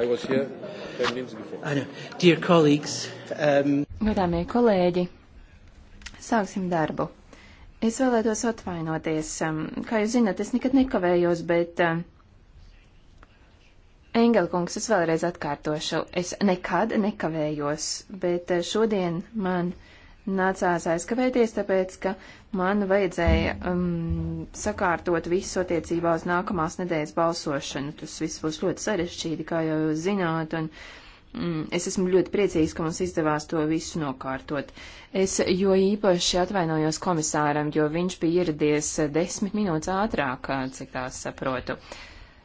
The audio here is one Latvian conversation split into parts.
I was here 10 minutes before. I know. Dear colleagues. Um... Godāmie kolēģi, sāksim darbu. Es vēlētos atvainoties. Um, kā jūs zināt, es nekad nekavējos, bet. Um, Engelkungs, es vēlreiz atkārtošu. Es nekad nekavējos, bet uh, šodien man nācās aizkavēties, tāpēc, ka man vajadzēja um, sakārtot visu attiecībā uz nākamās nedēļas balsošanu. Tas viss būs ļoti sarežģīti, kā jau zināt, un mm, es esmu ļoti priecīgs, ka mums izdevās to visu nokārtot. Es jo īpaši atvainojos komisāram, jo viņš bija ieradies desmit minūtes ātrāk, cik tās saprotu.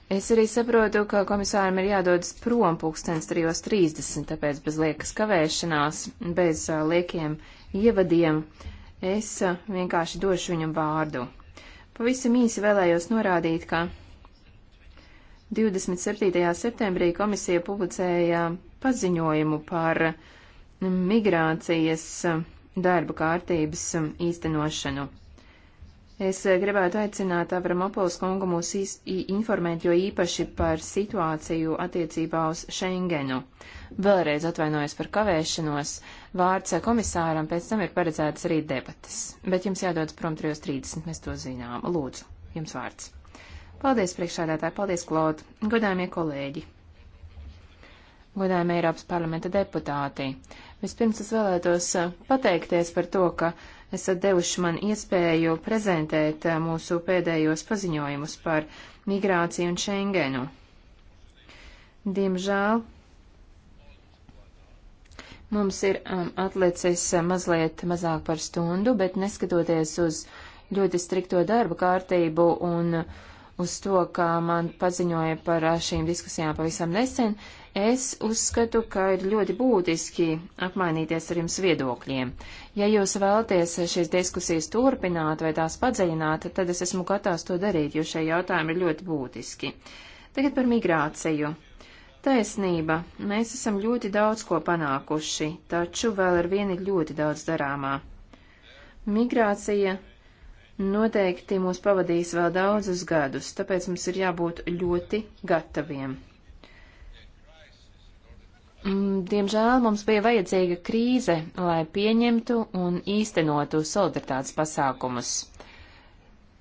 Es arī saprotu, ka komisāram ir jādodas prom pulkstens 3.30, tāpēc bez liekas kavēšanās, bez uh, liekiem ievadiem, es vienkārši došu viņam vārdu. Pavisam īsi vēlējos norādīt, ka 27. septembrī komisija publicēja paziņojumu par migrācijas darba kārtības īstenošanu. Es eh, gribētu aicināt Avramopolis kungu mūs informēt, jo īpaši par situāciju attiecībā uz Schengenu. Vēlreiz atvainojos par kavēšanos. Vārds eh, komisāram pēc tam ir paredzētas arī debatas. Bet jums jādodas prom 3.30, mēs to zinām. Lūdzu, jums vārds. Paldies, priekšādātāji, paldies, Klod, godājumie kolēģi, godājumie Eiropas parlamenta deputāti. Vispirms es vēlētos eh, pateikties par to, ka esat devuši man iespēju prezentēt eh, mūsu pēdējos paziņojumus par migrāciju un Schengenu. Diemžēl mums ir um, atlicis eh, mazliet mazāk par stundu, bet neskatoties uz ļoti strikto darba kārtību un eh, uz to, kā man paziņoja par šīm diskusijām pavisam nesen, uh, Es uzskatu, ka ir ļoti būtiski apmainīties ar jums viedokļiem. Ja jūs vēlaties šīs diskusijas turpināt vai tās padziļināt, tad es esmu gatavs to darīt, jo šie jautājumi ir ļoti būtiski. Tagad par migrāciju. Taisnība, mēs esam ļoti daudz ko panākuši, taču vēl ar vieni ļoti daudz darāmā. Migrācija noteikti mūs pavadīs vēl daudzus gadus, tāpēc mums ir jābūt ļoti gataviem. Mm, diemžēl mums bija vajadzīga krīze, lai pieņemtu un īstenotu solidaritātes pasākumus.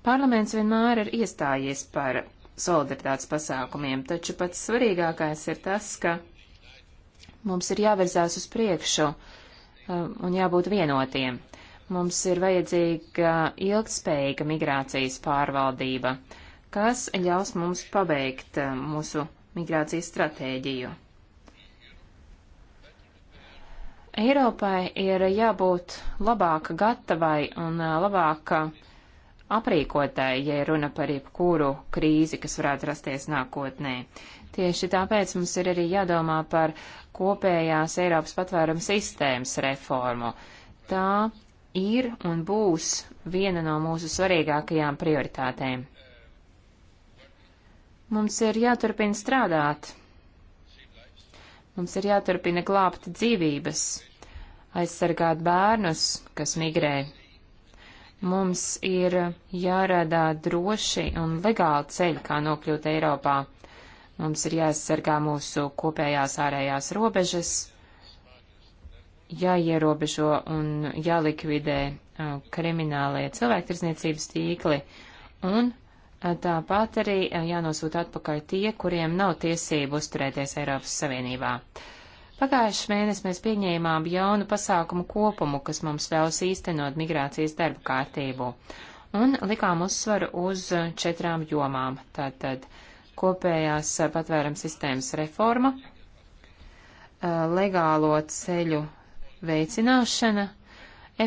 Parlaments vienmēr ir iestājies par solidaritātes pasākumiem, taču pats svarīgākais ir tas, ka mums ir jāvirzās uz priekšu um, un jābūt vienotiem. Mums ir vajadzīga ilgspējīga migrācijas pārvaldība, kas ļaus mums pabeigt um, mūsu migrācijas stratēģiju. Eiropai ir jābūt labāk gatavai un labāk aprīkotai, ja runa par jebkuru krīzi, kas varētu rasties nākotnē. Tieši tāpēc mums ir arī jādomā par kopējās Eiropas patvērums sistēmas reformu. Tā ir un būs viena no mūsu svarīgākajām prioritātēm. Mums ir jāturpina strādāt Mums ir jāturpina glābt dzīvības, aizsargāt bērnus, kas migrē. Mums ir jārādā droši un legāli ceļi, kā nokļūt Eiropā. Mums ir jāaizsargā mūsu kopējās ārējās robežas, jāierobežo un jālikvidē uh, kriminālie cilvēktirzniecības tīkli, un Tāpat arī eh, jānosūta atpakaļ tie, kuriem nav tiesību uzturēties Eiropas Savienībā. Pagājušajā mēnesī mēs pieņēmām jaunu pasākumu kopumu, kas mums ļaus īstenot migrācijas darba kārtību, un likām uzsvaru uz četrām jomām - tātad kopējās eh, patvērums sistēmas reforma, eh, legālo ceļu veicināšana,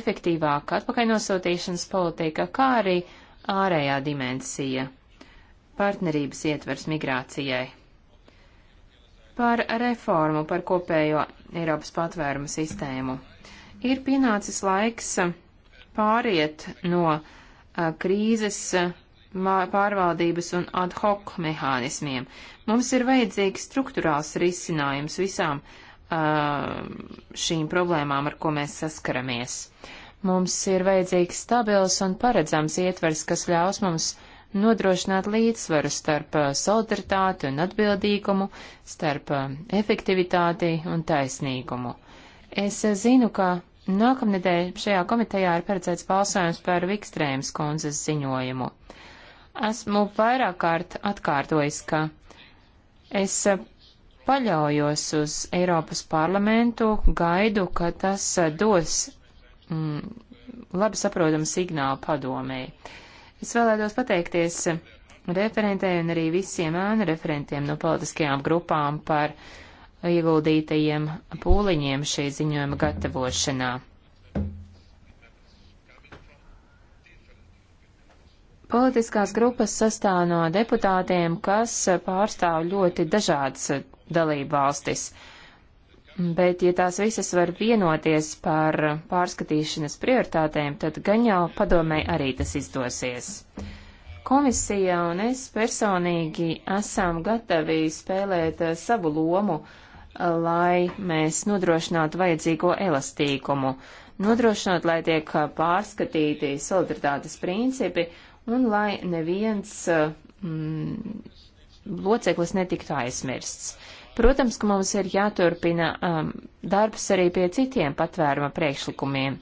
efektīvāka atpakaļnosūtīšanas politika, kā arī ārējā dimensija, partnerības ietvers migrācijai, par reformu, par kopējo Eiropas patvērumu sistēmu. Ir pienācis laiks pāriet no a, uh, krīzes a, uh, pārvaldības un ad hoc mehānismiem. Mums ir vajadzīgs struktūrāls risinājums visām uh, šīm problēmām, ar ko mēs saskaramies. Uh, Mums ir vajadzīgs stabils un paredzams ietvers, kas ļaus mums nodrošināt līdzsvaru starp uh, solidaritāti un atbildīgumu, starp uh, efektivitāti un taisnīgumu. Es uh, zinu, ka nākamnedēļ šajā komitejā ir paredzēts balsojums par Vikstrēmas kundzes ziņojumu. Esmu vairāk kārt atkārtojis, ka es paļaujos uz Eiropas parlamentu, gaidu, ka tas dos mm, labi saprotamu signālu padomēji. Es vēlētos pateikties referentē un arī visiem ēnu referentiem no politiskajām grupām par ieguldītajiem pūliņiem šī ziņojuma gatavošanā. Politiskās grupas sastāv no deputātiem, kas pārstāv ļoti dažādas dalību valstis. Uh, Bet, ja tās visas var vienoties par pārskatīšanas prioritātēm, tad gan jau padomē arī tas izdosies. Komisija un es personīgi esam gatavi spēlēt eh, savu lomu, eh, lai mēs nodrošinātu vajadzīgo elastīgumu, nodrošinot, lai tiek eh, pārskatīti solidaritātes principi un lai neviens mm, loceklis netiktu aizmirsts. Protams, ka mums ir jāturpina um, darbs arī pie citiem patvēruma priekšlikumiem.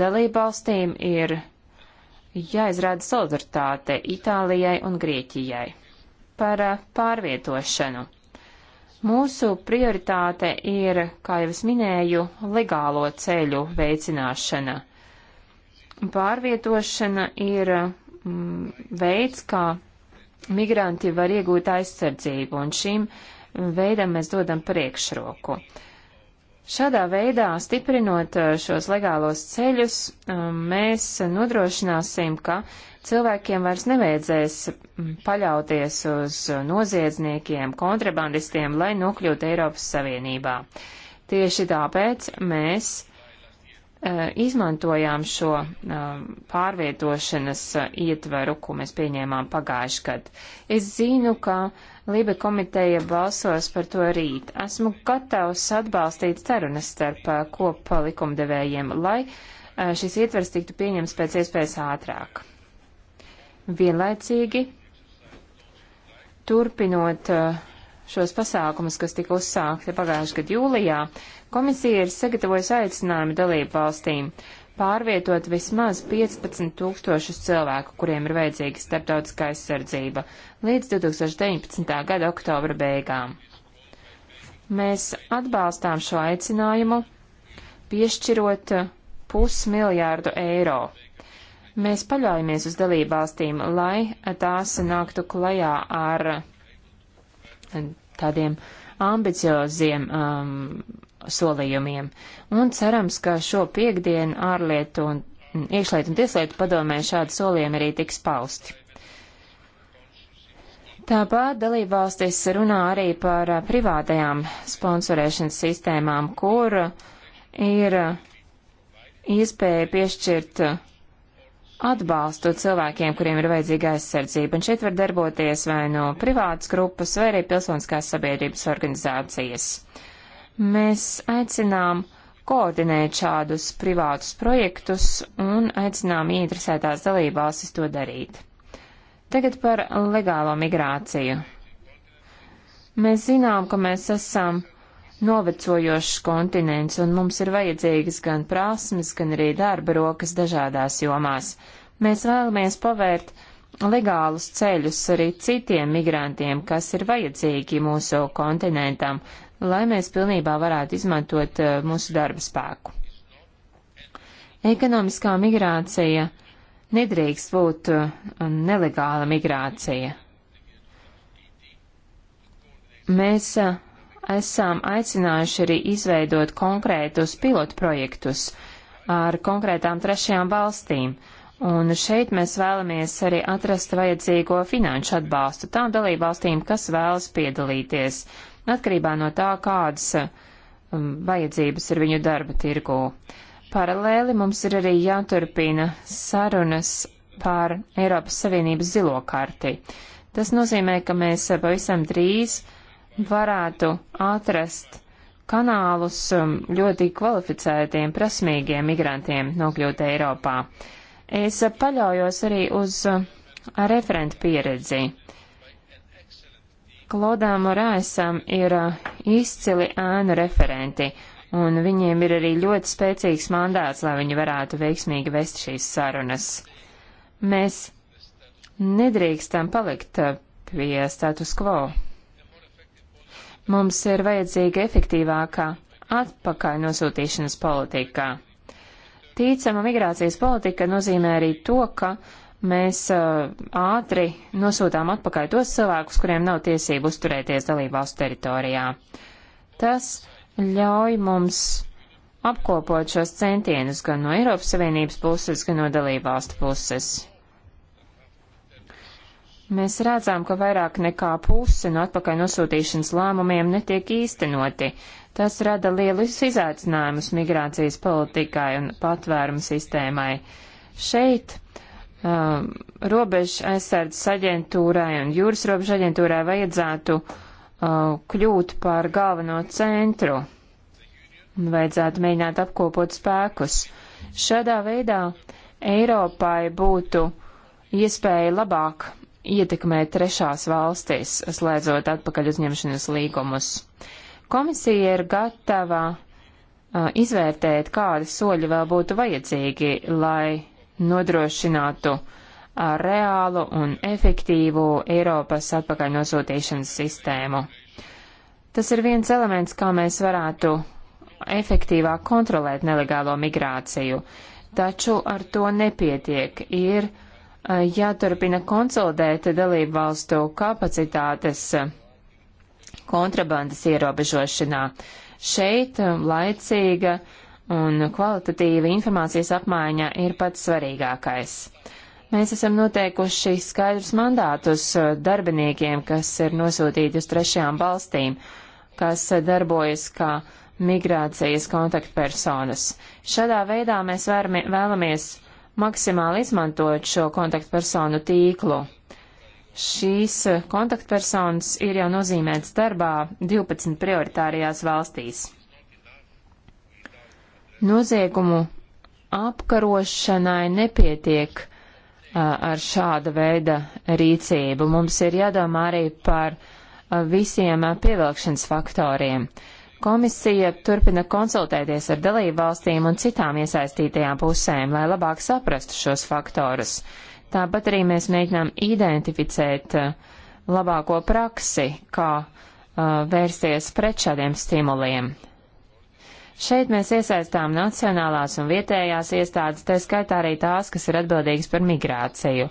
Dalībvalstīm ir jāizrāda solidaritāte Itālijai un Grieķijai par uh, pārvietošanu. Mūsu prioritāte ir, kā jau es minēju, legālo ceļu veicināšana. Pārvietošana ir mm, veids, kā migranti var iegūt aizsardzību, un šim uh, veidam mēs dodam priekšroku. Šādā veidā, stiprinot uh, šos legālos ceļus, um, mēs nodrošināsim, ka cilvēkiem vairs nevajadzēs mm, paļauties uz noziedzniekiem, kontrabandistiem, lai nokļūtu Eiropas Savienībā. Tieši tāpēc mēs uh, izmantojām šo um, pārvietošanas uh, ietveru, ko mēs pieņēmām pagājuši gadu. Es zinu, ka uh, Liba komiteja balsos par to rīt. Esmu gatavs atbalstīt sarunas starp kopa likumdevējiem, lai šis ietvers tiktu pieņems pēc iespējas ātrāk. Vienlaicīgi, turpinot šos pasākumus, kas tika uzsākti pagājušajā gadā jūlijā, komisija ir sagatavojusi aicinājumu dalību valstīm pārvietot vismaz 15 tūkstošus cilvēku, kuriem ir vajadzīga starptautiskā aizsardzība, līdz 2019. gada oktobra beigām. Mēs atbalstām šo aicinājumu, piešķirot pusmiljārdu eiro. Mēs paļaujamies uz dalībvalstīm, lai tās nāktu klajā ar tādiem ambicioziem um, solījumiem. Un cerams, ka šo piekdienu ārlietu un iekšlietu un tieslietu padomē šādi solījumi arī tiks pausti. Tāpat dalībvalstis runā arī par privātajām sponsorēšanas sistēmām, kur ir iespēja piešķirt atbalstu cilvēkiem, kuriem ir vajadzīga aizsardzība. Un šeit var darboties vai no privātas grupas, vai arī pilsoniskās sabiedrības organizācijas. Uh, Mēs aicinām koordinēt šādus privātus projektus un aicinām ieinteresētās dalībvalstis to darīt. Tagad par legālo migrāciju. Mēs zinām, ka mēs esam novecojošs kontinents un mums ir vajadzīgas gan prasmes, gan arī darba rokas dažādās jomās. Mēs vēlamies pavērt legālus ceļus arī citiem migrantiem, kas ir vajadzīgi mūsu kontinentam, lai mēs pilnībā varētu izmantot eh, mūsu darba spēku. Ekonomiskā migrācija nedrīkst būt eh, nelegāla migrācija. Mēs eh, esam aicinājuši arī izveidot konkrētus pilotprojektus ar konkrētām trešajām valstīm, Un šeit mēs vēlamies arī atrast vajadzīgo finanšu atbalstu tām dalībvalstīm, kas vēlas piedalīties atkarībā no tā, kādas um, vajadzības ir viņu darba tirgū. Paralēli mums ir arī jāturpina sarunas par Eiropas Savienības zilo karti. Tas nozīmē, ka mēs uh, pavisam drīz varētu atrast kanālus um, ļoti kvalificētiem, prasmīgiem migrantiem nokļūt Eiropā. Es uh, paļaujos arī uz uh, referentu pieredzi. Klodām Morāsam ir uh, izcili ēnu referenti, un viņiem ir arī ļoti spēcīgs mandāts, lai viņi varētu veiksmīgi vest šīs sarunas. Mēs nedrīkstam palikt uh, pie status quo. Mums ir vajadzīga efektīvākā atpakaļ nosūtīšanas politikā. Tīcama migrācijas politika nozīmē arī to, ka mēs uh, ātri nosūtām atpakaļ tos cilvēkus, kuriem nav tiesību uzturēties dalībvalstu teritorijā. Tas ļauj mums apkopot šos centienus gan no Eiropas Savienības puses, gan no dalībvalstu puses. Mēs redzam, ka vairāk nekā puse no atpakaļ nosūtīšanas lēmumiem netiek īstenoti. Tas rada lielus izaicinājumus migrācijas politikai un patvērumu sistēmai. Šeit um, robežu aizsardzes aģentūrai un jūras robežu aģentūrai vajadzētu uh, kļūt par galveno centru un vajadzētu mēģināt apkopot spēkus. Šādā veidā Eiropai būtu iespēja labāk ietekmēt trešās valstīs, slēdzot atpakaļ uzņemšanas līgumus. Komisija ir gatava uh, izvērtēt, kādi soļi vēl būtu vajadzīgi, lai nodrošinātu reālu un efektīvu Eiropas atpakaļ nosūtīšanas sistēmu. Tas ir viens elements, kā mēs varētu efektīvāk kontrolēt nelegālo migrāciju, taču ar to nepietiek. Ir jāturpina konsolidēt dalību valstu kapacitātes kontrabandas ierobežošanā. Šeit laicīga uh, un kvalitatīva informācijas apmaiņa ir pats svarīgākais. Mēs esam noteikuši skaidrus mandātus uh, darbiniekiem, kas ir nosūtīti uz trešajām valstīm, kas darbojas kā migrācijas kontaktpersonas. Šādā veidā mēs vērmi, vēlamies maksimāli izmantot šo kontaktpersonu tīklu. Šīs uh, kontaktpersonas ir jau nozīmētas darbā 12 prioritārajās valstīs. Noziegumu apkarošanai nepietiek ar šāda veida rīcību. Mums ir jādomā arī par visiem pievilkšanas faktoriem. Komisija turpina konsultēties ar dalību valstīm un citām iesaistītajām pusēm, lai labāk saprastu šos faktorus. Tāpat arī mēs mēģinām identificēt labāko praksi, kā uh, vērsties pret šādiem stimuliem. Šeit mēs iesaistām nacionālās un vietējās iestādes, tā skaitā arī tās, kas ir atbildīgas par migrāciju.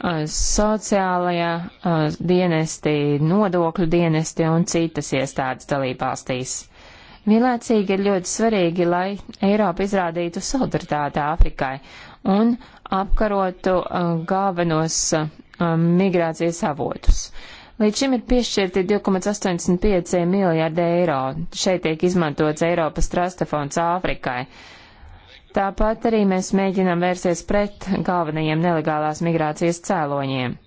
Uh, sociālajā uh, dienesti, nodokļu dienesti un citas iestādes dalībvalstīs. Vienlaicīgi ir ļoti svarīgi, lai Eiropa izrādītu solidaritāti Āfrikai un apkarotu uh, galvenos migrācijas avotus. Līdz šim ir piešķirti 2,85 miljārdi eiro. Šeit tiek izmantots Eiropas Trasta fonds Āfrikai. Tāpat arī mēs mēģinām vērsties pret galvenajiem nelegālās migrācijas cēloņiem.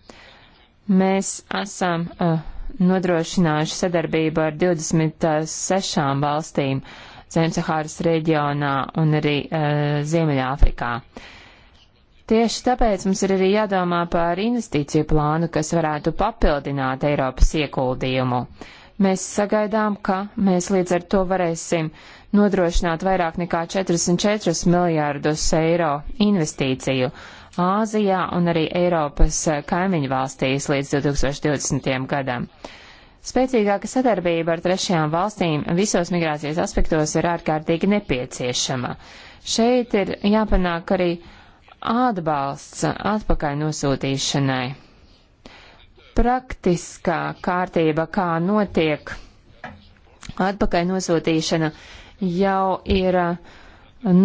Mēs esam uh, nodrošinājuši sadarbību ar 26 valstīm Zemsahāras reģionā un arī uh, Ziemeļāfrikā. Uh, Tieši tāpēc mums ir arī jādomā par investīciju plānu, kas varētu papildināt Eiropas ieguldījumu. Mēs sagaidām, ka mēs līdz ar to varēsim nodrošināt vairāk nekā 44 miljārdus eiro investīciju Āzijā un arī Eiropas kaimiņu valstīs līdz 2020. gadam. Spēcīgāka sadarbība ar trešajām valstīm visos migrācijas aspektos ir ārkārtīgi nepieciešama. Šeit ir jāpanāk arī atbalsts atpakaļ nosūtīšanai. Praktiskā kārtība, kā notiek atpakaļ nosūtīšana, jau ir uh,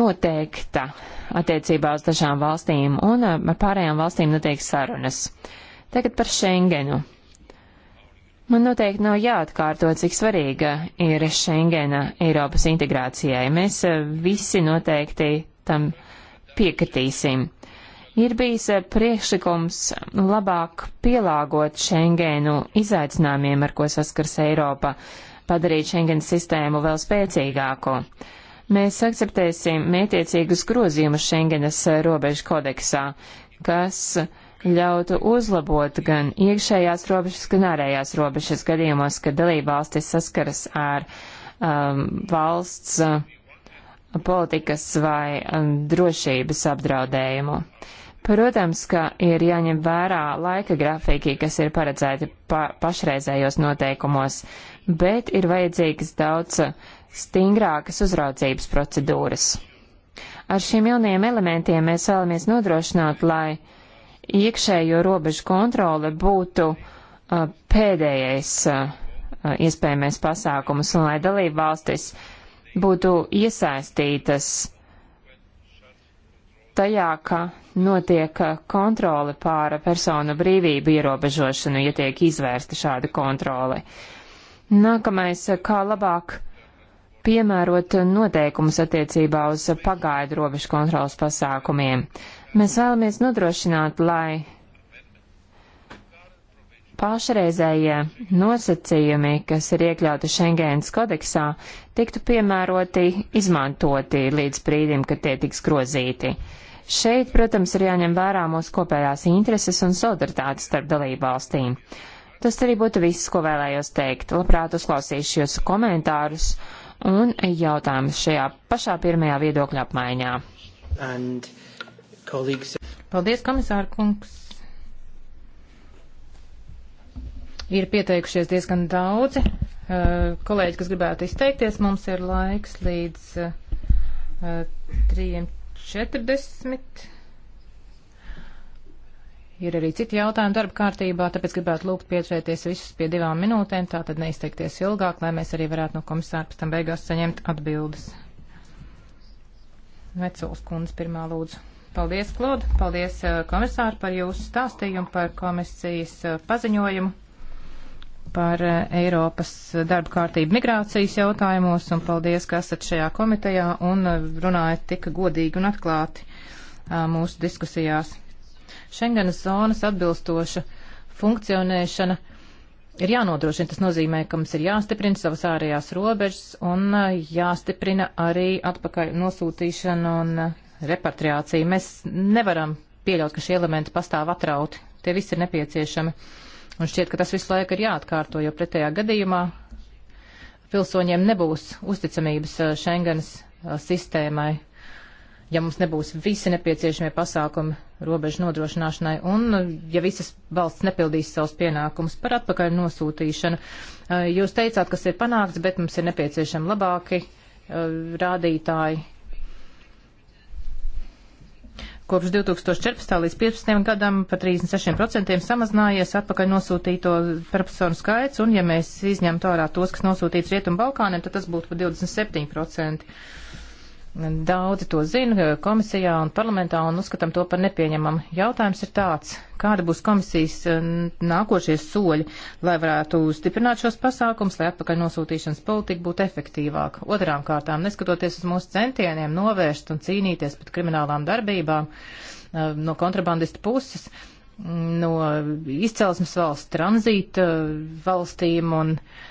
noteikta attiecībā uz dažām valstīm, un uh, ar pārējām valstīm notiek sarunas. Tagad par Schengenu. Man noteikti nav jāatkārto, cik svarīga ir Schengena Eiropas integrācijai. Mēs uh, visi noteikti tam piekritīsim. Ir bijis eh, priekšlikums labāk pielāgot Schengenu izaicinājumiem, ar ko saskars Eiropa, padarīt Schengen sistēmu vēl spēcīgāko. Mēs akceptēsim mētiecīgus grozījumus Schengenas eh, robežu kodeksā, kas ļautu uzlabot gan iekšējās robežas, gan ārējās robežas gadījumos, kad dalībvalstis saskaras ar um, valsts uh, politikas vai um, drošības apdraudējumu. Protams, ka ir jāņem vērā laika grafiki, kas ir paredzēti pa pašreizējos noteikumos, bet ir vajadzīgas daudz stingrākas uzraudzības procedūras. Ar šiem jaunajiem elementiem mēs vēlamies nodrošināt, lai iekšējo robežu kontrole būtu uh, pēdējais uh, uh iespējamais pasākums un lai dalību valstis uh, būtu iesaistītas tajā, ka notiek kontrole pāra personu brīvību ierobežošanu, ja tiek izvērsta šāda kontrole. Nākamais, kā labāk piemērot noteikumus attiecībā uz pagaidu robežu kontrolas pasākumiem. Mēs vēlamies nodrošināt, lai pašreizējie nosacījumi, kas ir iekļauti Schengens kodeksā, tiktu piemēroti, izmantoti līdz brīdim, kad tie tiks grozīti. Šeit, protams, ir jāņem vērā mūsu kopējās intereses un solidaritātes starp dalību valstīm. Tas arī būtu viss, ko vēlējos teikt. Labprāt uzklausīšu jūsu komentārus un jautājumus šajā pašā pirmajā viedokļa apmaiņā. Colleagues... Paldies, komisāra kungs! Ir pieteikušies diezgan daudzi eh, kolēģi, kas gribētu izteikties. Mums ir laiks līdz 3.40. Eh, ir arī citi jautājumi darba kārtībā, tāpēc gribētu lūgt pieturēties visus pie divām minūtēm, tā tad neizteikties ilgāk, lai mēs arī varētu no komisāra pēc tam beigās saņemt atbildes. Veculs kundze pirmā lūdzu. Paldies, Klod, paldies eh, komisāri par jūsu stāstījumu, par komisijas paziņojumu par eh, Eiropas darba kārtību migrācijas jautājumos un paldies, ka esat šajā komitejā un eh, runājat tik godīgi un atklāti eh, mūsu diskusijās. Šengenas zonas atbilstoša funkcionēšana ir jānodrošina. Tas nozīmē, ka mums ir jāstiprina savas ārējās robežas un jāstiprina arī atpakaļ nosūtīšana un repatriācija. Mēs nevaram pieļaut, ka šie elementi pastāv atrauti. Tie visi ir nepieciešami. Un šķiet, ka tas visu laiku ir jāatkārto, jo pretējā gadījumā pilsoņiem nebūs uzticamības eh, Schengenas eh, sistēmai, ja mums nebūs visi nepieciešamie pasākumi robežu nodrošināšanai un ja visas valsts nepildīs savus pienākumus par atpakaļ nosūtīšanu. Eh, jūs teicāt, kas ir panākts, bet mums ir nepieciešami labāki rādītāji Kopš 2014. līdz 2015. gadam par 36% samazinājies atpakaļ nosūtīto personu skaits, un ja mēs izņemtu ārā tos, kas nosūtīts Rietumu Balkāniem, tad tas būtu par 27%. Daudzi to zina eh, komisijā un parlamentā un uzskatām to par nepieņemamu. Jautājums ir tāds, kāda būs komisijas eh, nākošie soļi, lai varētu stiprināt šos pasākums, lai atpakaļ nosūtīšanas politika būtu efektīvāka. Otrām kārtām, neskatoties uz mūsu centieniem novērst un cīnīties pret kriminālām darbībām eh, no kontrabandista puses, mm, no izcelsmes valsts tranzīta valstīm un uh,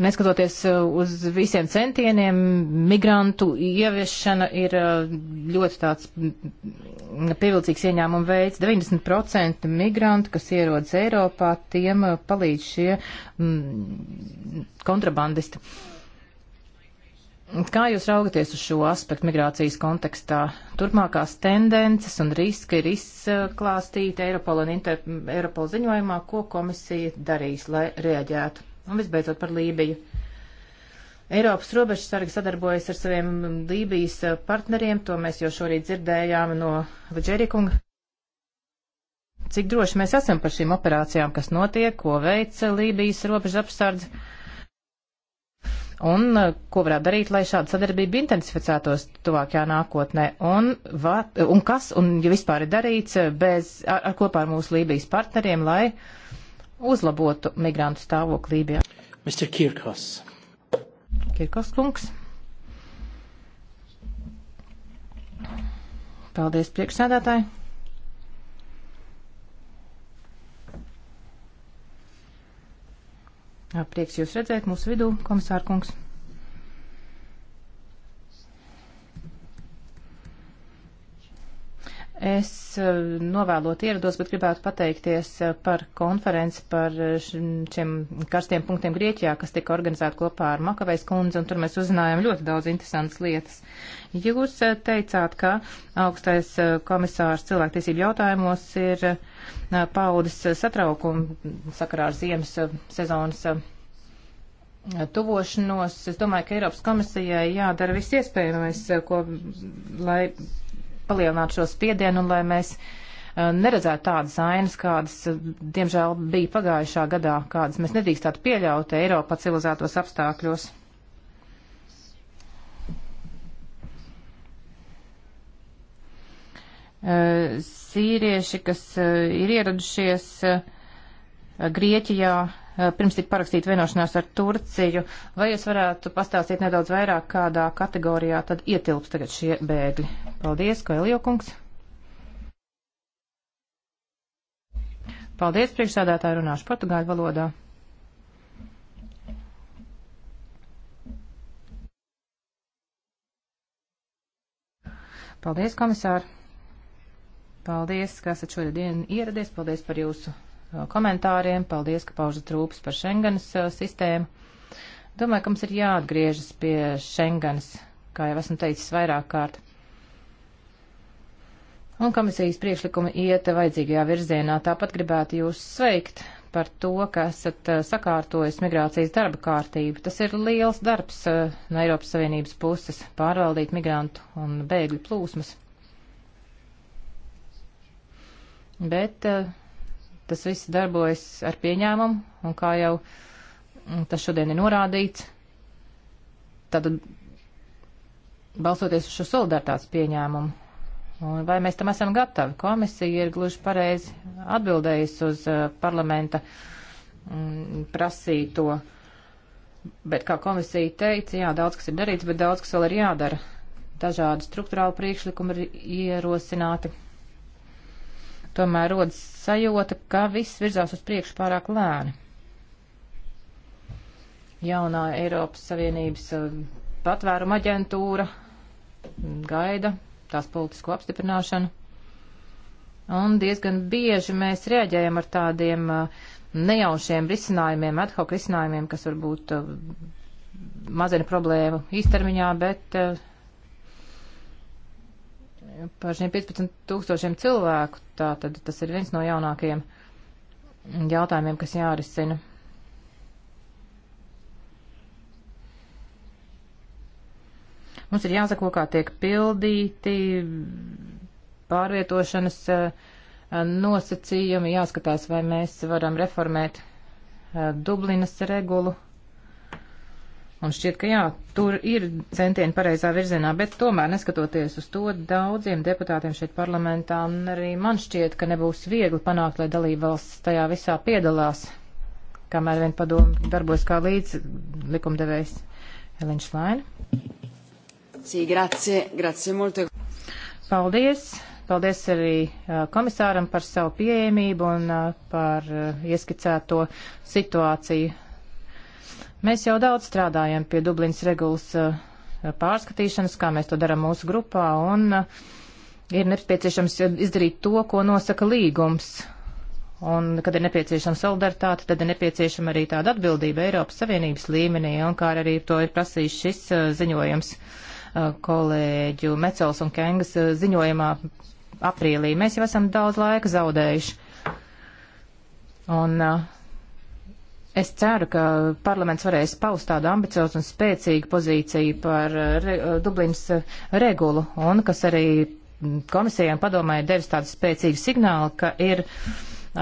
neskatoties uh, uz visiem centieniem, migrantu ieviešana ir uh, ļoti tāds pievilcīgs ieņēmuma veids. 90% migrantu, kas ierodas Eiropā, tiem uh, palīdz šie mm, kontrabandisti. Kā jūs raugaties uz šo aspektu migrācijas kontekstā? Turpmākās tendences un riski ir izklāstīti Eiropola un Inter Eiropola ziņojumā, ko komisija darīs, lai reaģētu Un visbeidzot par Lībiju. Eiropas robežas sargi sadarbojas ar saviem Lībijas partneriem, to mēs jau šorīt dzirdējām no Vaģerikunga. Cik droši mēs esam par šīm operācijām, kas notiek, ko veic Lībijas robežas apsardze? un eh, ko varētu darīt, lai šāda sadarbība intensificētos tuvākajā nākotnē, un, va, un kas, un ja vispār ir darīts eh, bez, ar, ar kopā ar mūsu Lībijas partneriem, lai uzlabotu migrantu stāvokli Lībijā. Mr. Kirkos. Kirkos kungs. Paldies, priekšsēdētāji. Prieks jūs redzēt mūsu vidū, komisārkungs. Es eh, novēlot ierados, bet gribētu pateikties eh, par konferenci par eh, šiem karstiem punktiem Grieķijā, kas tika organizēta kopā ar Makavejs kundzi, un tur mēs uzzinājām ļoti daudz interesantas lietas. Jūs teicāt, ka augstais komisārs cilvēktiesību jautājumos ir paudis satraukumu sakarā ar ziemas sezonas tuvošanos. Es domāju, ka Eiropas komisijai jādara viss iespējamais, ko, lai palielinātu šo spiedienu un lai mēs uh, neredzētu tādas ainas, kādas, uh, diemžēl, bija pagājušā gadā, kādas mēs nedrīkstētu pieļaut Eiropā civilizētos apstākļos. Uh, sīrieši, kas ir ieradušies Grieķijā, Eh, pirms tika parakstīta vienošanās ar Turciju. Vai jūs varētu pastāstīt nedaudz vairāk, kādā kategorijā tad ietilps tagad šie bēgļi? Paldies, Koelio kungs. Paldies, priekšsādātāji, runāšu portugāļu valodā. Paldies, komisār! Paldies, ka esat šodien ieradies. Paldies par jūsu Uh, komentāriem. Paldies, ka paužat rūpes par Schengenas uh, sistēmu. Domāju, ka mums ir jāatgriežas pie Schengenas, kā jau esmu teicis vairāk kārt. Un komisijas priekšlikumi iet vajadzīgajā virzienā. Tāpat gribētu jūs sveikt par to, ka esat uh, sakārtojis migrācijas darba kārtību. Tas ir liels darbs no Eiropas Savienības puses - pārvaldīt migrantu un bēgļu plūsmas. Bet uh, Tas viss darbojas ar pieņēmumu, un kā jau mm, tas šodien ir norādīts, tad balsoties uz šo solidaritātes pieņēmumu. Un vai mēs tam esam gatavi? Komisija ir gluži pareizi atbildējusi uz uh, parlamenta mm, prasīto. Bet, kā komisija teica, jā, daudz kas ir darīts, bet daudz kas vēl ir jādara. Dažādi struktūrāli priekšlikumi ir ierosināti tomēr rodas sajūta, ka viss virzās uz priekšu pārāk lēni. Jaunā Eiropas Savienības uh, patvēruma aģentūra gaida tās politisko apstiprināšanu. Un diezgan bieži mēs reaģējam ar tādiem uh, nejaušiem risinājumiem, ad hoc risinājumiem, kas varbūt uh, mazina problēmu īstermiņā, bet par šiem 15 tūkstošiem cilvēku. Tā tad tas ir viens no jaunākajiem jautājumiem, kas jārisina. Mums ir jāsako, kā tiek pildīti pārvietošanas eh, nosacījumi, jāskatās, vai mēs varam reformēt eh, Dublinas regulu Un šķiet, ka jā, tur ir centieni pareizā virzienā, bet tomēr neskatoties uz to daudziem deputātiem šeit parlamentā, un arī man šķiet, ka nebūs viegli panākt, lai dalība valsts tajā visā piedalās, kamēr vien padomu darbos kā līdz likumdevējs Eliņš Laina. Sī, grazie, grazie multe. Paldies, paldies arī uh, komisāram par savu pieejamību un uh, par uh, ieskicēto situāciju Mēs jau daudz strādājam pie Dublinas regulas eh, pārskatīšanas, kā mēs to darām mūsu grupā, un eh, ir nepieciešams izdarīt to, ko nosaka līgums. Un, kad ir nepieciešama solidaritāte, tad ir nepieciešama arī tāda atbildība Eiropas Savienības līmenī, un kā arī to ir prasījis šis eh, ziņojums kolēģu Mecels un Kengas ziņojumā aprīlī. Mēs jau esam daudz laika zaudējuši. Un uh, Es ceru, ka parlaments varēs paust tādu ambiciozu un spēcīgu pozīciju par eh, re, eh, Dublīnas eh, regulu, un kas arī komisijai un padomai devis tādu spēcīgu signālu, ka ir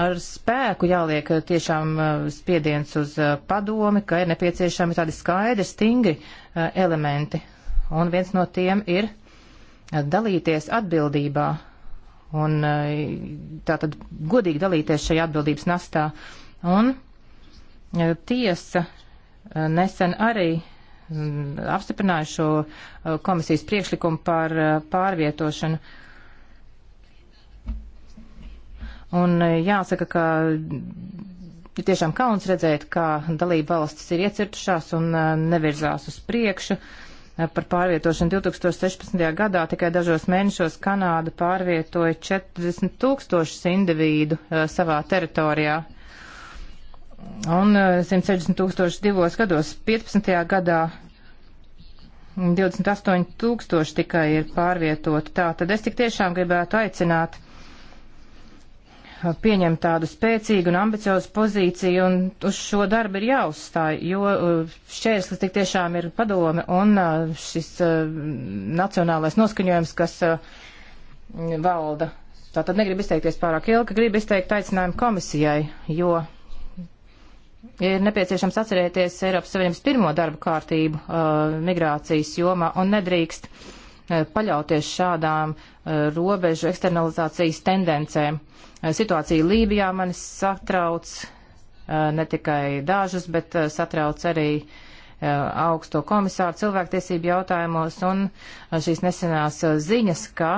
ar spēku jāliek tiešām spiediens uz padomi, ka ir nepieciešami tādi skaidri, stingri elementi. Un viens no tiem ir dalīties atbildībā un tātad godīgi dalīties šajā atbildības nastā. Un Eh, tiesa eh, nesen arī mm, apstiprināja šo eh, komisijas priekšlikumu par pārvietošanu. Un jāsaka, ka ir tiešām kauns redzēt, kā dalība valstis ir iecirtušās un nevirzās uz priekšu. Par pārvietošanu 2016. gadā tikai dažos mēnešos Kanāda pārvietoja 40 tūkstošus individu savā teritorijā un 160 uh, tūkstoši divos gados. 15. gadā 28 tūkstoši tikai ir pārvietoti. Tā tad es tik tiešām gribētu aicināt uh, pieņemt tādu spēcīgu un ambiciozu pozīciju, un uz šo darbu ir jāuzstāj, jo uh, šķērslis tik tiešām ir padome un šis nacionālais noskaņojums, kas valda. Tātad negribu izteikties pārāk ilgi, gribu izteikt aicinājumu komisijai, jo ir nepieciešams atcerēties Eiropas Savienības pirmo darbu kārtību uh, migrācijas jomā un nedrīkst uh, paļauties šādām uh, robežu eksternalizācijas tendencēm. Uh, situācija Lībijā mani satrauc uh, ne tikai dažus, bet uh, satrauc arī augsto komisāru cilvēktiesību jautājumos un šīs nesenās ziņas, ka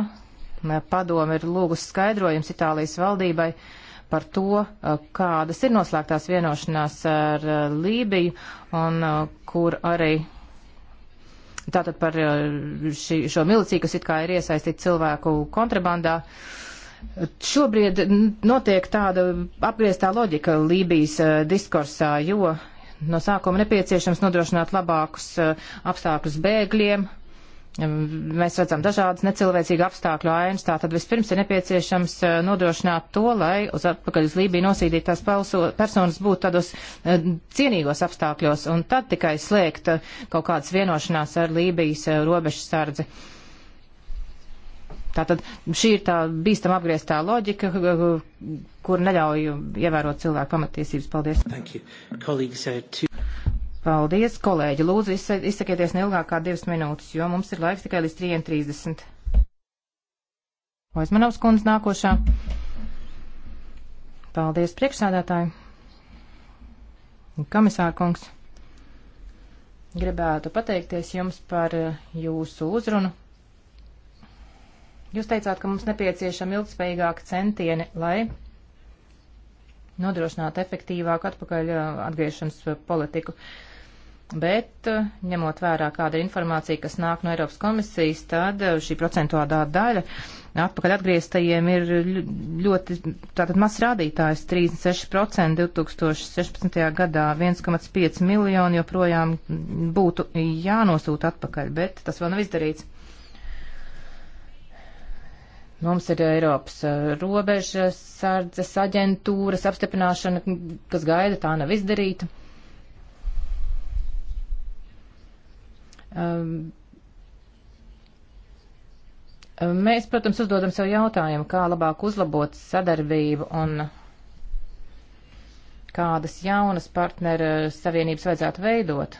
padomi ir lūgus skaidrojums Itālijas valdībai uh, par to, eh, kādas ir noslēgtās vienošanās ar eh, Lībiju un eh, kur arī tātad par šī, šo miliciju, kas it kā ir iesaistīta cilvēku kontrabandā. Šobrīd notiek tāda apgrieztā loģika Lībijas diskursā, jo no sākuma nepieciešams nodrošināt labākus apstākļus bēgļiem, Mēs redzam dažādas necilvēcīga apstākļu ainas, tā tad vispirms ir nepieciešams eh, nodrošināt to, lai uz atpakaļ uz Lībiju nosīdītās personas būtu tādos eh, cienīgos apstākļos, un tad tikai slēgt eh, kaut kādas vienošanās ar Lībijas robežu sardzi. Tātad šī ir tā bīstama apgrieztā loģika, kur neļauj ievērot cilvēku pamatiesības. Paldies. Paldies, kolēģi. Lūdzu, izsakieties neilgāk kā divas minūtes, jo mums ir laiks tikai līdz 3.30. Oizmanovs kundze nākošā. Paldies, priekšsādātāji. Komisāra kungs, gribētu pateikties jums par eh, jūsu uzrunu. Jūs teicāt, ka mums nepieciešama ilgspējīgāka centieni, lai nodrošinātu efektīvāku atpakaļ eh, atgriešanas eh, politiku. Uh, Bet, eh, ņemot vērā kāda informācija, kas nāk no Eiropas komisijas, tad eh, šī procentuālā daļa atpakaļ atgrieztajiem ir ļoti tātad mazs rādītājs - 36% 2016. gadā 1,5 miljoni joprojām būtu jānosūta atpakaļ, bet tas vēl nav izdarīts. Mums ir Eiropas eh, robežas sardzes aģentūras apstiprināšana, kas gaida, tā nav izdarīta. Um, um, Mēs, protams, uzdodam sev jautājumu, kā labāk uzlabot sadarbību un kādas jaunas partneru savienības vajadzētu veidot.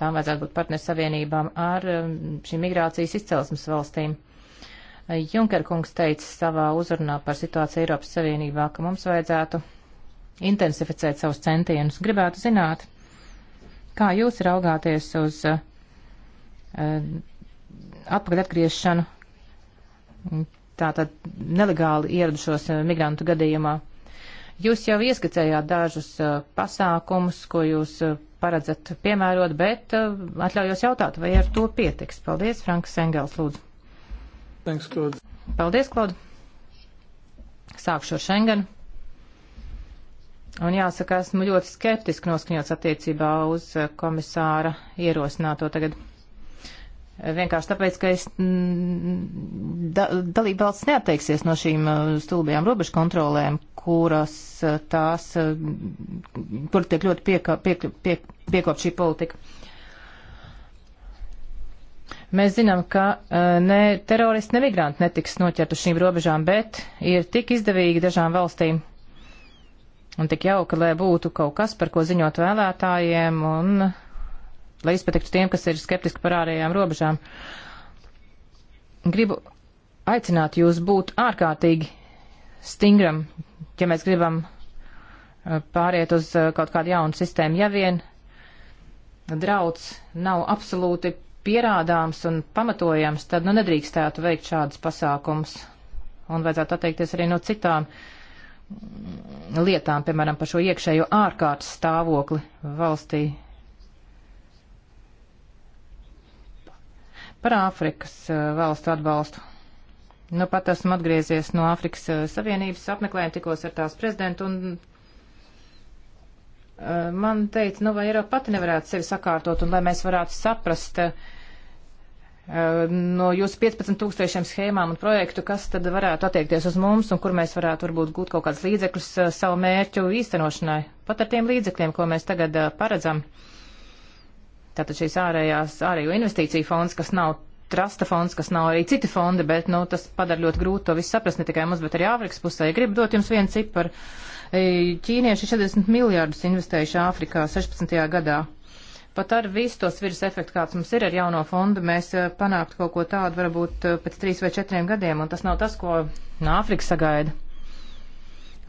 Tām vajadzētu būt partneru savienībām ar um, šīm migrācijas izcelsmes valstīm. Uh, Junker kungs teica savā uzrunā par situāciju Eiropas Savienībā, ka mums vajadzētu intensificēt savus centienus. Gribētu zināt, kā jūs raugāties uz uh, Eh, atpakaļ atgriešanu tātad nelegāli ieradušos eh, migrantu gadījumā. Jūs jau ieskicējāt dažus eh, pasākumus, ko jūs paredzat piemērot, bet atļaujos jautāt, vai ar to pietiks. Paldies, Franks Engels, lūdzu. Thanks, Klaud. Paldies, Klaud. Sākšu ar Schengenu. Un jāsaka, esmu ļoti skeptiski noskaņots attiecībā uz komisāra ierosināto tagad Vienkārši tāpēc, ka es mm, da, dalība valsts neatteiksies no šīm uh, stulbajām robežu kontrolēm, kuras uh, tās, uh, kur tiek ļoti pieka, piek, piek, piekop šī politika. Mēs zinām, ka ne teroristi, ne migranti netiks noķert uz šīm robežām, bet ir tik izdevīgi dažām valstīm un tik jauka, lai būtu kaut kas, par ko ziņot vēlētājiem un uh, lai izpatiktu tiem, kas ir skeptiski par ārējām robežām. Gribu aicināt jūs būt ārkārtīgi stingram, ja mēs gribam eh, pāriet uz eh, kaut kādu jaunu sistēmu. Ja vien drauds nav absolūti pierādāms un pamatojams, tad nu nedrīkstētu veikt šādus pasākumus. Un vajadzētu atteikties arī no citām lietām, piemēram, par šo iekšējo ārkārtas stāvokli valstī. Par Āfrikas eh, valstu atbalstu. Nu, pat esmu atgriezies no Āfrikas eh, Savienības, apmeklēju tikos ar tās prezidentu un eh, man teica, nu vai Eiropa pati nevarētu sevi sakārtot un lai mēs varētu saprast no jūsu 15 tūkstošiem schēmām un projektu, kas tad varētu attiekties uz mums un kur mēs varētu varbūt gūt kaut kādas līdzekļus savu mērķu īstenošanai. Pat ar tiem līdzekļiem, ko mēs tagad paredzam, Tātad šīs ārējās, ārējo investīciju fonds, kas nav trasta fonds, kas nav arī citi fondi, bet nu, tas padara ļoti grūti to visu saprast ne tikai mums, bet arī Āfrikas pusē. Gribu dot jums vienu ciparu. E, ķīnieši 40 miljārdus investējuši Āfrikā 16. gadā. Pat ar visu tos virs efektu, kāds mums ir ar jauno fondu, mēs e, panāktu kaut ko tādu varbūt e, pēc trīs vai četriem gadiem, un tas nav tas, ko Āfrika sagaida.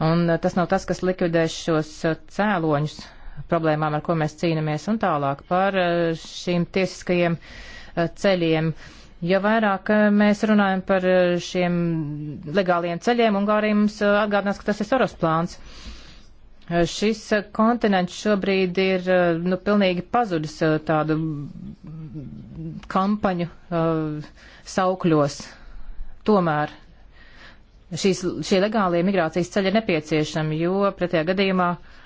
Un tas nav tas, kas likvidēs šos cēloņus, problēmām, ar ko mēs cīnamies, un tālāk par eh, šīm tiesiskajiem eh, ceļiem. Jo vairāk eh, mēs runājam par šiem legāliem ceļiem, Ungārija mums atgādinās, ka tas ir Soros plāns. Šis kontinents šobrīd ir nu, pilnīgi pazudis tādu kampaņu uh, saukļos. Tomēr šīs, šie legālie migrācijas ceļi ir nepieciešami, jo pretējā gadījumā uh,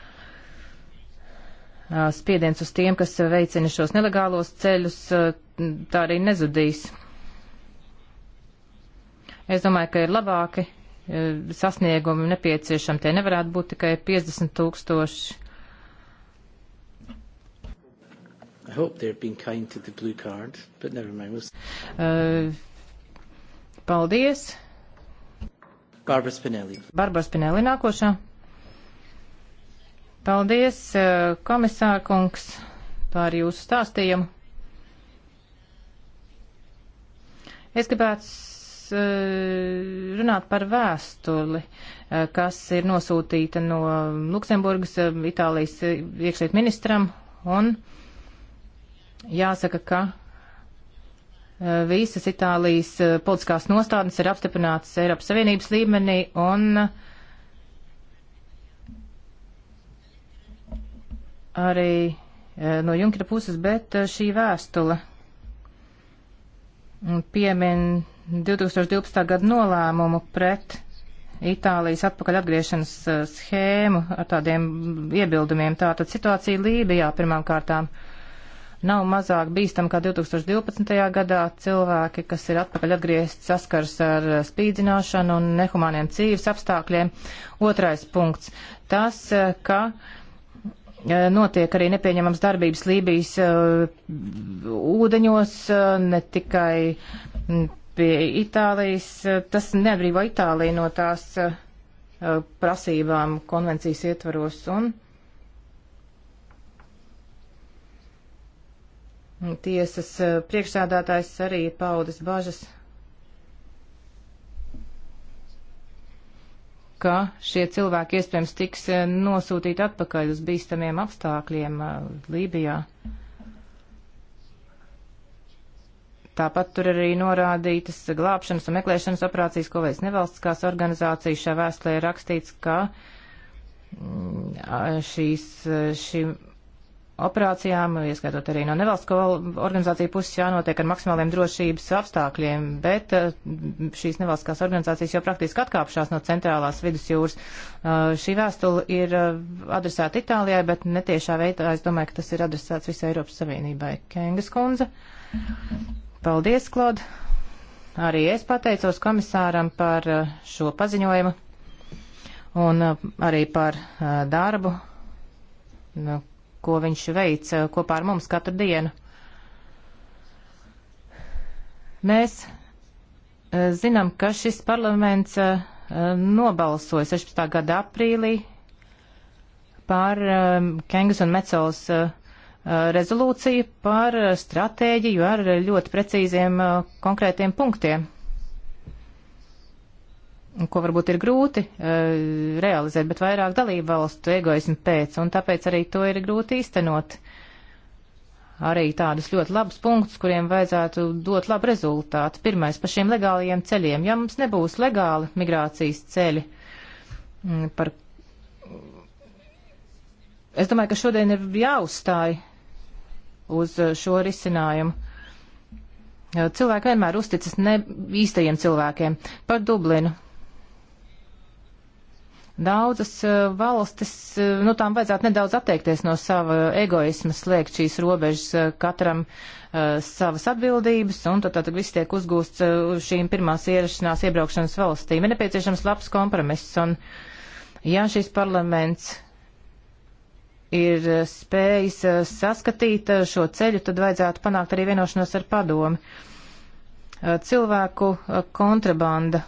spiediens uz tiem, kas veicina šos nelegālos ceļus, tā arī nezudīs. Es domāju, ka ir labāki sasniegumi nepieciešami. Tie nevarētu būt tikai 50 tūkstoši. Card, uh, paldies! Barbara Spinelli. Barbara Spinelli nākošā. Paldies, eh, komisārkungs, par jūsu stāstījumu. Es gribētu eh, runāt par vēstuli, eh, kas ir nosūtīta no Luksemburgas Itālijas iekšliet ministram, un jāsaka, ka visas Itālijas politiskās nostādnes ir apstiprinātas Eiropas Savienības līmenī, un uh, arī e, no Junkera puses, bet e, šī vēstule piemin 2012. gada nolēmumu pret Itālijas atpakaļ atgriešanas e, schēmu ar tādiem iebildumiem. Tātad situācija Lībijā pirmām kārtām nav mazāk bīstam kā 2012. gadā. Cilvēki, kas ir atpakaļ atgriezti, saskars ar spīdzināšanu un nehumāniem dzīves apstākļiem. Otrais punkts. Tas, ka uh, Eh, notiek arī nepieņemams darbības Lībijas eh, ūdeņos, eh, ne tikai mm, pie Itālijas. Tas neatbrīvo Itāliju no tās prasībām konvencijas ietvaros un tiesas priekšsādātājs arī paudas bažas ka šie cilvēki iespējams tiks eh, nosūtīti atpakaļ uz bīstamiem apstākļiem eh, Lībijā. Tāpat tur arī norādītas glābšanas un meklēšanas operācijas, ko veids nevalstiskās organizācijas. Šajā vēstulē ir rakstīts, ka mm, šīs, eh, šim operācijām, ieskaitot arī no nevalstsko organizāciju puses jānotiek ar maksimāliem drošības apstākļiem, bet eh, šīs nevalstiskās organizācijas jau praktiski atkāpšās no centrālās vidusjūras. Eh, šī vēstule ir eh, adresēta Itālijai, bet netiešā veidā es domāju, ka tas ir adresēts visai Eiropas Savienībai. Kengas kundze. Paldies, Klod. Arī es pateicos komisāram par šo paziņojumu un arī par darbu, nu, ko viņš veic eh, kopā ar mums katru dienu. Mēs eh, zinām, ka šis parlaments eh, nobalsoja 16. gada aprīlī par Kengas un Mecols rezolūciju par stratēģiju ar ļoti precīziem konkrētiem punktiem ko varbūt ir grūti uh, realizēt, bet vairāk dalību valstu egoismu pēc, un tāpēc arī to ir grūti īstenot. Arī tādus ļoti labus punktus, kuriem vajadzētu dot labu rezultātu. Pirmais par šiem legālajiem ceļiem. Ja mums nebūs legāli migrācijas ceļi, mm, par... es domāju, ka šodien ir jāuzstāj uz e, šo risinājumu. E, cilvēki vienmēr uzticas ne īstajiem cilvēkiem par Dublinu. Daudzas eh, valstis, eh, nu tām vajadzētu nedaudz atteikties no sava egoisma, slēgt šīs robežas eh, katram savas atbildības, un tad, tad viss tiek uzgūsts šīm pirmās ierašanās iebraukšanas valstīm. Ir nepieciešams labs kompromiss, un ja šis parlaments ir spējis saskatīt šo ceļu, tad vajadzētu panākt arī vienošanos ar padomi. Cilvēku kontrabanda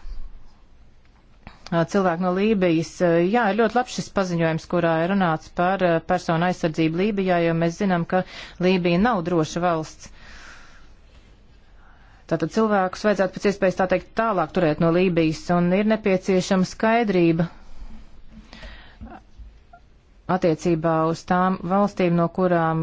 cilvēki no Lībijas. Jā, ir ļoti labs šis paziņojums, kurā ir runāts par personu aizsardzību Lībijā, jo mēs zinām, ka Lībija nav droša valsts. Tātad cilvēkus vajadzētu pēc iespējas tā teikt tālāk turēt no Lībijas, un ir nepieciešama skaidrība attiecībā uz tām valstīm, no kurām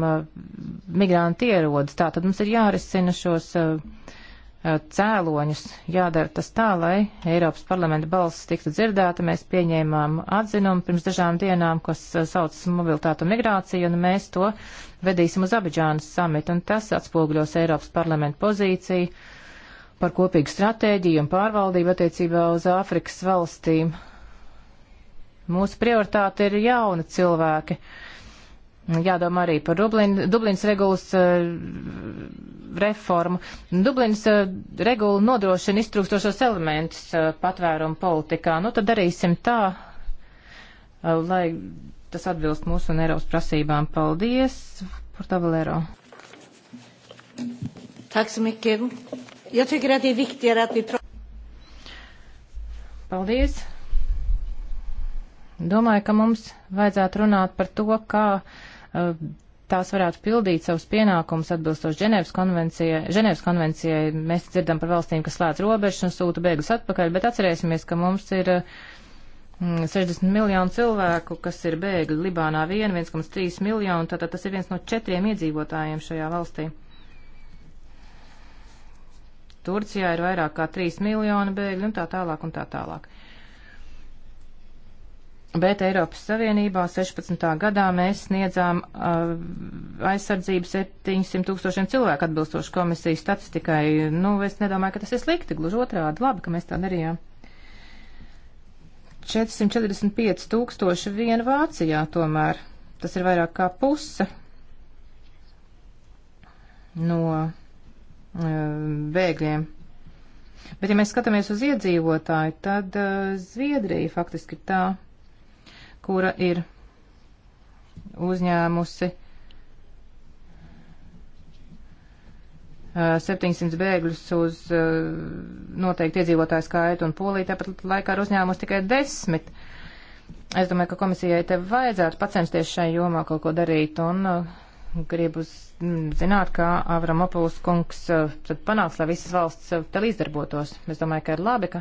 migranti ierodas. Tātad mums ir jārisina šos uh, Eh, cēloņus. Jādara tas tā, lai Eiropas parlamenta balss tiktu dzirdēta. Mēs pieņēmām atzinumu pirms dažām dienām, kas eh, saucas mobilitātu migrāciju, un mēs to vedīsim uz Abidžānas samitu, un tas atspoguļos Eiropas parlamenta pozīciju par kopīgu stratēģiju un pārvaldību attiecībā uz Āfrikas valstīm. Mūsu prioritāte ir jauni cilvēki. Uh, Jādomā arī par Dublin, Dublins regulas uh, reformu. Dublins uh, regula nodrošina iztrūkstošos elementus uh, patvērumu politikā. Nu tad darīsim tā, lai tas atbilst mūsu un Eiropas prasībām. Paldies, Portavalero. Paldies. Domāju, ka mums vajadzētu runāt par to, kā. Ka tās varētu pildīt savus pienākumus atbilstoši Ženēvas konvencijai. Ženēvas konvencijai mēs dzirdam par valstīm, kas slēdz robežas un sūta bēgļus atpakaļ, bet atcerēsimies, ka mums ir 60 mm, miljonu cilvēku, kas ir bēgļi Libānā vien, 1,3 miljonu, tātad tas ir viens no četriem iedzīvotājiem šajā valstī. Turcijā ir vairāk kā 3 miljoni bēgļi un tā tālāk un tā tālāk. Uh, Bet Eiropas Savienībā 16. gadā mēs sniedzām uh, aizsardzību 700 tūkstošiem cilvēku atbilstoši komisijas statistikai. Nu, es nedomāju, ka tas ir slikti, gluži otrādi, labi, ka mēs tā darījām. 445 tūkstoši vien Vācijā tomēr. Tas ir vairāk kā puse no uh, bēgļiem. Bet, ja mēs skatāmies uz iedzīvotāju, tad uh, Zviedrija faktiski ir tā kura ir uzņēmusi 700 eh, bēgļus uz eh, noteikti iedzīvotāju skaitu, un Polija tāpat laikā ir uzņēmusi tikai desmit. Es domāju, ka komisijai te vajadzētu pacensties šai jomā kaut ko darīt, un eh, gribu zināt, kā Avramopuls kungs tad panāks, lai visas valsts te līdzdarbotos. Es domāju, ka ir labi, ka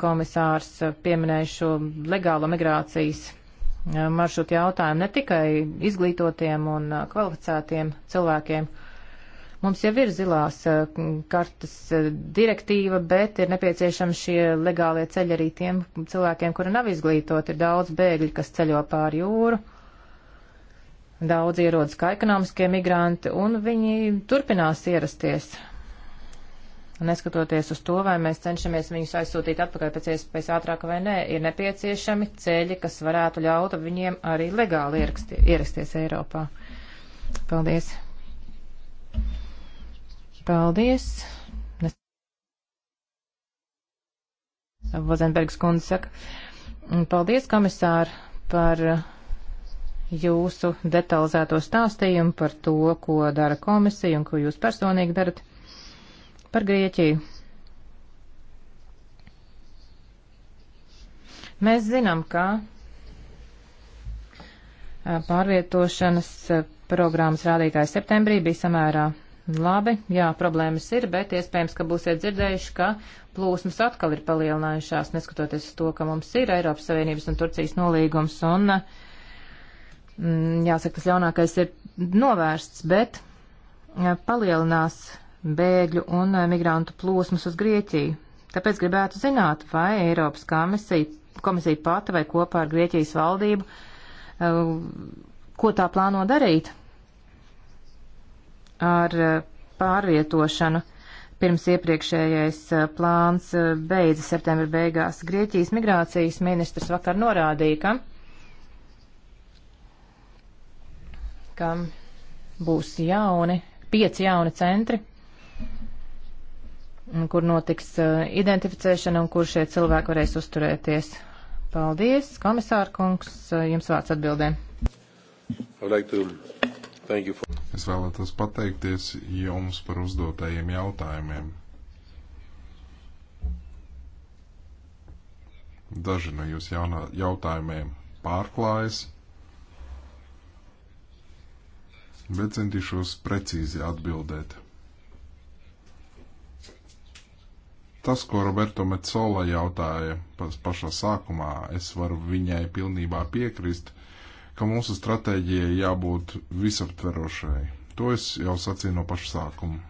Komisārs pieminēja šo legālo migrācijas eh, maršrutu jautājumu ne tikai izglītotiem un eh, kvalificētiem cilvēkiem. Mums jau ir zilās eh, kartas direktīva, bet ir nepieciešami šie legālie ceļi arī tiem cilvēkiem, kuri nav izglītoti. Ir daudz bēgļi, kas ceļo pāri jūru, daudz ierodas kā ekonomiskie migranti, un viņi turpinās ierasties neskatoties uz to, vai mēs cenšamies viņus aizsūtīt atpakaļ pēc iespējas ātrāk vai nē, ir nepieciešami ceļi, kas varētu ļaut viņiem arī legāli ieraksti, ierasties Eiropā. Paldies! Paldies! Vozenbergs kundze saka, paldies komisāri par jūsu detalizēto stāstījumu par to, ko dara komisija un ko jūs personīgi darat. Par Grieķiju. Mēs zinām, ka pārvietošanas programmas rādītājs septembrī bija samērā labi. Jā, problēmas ir, bet iespējams, ka būsiet dzirdējuši, ka plūsmas atkal ir palielinājušās, neskatoties uz to, ka mums ir Eiropas Savienības un Turcijas nolīgums. Un, mm, jāsaka, tas ļaunākais ir novērsts, bet palielinās bēgļu un eh, migrantu plūsmas uz Grieķiju. Tāpēc gribētu zināt, vai Eiropas komisija, komisija pati vai kopā ar Grieķijas valdību, eh, ko tā plāno darīt ar eh, pārvietošanu. Pirms iepriekšējais plāns beidza septembra beigās. Grieķijas migrācijas ministrs vakar norādīja, ka, ka būs jauni, pieci jauni centri kur notiks eh, identificēšana un kur šie cilvēki varēs uzturēties. Paldies, komisāra kungs, eh, jums vārds atbildēm. Es vēlētos pateikties jums par uzdotajiem jautājumiem. Daži no jūsu jautājumiem pārklājas, bet centīšos precīzi atbildēt. Tas, ko Roberto Metzola jautāja pašā sākumā, es varu viņai pilnībā piekrist, ka mūsu stratēģijai jābūt visaptverošai. To es jau sacīju no paša sākuma.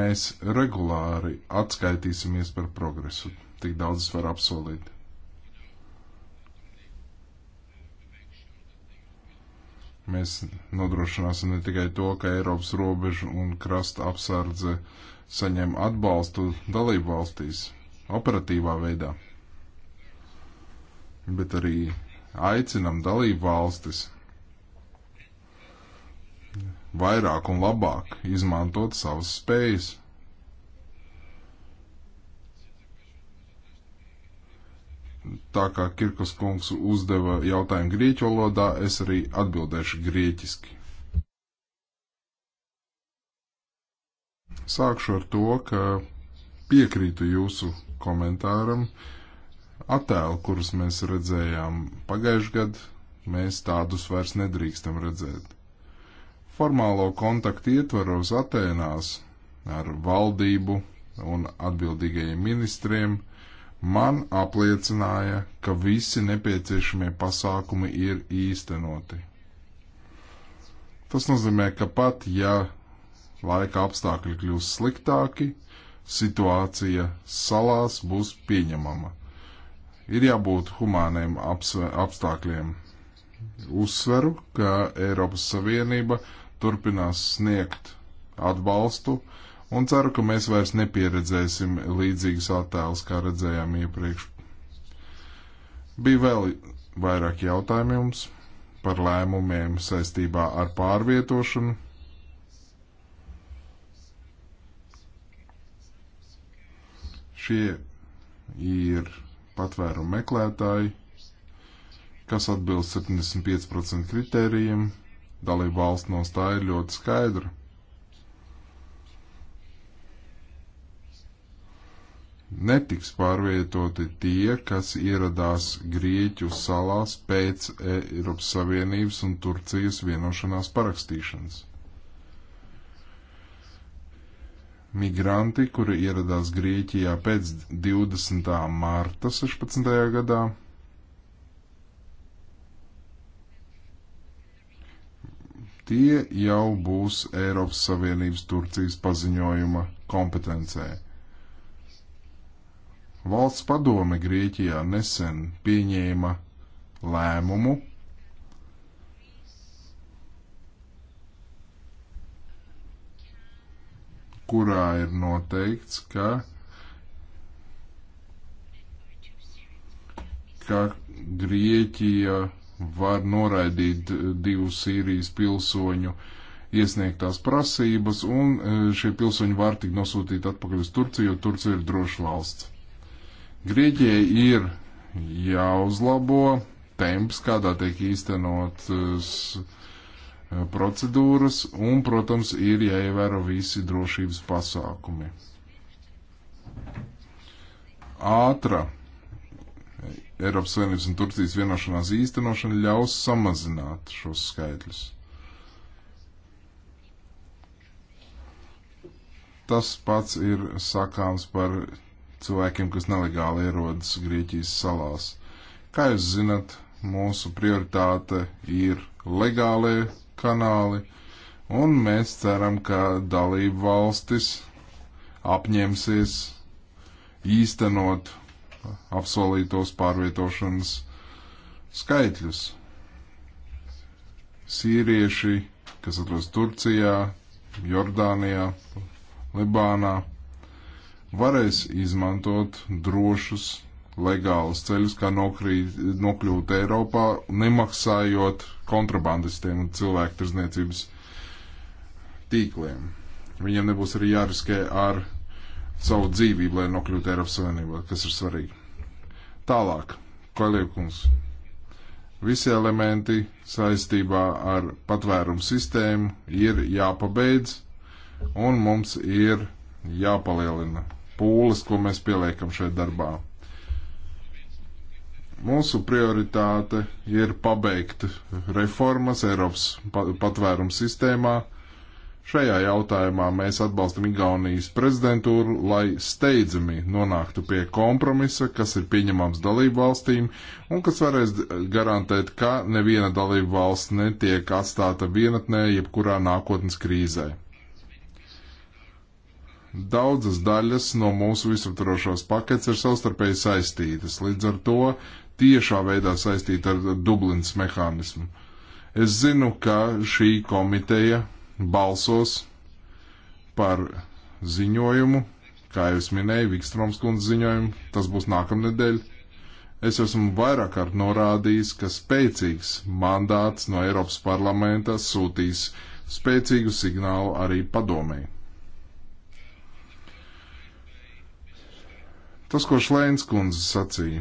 Mēs regulāri atskaitīsimies par progresu. Tik daudz es varu apsolīt. Mēs nodrošināsim ne tikai to, ka Eiropas robežu un krasta apsardze saņem atbalstu dalību valstīs operatīvā veidā, bet arī aicinam dalību valstis vairāk un labāk izmantot savas spējas. tā kā Kirkus kungs uzdeva jautājumu grieķu valodā, es arī atbildēšu grieķiski. Sākšu ar to, ka piekrītu jūsu komentāram. Attēlu, kurus mēs redzējām pagājušajā gadā, mēs tādus vairs nedrīkstam redzēt. Formālo kontaktu ietvaros Atēnās ar valdību un atbildīgajiem ministriem – man apliecināja, ka visi nepieciešamie pasākumi ir īstenoti. Tas nozīmē, ka pat ja laika apstākļi kļūs sliktāki, situācija salās būs pieņemama. Ir jābūt humāniem apstākļiem. Uzsveru, ka Eiropas Savienība turpinās sniegt atbalstu un ceru, ka mēs vairs nepieredzēsim līdzīgus attēlus, kā redzējām iepriekš. Bija vēl vairāk jautājumu jums par lēmumiem saistībā ar pārvietošanu. Šie ir patvērumu meklētāji, kas atbilst 75% kritērijiem. Dalība valsts nostāja ir ļoti skaidra netiks pārvietoti tie, kas ieradās Grieķu salās pēc Eiropas Savienības un Turcijas vienošanās parakstīšanas. Migranti, kuri ieradās Grieķijā pēc 20. mārta 16. gadā, tie jau būs Eiropas Savienības Turcijas paziņojuma kompetencē Valsts padome Grieķijā nesen pieņēma lēmumu kurā ir noteikts, ka, ka Grieķija var noraidīt divu Sīrijas pilsoņu iesniegtās prasības, un eh, šie pilsoņi var tikt nosūtīti atpakaļ uz Turciju, jo Turcija ir droša valsts. Grieķijai ir jāuzlabo temps, kādā tiek īstenotas eh, eh, procedūras, un, protams, ir jāievēro visi drošības pasākumi. Ātra Eiropas Savienības un Turcijas vienošanās īstenošana ļaus samazināt šos skaitļus. Tas pats ir sakāms par cilvēkiem, kas nelegāli ierodas Grieķijas salās. Kā jūs zinat, mūsu prioritāte ir legālie kanāli, un mēs ceram, ka dalību valstis apņemsies īstenot apsolītos pārvietošanas skaitļus. Sīrieši, kas atrodas Turcijā, Jordānijā, Libānā, varēs izmantot drošus, legālus ceļus, kā nokrīt, nokļūt Eiropā, nemaksājot kontrabandistiem un cilvēku tirzniecības tīkliem. Viņiem nebūs arī jāriskē ar savu dzīvību, lai nokļūtu Eiropas Savienībā, kas ir svarīgi. Tālāk, Koļiekums. Visi elementi saistībā ar patvērumu sistēmu ir jāpabeidz, un mums ir jāpalielina pūles, ko mēs pieliekam šeit darbā. Mūsu prioritāte ir pabeigt reformas Eiropas patvērums sistēmā. Šajā jautājumā mēs atbalstam Igaunijas prezidentūru, lai steidzami nonāktu pie kompromisa, kas ir pieņemams dalību valstīm un kas varēs garantēt, ka neviena dalību valsts netiek atstāta vienatnē jebkurā nākotnes krīzē. Daudzas daļas no mūsu visaptvarošās paketes ir savstarpēji saistītas, līdz ar to tiešā veidā saistīta ar Dublinas mehānismu. Es zinu, ka šī komiteja balsos par ziņojumu, kā jau es minēju, Vikstroms kundze ziņojumu, tas būs nākamnedēļ. Es esmu vairāk kārt norādījis, ka spēcīgs mandāts no Eiropas parlamenta sūtīs spēcīgu signālu arī padomēji. Tas, ko Šlēns kundze sacīja,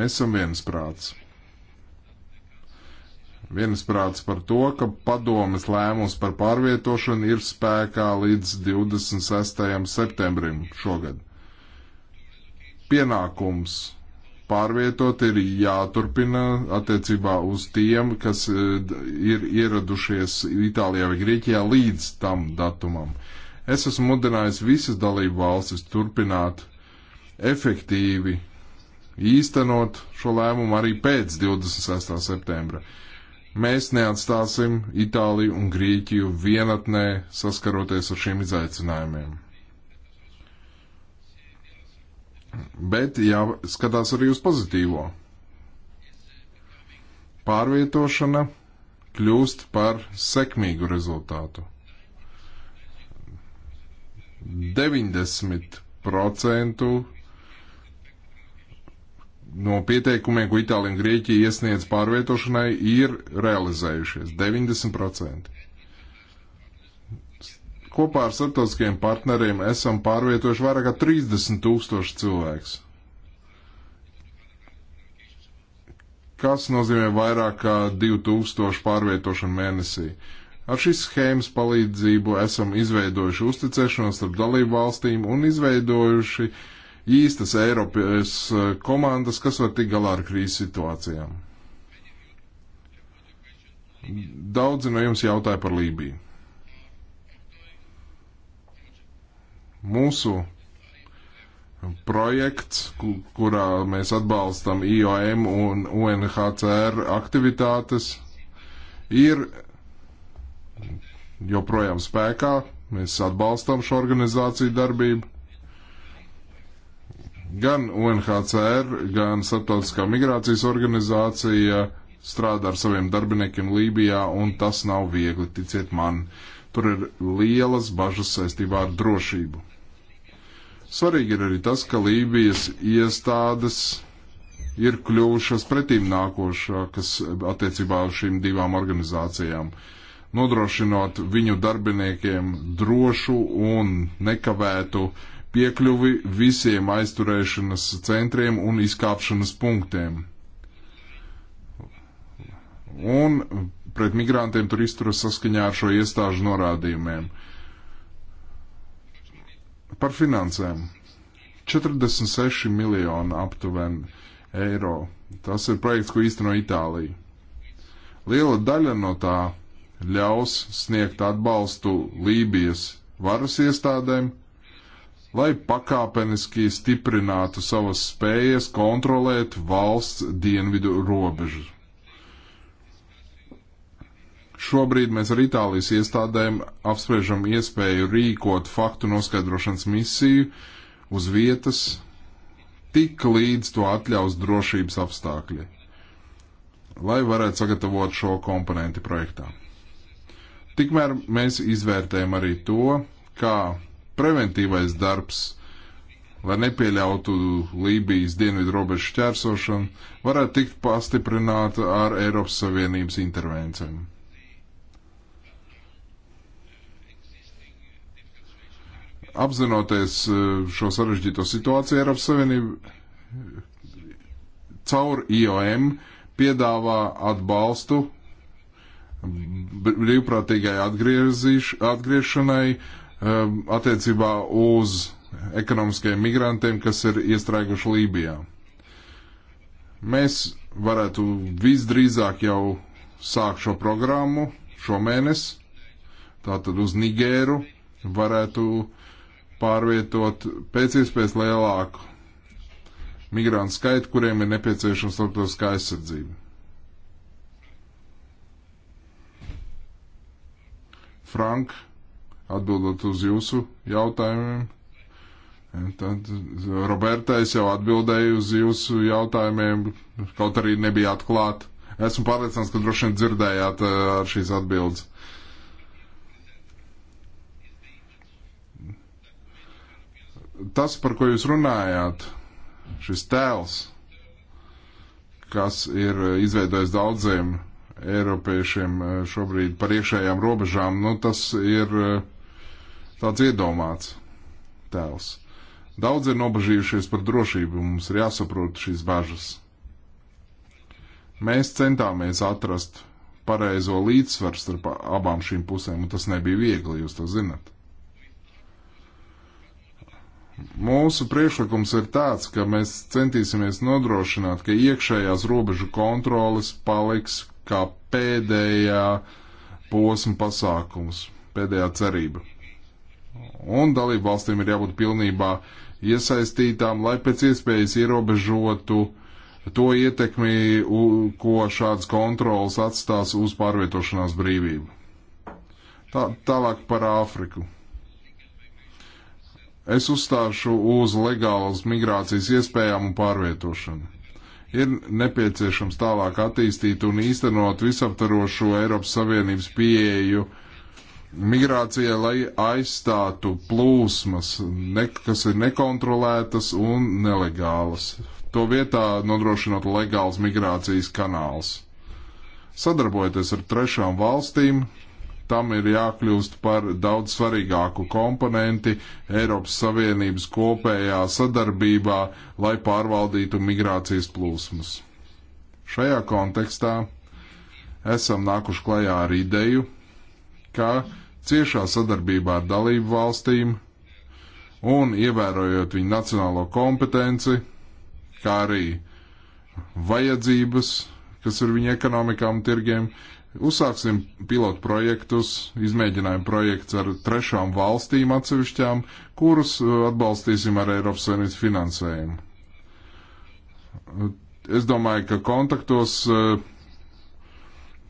mēs esam viensprāts. Viensprāts par to, ka padomes lēmums par pārvietošanu ir spēkā līdz 26. septembrim šogad. Pienākums pārvietot ir jāturpina attiecībā uz tiem, kas eh, ir ieradušies Itālijā vai Grieķijā līdz tam datumam. Uh, Es esmu mudinājis visas dalību valstis turpināt efektīvi īstenot šo lēmumu arī pēc 26. septembra. Mēs neatstāsim Itāliju un Grieķiju vienatnē saskaroties ar šiem izaicinājumiem. Bet jāskatās arī uz pozitīvo. Pārvietošana kļūst par sekmīgu rezultātu. 90% no pieteikumiem, ko Itālija un Grieķija iesniedz pārvietošanai, ir realizējušies. 90%. Kopā ar starptautiskajiem partneriem esam pārvietojuši vairāk kā 30 tūkstoši cilvēks. Kas nozīmē vairāk kā 2000 pārvietošanu mēnesī? Uh, Ar šīs schēmas palīdzību esam izveidojuši uzticēšanos starp dalību valstīm un izveidojuši īstas Eiropas eh, komandas, kas var tikt galā ar krīzes situācijām. Daudzi no jums jautāja par Lībiju. Mūsu projekts, kurā mēs atbalstam IOM un UNHCR aktivitātes, ir joprojām spēkā. Mēs atbalstam šo organizāciju darbību. Gan UNHCR, gan Startautiskā migrācijas organizācija strādā ar saviem darbiniekiem Lībijā, un tas nav viegli, ticiet man. Tur ir lielas bažas saistībā ar drošību. Svarīgi ir arī tas, ka Lībijas iestādes ir kļuvušas pretīm nākošākas attiecībā uz šīm divām organizācijām. Uh, nodrošinot viņu darbiniekiem drošu un nekavētu piekļuvi visiem aizturēšanas centriem un izkāpšanas punktiem. Un pret migrantiem tur izturas saskaņā ar šo iestāžu norādījumiem. Par finansēm. 46 miljonu aptuveni eiro. Tas ir projekts, ko īsteno Itālija. Liela daļa no tā ļaus sniegt atbalstu Lībijas varas iestādēm, lai pakāpeniski stiprinātu savas spējas kontrolēt valsts dienvidu robežu. Šobrīd mēs ar Itālijas iestādēm apspriežam iespēju rīkot faktu noskaidrošanas misiju uz vietas, tik līdz to atļaus drošības apstākļi, lai varētu sagatavot šo komponenti projektām. Tikmēr mēs izvērtējam arī to, kā preventīvais darbs, lai nepieļautu Lībijas dienvidu robežu šķērsošanu, varētu tikt pastiprināta ar Eiropas Savienības intervencijām. apzinoties eh, šo sarežģīto situāciju, Eiropas Savienība caur IOM piedāvā atbalstu brīvprātīgai atgriešanai um, attiecībā uz ekonomiskajiem migrantiem, kas ir iestrēguši Lībijā. Mēs varētu visdrīzāk jau sākt šo programmu šomēnes, tātad uz Nigēru varētu pārvietot pēc iespējas lielāku migrantu skaitu, kuriem ir nepieciešama starptautiskā aizsardzība. Frank, atbildot uz jūsu jautājumiem. Tad Roberta, es jau atbildēju uz jūsu jautājumiem, kaut arī nebija atklāt. Esmu pārliecināts, ka droši vien dzirdējāt eh, ar šīs atbildes. Tas, par ko jūs runājāt, šis tēls, kas ir izveidojis daudziem Eiropiešiem eh, šobrīd par iekšējām robežām, nu tas ir eh, tāds iedomāts tēls. Daudz ir nobažījušies par drošību, mums ir jāsaprot šīs bažas. Mēs centāmies atrast pareizo līdzsvaru starp abām šīm pusēm, un tas nebija viegli, jūs to zinat. Mūsu priekšlikums ir tāds, ka mēs centīsimies nodrošināt, ka iekšējās robežu kontroles paliks kā pēdējā posma pasākums, pēdējā cerība. Un dalību valstīm ir jābūt pilnībā iesaistītām, lai pēc iespējas ierobežotu to ietekmi, ko šāds kontrols atstās uz pārvietošanās brīvību. Tā, tālāk par Āfriku. Es uzstāšu uz legālas migrācijas iespējām un pārvietošanu. Ir nepieciešams tālāk attīstīt un īstenot visaptarošo Eiropas Savienības pieeju migrācijai, lai aizstātu plūsmas, ne, kas ir nekontrolētas un nelegālas. To vietā nodrošinot legāls migrācijas kanāls. Sadarbojoties ar trešām valstīm, tam ir jākļūst par daudz svarīgāku komponenti Eiropas Savienības kopējā sadarbībā, lai pārvaldītu migrācijas plūsmas. Šajā kontekstā esam nākuši klajā ar ideju, ka ciešā sadarbībā ar dalību valstīm un ievērojot viņu nacionālo kompetenci, kā arī vajadzības, kas ir viņa ekonomikām un tirgiem, Uzsāksim pilotu projektus, izmēģinājumu projekts ar trešām valstīm atsevišķām, kurus uh, atbalstīsim ar Eiropas Savienības finansējumu. Uh, es domāju, ka kontaktos, uh,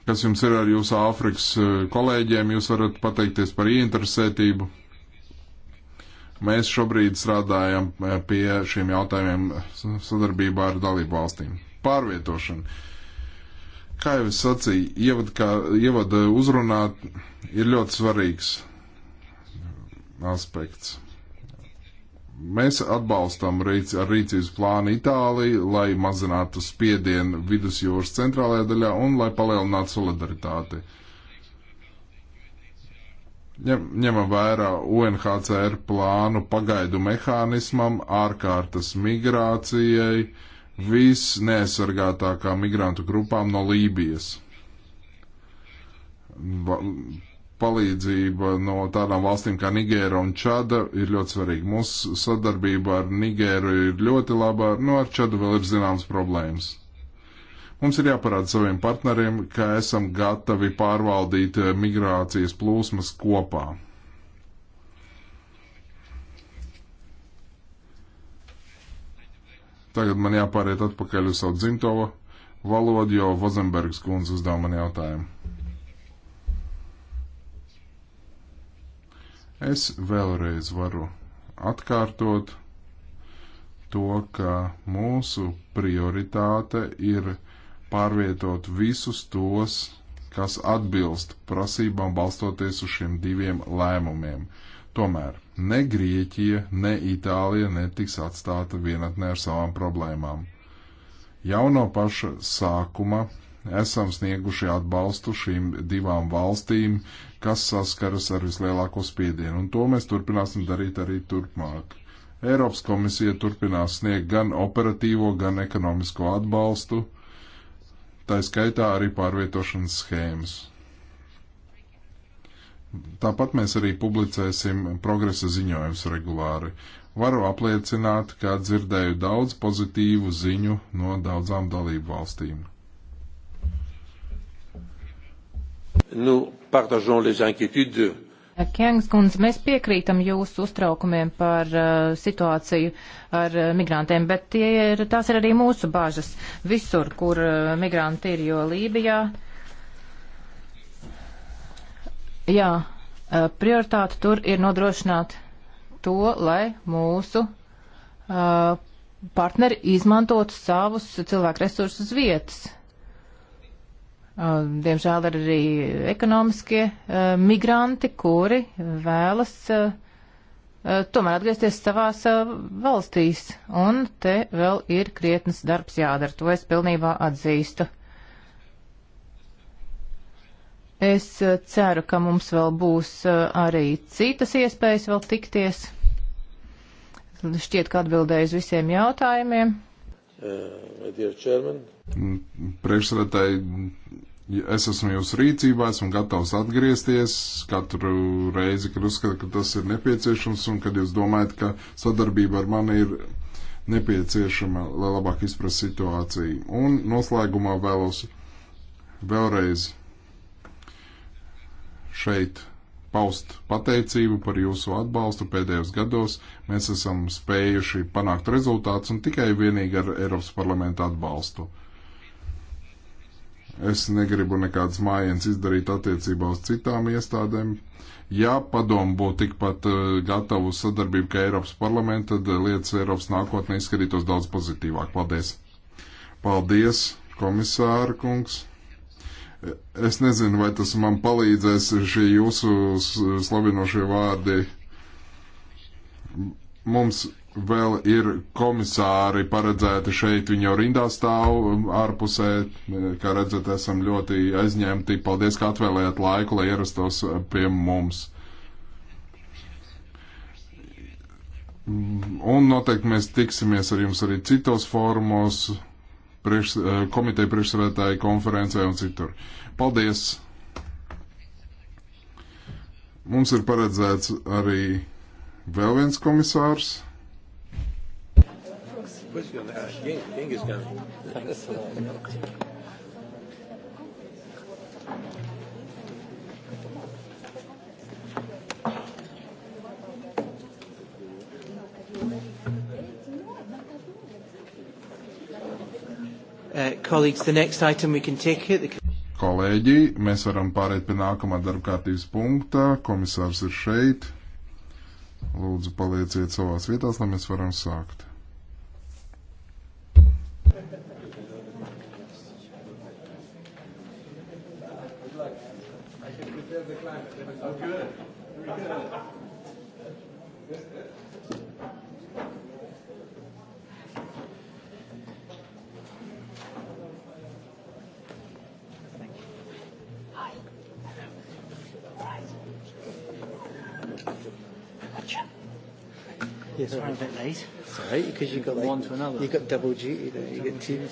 kas jums ir ar jūsu Āfrikas kolēģiem, jūs varat pateikties par ieinteresētību. Mēs šobrīd strādājam pie šiem jautājumiem sadarbībā ar dalību valstīm. Pārvietošana Kā jau es sacīju, ievada, ievada uzrunā ir ļoti svarīgs aspekts. Mēs atbalstam rīc, ar rīcības plānu Itāliju, lai mazinātu spiedienu vidusjūras centrālajā daļā un lai palielinātu solidaritāti. Ņem, ņemam vērā UNHCR plānu pagaidu mehānismam, ārkārtas migrācijai, uh, visneaizsargātākām migrantu grupām no Lībijas. Va palīdzība no tādām valstīm kā Nigēra un Čada ir ļoti svarīga. Mūsu sadarbība ar Nigēru ir ļoti laba, no nu, ar Čadu vēl ir zināmas problēmas. Mums ir jāparāda saviem partneriem, ka esam gatavi pārvaldīt eh, migrācijas plūsmas kopā. Tagad man jāpāriet atpakaļ uz savu dzimto valodu, jo Vozembergs kundze uzdev man jautājumu. Es vēlreiz varu atkārtot to, ka mūsu prioritāte ir pārvietot visus tos, kas atbilst prasībām balstoties uz šiem diviem lēmumiem. Uh, Tomēr ne Grieķija, ne Itālija netiks atstāta vienatnē ar savām problēmām. Jau no paša sākuma esam snieguši atbalstu šīm divām valstīm, kas saskaras ar vislielāko spiedienu, un to mēs turpināsim darīt arī turpmāk. Eiropas komisija turpinās sniegt gan operatīvo, gan ekonomisko atbalstu, tā skaitā arī pārvietošanas schēmas. Tāpat mēs arī publicēsim progresa ziņojums regulāri. Varu apliecināt, ka dzirdēju daudz pozitīvu ziņu no daudzām dalību valstīm. Nous partageons les inquiétudes Kengs kundze, mēs piekrītam jūsu uztraukumiem par uh, situāciju ar uh, migrantiem, bet ir, tās ir arī mūsu bāžas visur, kur uh, migranti ir, jo Lībijā uh, Jā, prioritāte tur ir nodrošināt to, lai mūsu partneri izmantotu savus cilvēku resursus vietas. Diemžēl ir arī ekonomiskie migranti, kuri vēlas tomēr atgriezties savās valstīs, un te vēl ir krietnes darbs jādara, to es pilnībā atzīstu. Es eh, ceru, ka mums vēl būs eh, arī citas iespējas vēl tikties. Šķiet, ka atbildēju uz visiem jautājumiem. Uh, Priekšsēdētāji, es esmu jūsu rīcībā, esmu gatavs atgriezties katru reizi, kad uzskatu, ka tas ir nepieciešams un kad jūs domājat, ka sadarbība ar mani ir nepieciešama, lai labāk izprast situāciju. Un noslēgumā vēlos vēlreiz šeit paust pateicību par jūsu atbalstu pēdējos gados. Mēs esam spējuši panākt rezultātus un tikai vienīgi ar Eiropas parlamenta atbalstu. Es negribu nekādas mājienas izdarīt attiecībā uz citām iestādēm. Ja padomu būtu tikpat eh, gatavu sadarbību kā Eiropas parlamenta, tad eh, lietas Eiropas nākotnē izskatītos daudz pozitīvāk. Paldies! Paldies, komisāra kungs! Es nezinu, vai tas man palīdzēs šie jūsu slavinošie vārdi. Mums vēl ir komisāri paredzēti šeit, viņi jau rindā stāv ārpusē. Kā redzat, esam ļoti aizņemti. Paldies, ka atvēlējāt laiku, lai ierastos pie mums. Un noteikti mēs tiksimies ar jums arī citos fórumos priekš, eh, komiteja priekšsēdētāja konferencē un citur. Paldies! Mums ir paredzēts arī vēl viens komisārs. Thanks. Uh, Kolēģi, mēs varam pāriet pie nākamā darba kārtības punktā. Komisārs ir šeit. Lūdzu, palieciet savās vietās, lai mēs varam sākt. Good. Good. Sorry, I'm a bit late. Sorry, because you've got like, one to another. You've got double duty there. You get two.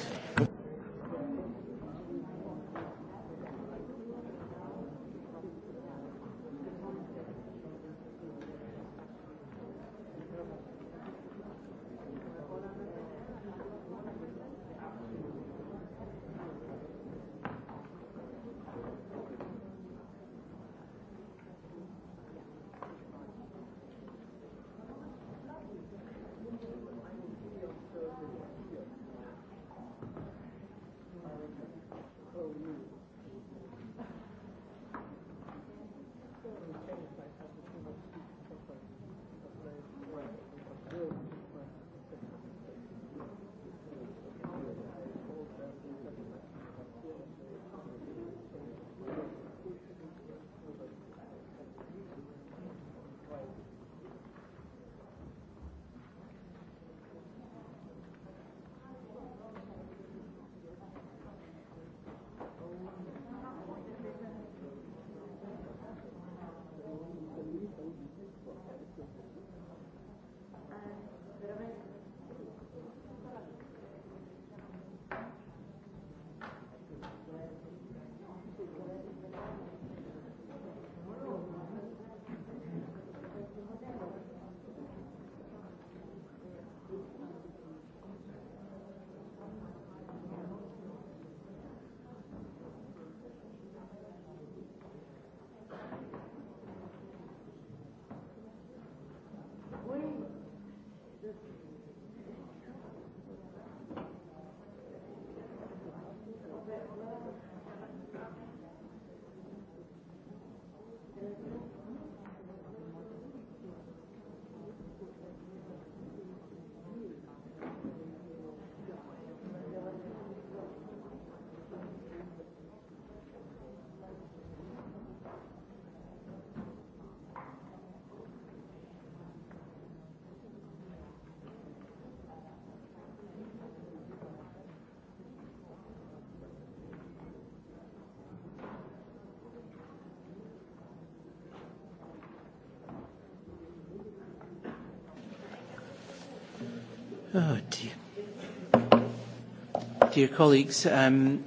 dear colleagues. Um...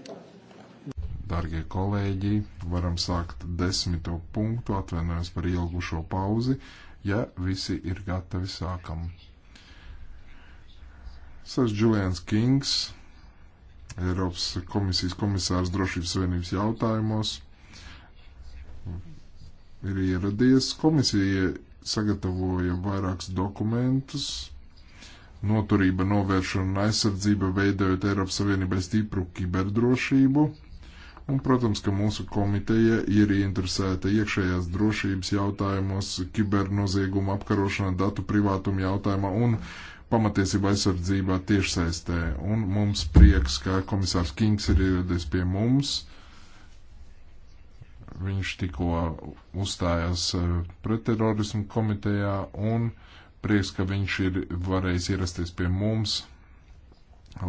Dargie kolēģi, varam sākt desmito punktu, atvainojos par ilgušo pauzi. Ja visi ir gatavi, sākam. Sars Julians Kings, Eiropas komisijas komisārs drošības savienības jautājumos, ir ieradies. Komisija sagatavoja vairākus dokumentus noturība, novēršana un aizsardzība, veidojot Eiropas Savienībai stipru kiberdrošību. Un, protams, ka mūsu komiteja ir interesēta iekšējās drošības jautājumos, kibernozieguma apkarošanā, datu privātuma jautājumā un pamatiesība aizsardzībā tiešsaistē. Un mums prieks, ka komisārs Kings ir ieradies pie mums. Viņš tikko uzstājās eh, pretterorismu komitejā un uh, Prieks, ka viņš ir varējis ierasties pie mums,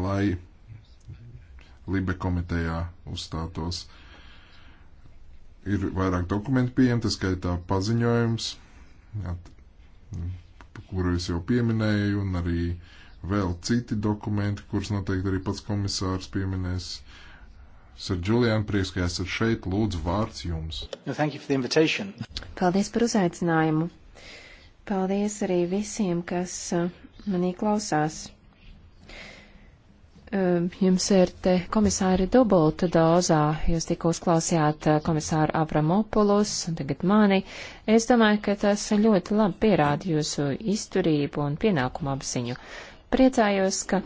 lai Libe komitejā uzstātos. Ir vairāk dokumentu pieejami, tas skaitā paziņojums, kuru es jau pieminēju, un arī vēl citi dokumenti, kurus noteikti arī pats komisārs pieminēs. Sir Julian, prieks, ka esat šeit. Lūdzu, vārds jums. No, Paldies par uzaicinājumu. Paldies arī visiem, kas uh, manī klausās. Uh, jums ir te komisāri dubulta dozā. Jūs tikko uzklausījāt uh, komisāru Avramopulus un tagad mani. Es domāju, ka tas ļoti labi pierāda jūsu izturību un pienākumu apziņu. Priecājos, ka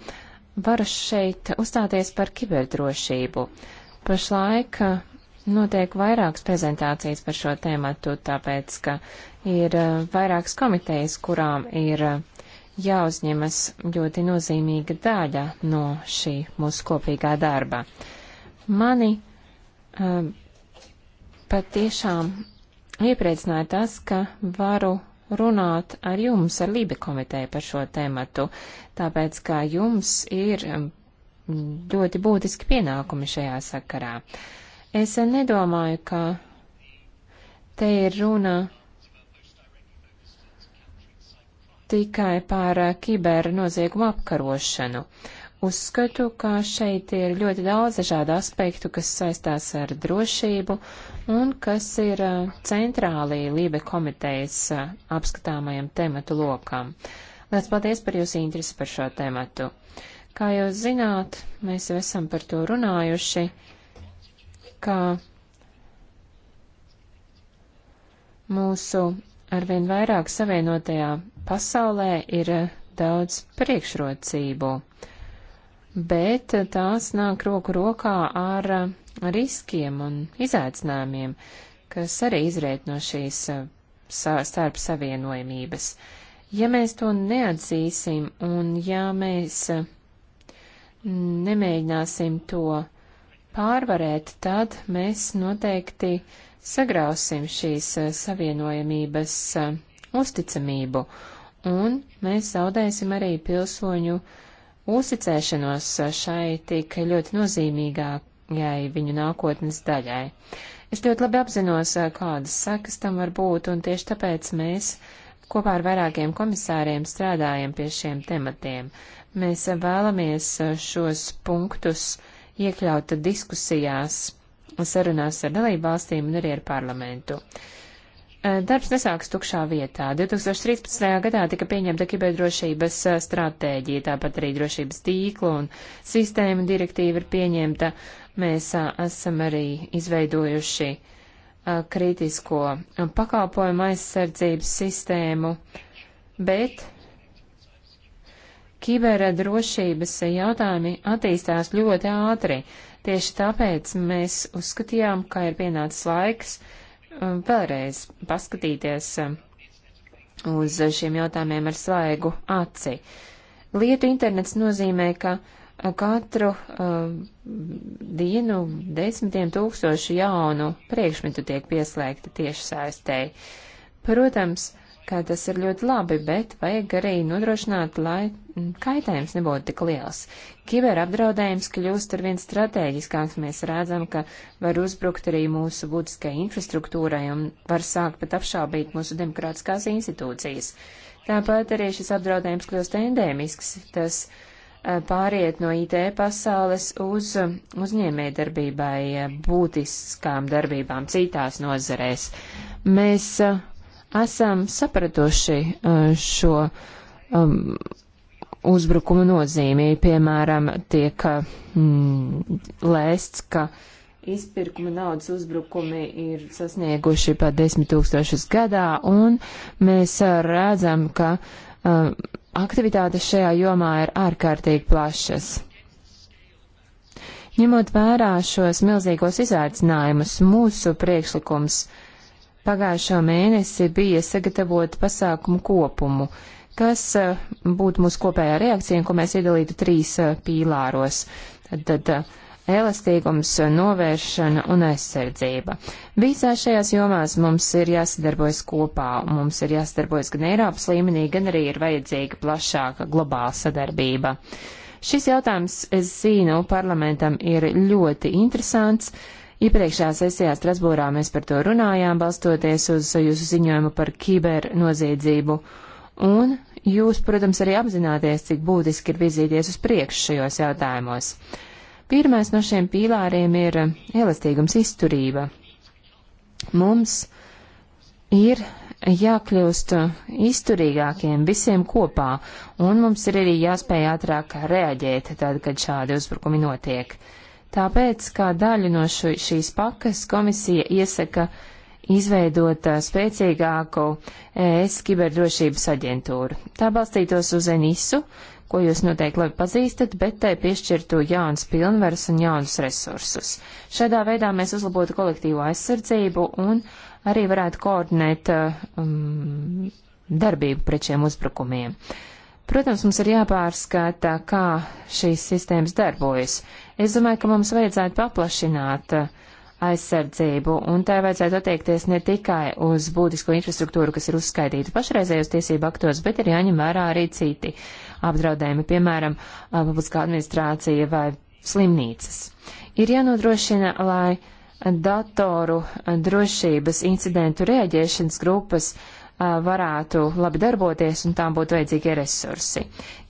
varu šeit uzstāties par kiberdrošību. Pašlaik notiek vairākas prezentācijas par šo tēmatu, tāpēc, ka ir eh, vairākas komitejas, kurām ir eh, jāuzņemas ļoti nozīmīga daļa no šī mūsu kopīgā darba. Mani um, patiešām iepriecināja tas, ka varu runāt ar jums, ar Lībe komiteju par šo tēmatu, tāpēc, ka jums ir ļoti būtiski pienākumi šajā sakarā. Es nedomāju, ka te ir runa tikai par eh, kibernoziegumu apkarošanu. Uzskatu, ka šeit ir ļoti daudz dažādu aspektu, kas saistās ar drošību un kas ir eh, centrālī Lībe komitejas eh, apskatāmajam tematu lokam. Lielas paldies par jūsu interesi par šo tematu. Kā jūs zināt, mēs jau esam par to runājuši, ka mūsu arvien vairāk savienotajā pasaulē ir eh, daudz priekšrocību, bet eh, tās nāk roku rokā ar eh, riskiem un izaicinājumiem, kas arī izriet no šīs starp savienojamības. Ja mēs to neatzīsim un ja mēs nemēģināsim to pārvarēt, tad mēs noteikti sagrausim šīs savienojamības uzticamību un mēs zaudēsim arī pilsoņu uzticēšanos šai tik ļoti nozīmīgākajai viņu nākotnes daļai. Es ļoti labi apzinos, eh, kādas sekas tam var būt, un tieši tāpēc mēs kopā ar vairākiem komisāriem strādājam pie šiem tematiem. Mēs vēlamies eh, šos punktus iekļaut diskusijās, sarunās ar dalību valstīm un arī ar parlamentu. Uh, Eh, darbs nesāks tukšā vietā. 2013. gadā tika pieņemta kiberdrošības eh, stratēģija, tāpat arī drošības tīkla un sistēma direktīva ir pieņemta. Mēs a, eh, esam arī izveidojuši a, kritisko pakalpojumu aizsardzības sistēmu, bet kiberdrošības jautājumi attīstās ļoti ātri. Tieši tāpēc mēs uzskatījām, ka ir pienācis laiks, uh, Um, vēlreiz paskatīties um, uz šiem jautājumiem ar svaigu aci. Lietu internets nozīmē, ka uh, katru uh, dienu desmitiem tūkstošu jaunu priekšmetu tiek pieslēgta tieši saistēji. Protams, ka tas ir ļoti labi, bet vajag arī nodrošināt, lai kaitējums nebūtu tik liels. Kiberapdraudējums kļūst ar vien strateģiskāks. Mēs redzam, ka var uzbrukt arī mūsu būtiskai infrastruktūrai un var sākt pat apšābīt mūsu demokrātiskās institūcijas. Tāpat arī šis apdraudējums kļūst endēmisks. Tas eh, pāriet no IT pasaules uz um, uzņēmē darbībai eh, būtiskām darbībām citās nozarēs. Mēs uh, esam sapratuši uh, šo um, uzbrukumu nozīmī. Piemēram, tiek mm, lēsts, ka izpirkuma naudas uzbrukumi ir sasnieguši pat 10 tūkstošus gadā, un mēs uh, redzam, ka um, aktivitātes šajā jomā ir ārkārtīgi plašas. Ņemot vērā šos milzīgos izaicinājumus, mūsu priekšlikums uh, pagājušā mēnesī bija sagatavot pasākumu kopumu, kas eh, būtu mūsu kopējā reakcija un ko mēs iedalītu trīs eh, pīlāros. Tad, tad, eh, elastīgums, novēršana un aizsardzība. Visās šajās jomās mums ir jāsadarbojas kopā, mums ir jāsadarbojas gan Eiropas līmenī, gan arī ir vajadzīga plašāka globāla sadarbība. Šis jautājums, es zinu, parlamentam ir ļoti interesants. Uh, Iepriekšējā sesijā Strasbūrā mēs par to runājām, balstoties uz jūsu ziņojumu par kibernoziedzību. Un jūs, protams, arī apzināties, cik būtiski ir virzīties uz priekšu šajos jautājumos. Pirmais no šiem pīlāriem ir elastīgums izturība. Mums ir jākļūst izturīgākiem visiem kopā, un mums ir arī jāspēj ātrāk reaģēt tad, kad šādi uzbrukumi notiek. Tāpēc, kā daļu no šo, šīs pakas, komisija iesaka izveidot spēcīgāku ES kiberdrošības aģentūru. Tā balstītos uz ENISU, ko jūs noteikti labi pazīstat, bet tai piešķirtu jaunas pilnvaras un jaunus resursus. Šādā veidā mēs uzlabotu kolektīvo aizsardzību un arī varētu koordinēt um, darbību pret šiem uzbrukumiem. Protams, mums ir jāpārskata, kā šīs sistēmas darbojas. Es domāju, ka mums vajadzētu paplašināt uh, aizsardzību, un tā vajadzētu attiekties ne tikai uz būtisko infrastruktūru, kas ir uzskaitīta pašreizējos tiesību aktos, bet ir jāņem vērā arī citi apdraudējumi, piemēram, uh, publiskā administrācija vai slimnīcas. Ir jānodrošina, lai datoru uh, drošības incidentu rēģēšanas grupas uh, varētu labi darboties un tām būtu vajadzīgi resursi.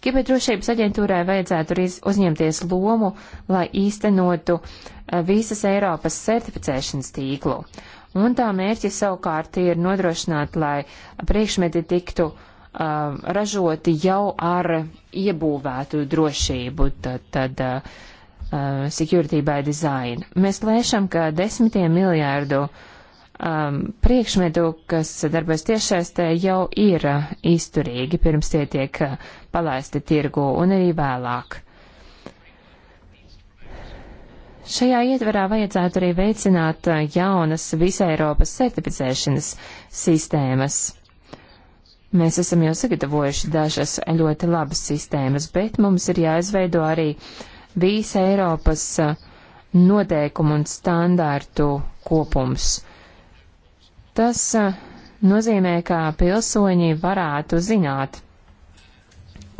Kiberdrošības aģentūrai vajadzētu uzņemties lomu, lai īstenotu visas Eiropas certificēšanas tīklu. Un tā mērķis savukārt ir nodrošināt, lai priekšmeti tiktu uh, ražoti jau ar iebūvētu drošību, tad, tad uh, security by design. Mēs lēšam, ka desmitiem miljārdu uh, um, priekšmetu, kas darbojas tiešsaistē, jau ir uh, izturīgi pirms tie tiek uh, palaisti tirgu un arī vēlāk. Šajā ietverā vajadzētu arī veicināt uh, jaunas visai Eiropas certificēšanas sistēmas. Mēs esam jau sagatavojuši dažas ļoti labas sistēmas, bet mums ir jāizveido arī visa Eiropas uh, noteikumu un standārtu kopums. Tas nozīmē, ka pilsoņi varētu zināt,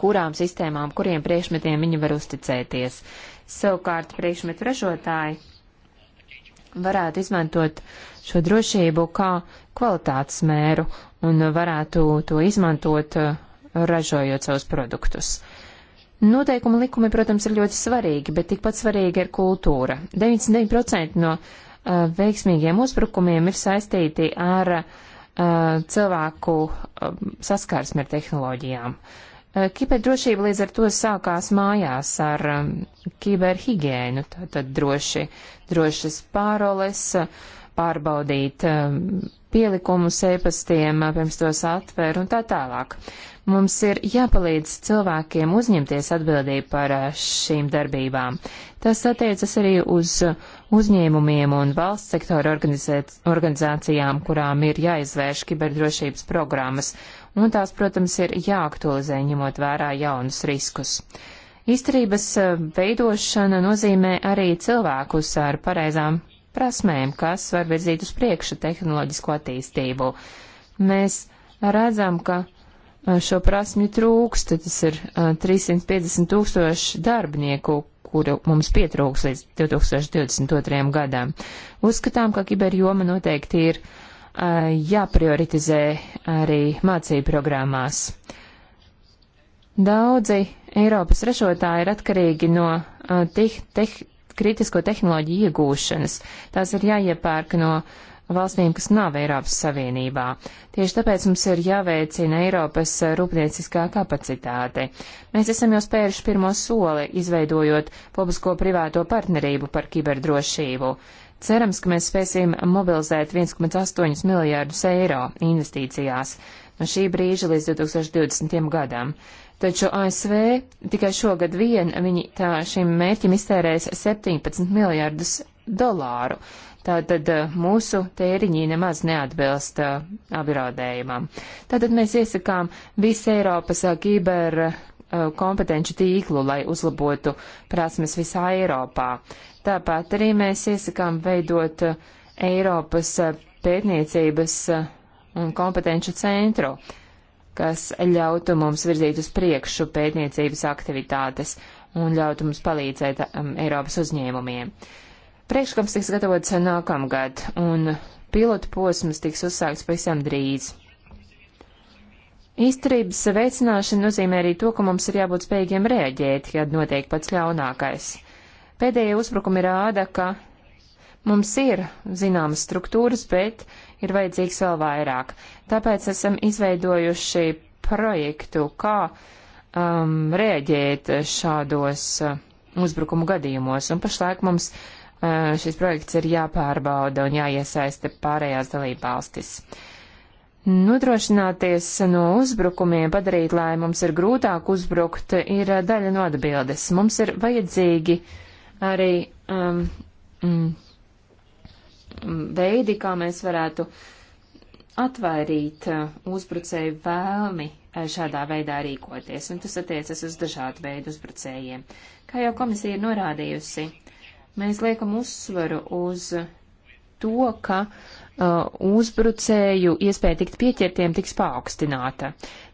kurām sistēmām, kuriem priekšmetiem viņi var uzticēties. Savukārt priekšmetu ražotāji varētu izmantot šo drošību kā kvalitātes mēru un varētu to izmantot ražojot savus produktus. Noteikumi likumi, protams, ir ļoti svarīgi, bet tikpat svarīga ir kultūra. 99% no uh, Uh, veiksmīgiem uzbrukumiem ir saistīti ar uh, cilvēku um, saskarsmi ar tehnoloģijām. Uh, kiberdrošība līdz ar to sākās mājās ar um, kiberhigiēnu, tātad droši, drošas pāroles, pārbaudīt um, pielikumus e-pastiem, pirms tos atver un tā tālāk. Mums ir jāpalīdz cilvēkiem uzņemties atbildību par šīm darbībām. Tas attiecas arī uz uzņēmumiem un valsts sektora organizācijām, kurām ir jāizvērš kiberdrošības programmas, un tās, protams, ir jāaktualizē ņemot vērā jaunus riskus. Izturības e, veidošana nozīmē arī cilvēkus ar pareizām prasmēm, kas var virzīt uz priekšu tehnoloģisko attīstību. Mēs redzam, ka e, šo prasmju trūkst, tas ir 350 e, tūkstoši darbinieku, kuru mums pietrūks līdz 2022. gadam. Uzskatām, ka kiberjoma noteikti ir uh, jāprioritizē arī mācību programmās. Daudzi Eiropas ražotāji ir atkarīgi no uh, tih, teh, kritisko tehnoloģiju iegūšanas. Tās ir jāiepērk no uh, valstīm, kas nav Eiropas Savienībā. Tieši tāpēc mums ir jāveicina Eiropas rūpnieciskā kapacitāte. Mēs esam jau spēruši pirmo soli, izveidojot publisko-privāto partnerību par kiberdrošību. Cerams, ka mēs spēsim mobilizēt 1,8 miljārdus eiro investīcijās no šī brīža līdz 2020. gadam. Taču ASV tikai šogad vien viņi tā šim mērķim iztērēs 17 miljārdus dolāru. Tātad eh, mūsu tēriņi nemaz neatbilst eh, apdraudējumam. Tātad mēs iesakām visu Eiropas eh, kiber kompetenci tīklu, lai uzlabotu prasmes visā Eiropā. Tāpat arī mēs iesakām veidot Eiropas pētniecības un kompetenču centru, kas ļautu mums virzīt uz priekšu pētniecības aktivitātes un ļautu mums palīdzēt um, Eiropas uzņēmumiem. Uh, Priekšlikums tiks gatavots nākamgad, un pilotu posms tiks uzsākts pavisam drīz. Izturības veicināšana nozīmē arī to, ka mums ir jābūt spējīgiem rēģēt, kad notiek pats ļaunākais. Pēdējie uzbrukumi rāda, ka mums ir zināmas struktūras, bet ir vajadzīgs vēl vairāk. Tāpēc esam izveidojuši projektu, kā um, rēģēt šādos uh, uzbrukumu gadījumos, un pašlaik mums Eh, šis projekts ir jāpārbauda un jāiesaista pārējās dalībvalstis. Nodrošināties no uzbrukumiem, padarīt, lai mums ir grūtāk uzbrukt, ir eh, daļa no atbildes. Mums ir vajadzīgi arī um, mm, veidi, kā mēs varētu atvairīt eh, uzbrucēju vēlmi šādā veidā rīkoties, un tas attiecas uz dažādu veidu uzbrucējiem. Kā jau komisija ir norādījusi, uh, Mēs liekam uzsvaru uz to, ka uh, uzbrucēju iespēja tikt pieķertiem tiks paaugstināta.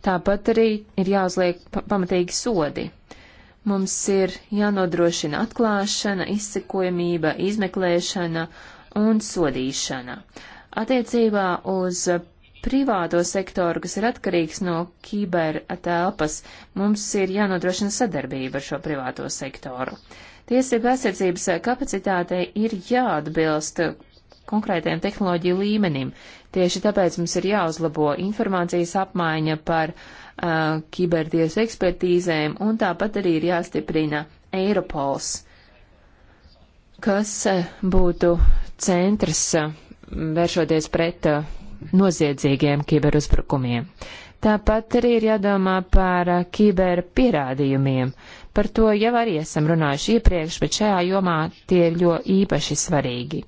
Tāpat arī ir jāuzliek pa pamatīgi sodi. Mums ir jānodrošina atklāšana, izsekojamība, izmeklēšana un sodīšana. Attiecībā uz privāto sektoru, kas ir atkarīgs no kiber telpas, mums ir jānodrošina sadarbība ar šo privāto sektoru. Uh, Tiesība aizsardzības kapacitātei ir jāatbilst konkrētajam tehnoloģiju līmenim. Tieši tāpēc mums ir jāuzlabo informācijas apmaiņa par uh, kibertiesu ekspertīzēm, un tāpat arī ir jāstiprina Eiropols, kas uh, būtu centrs uh, vēršoties pret uh, noziedzīgiem kiberuzbrukumiem. Tāpat arī ir jādomā par uh, kiberpierādījumiem. Uh, Par to jau arī esam runājuši iepriekš, bet šajā jomā tie ir ļoti īpaši svarīgi.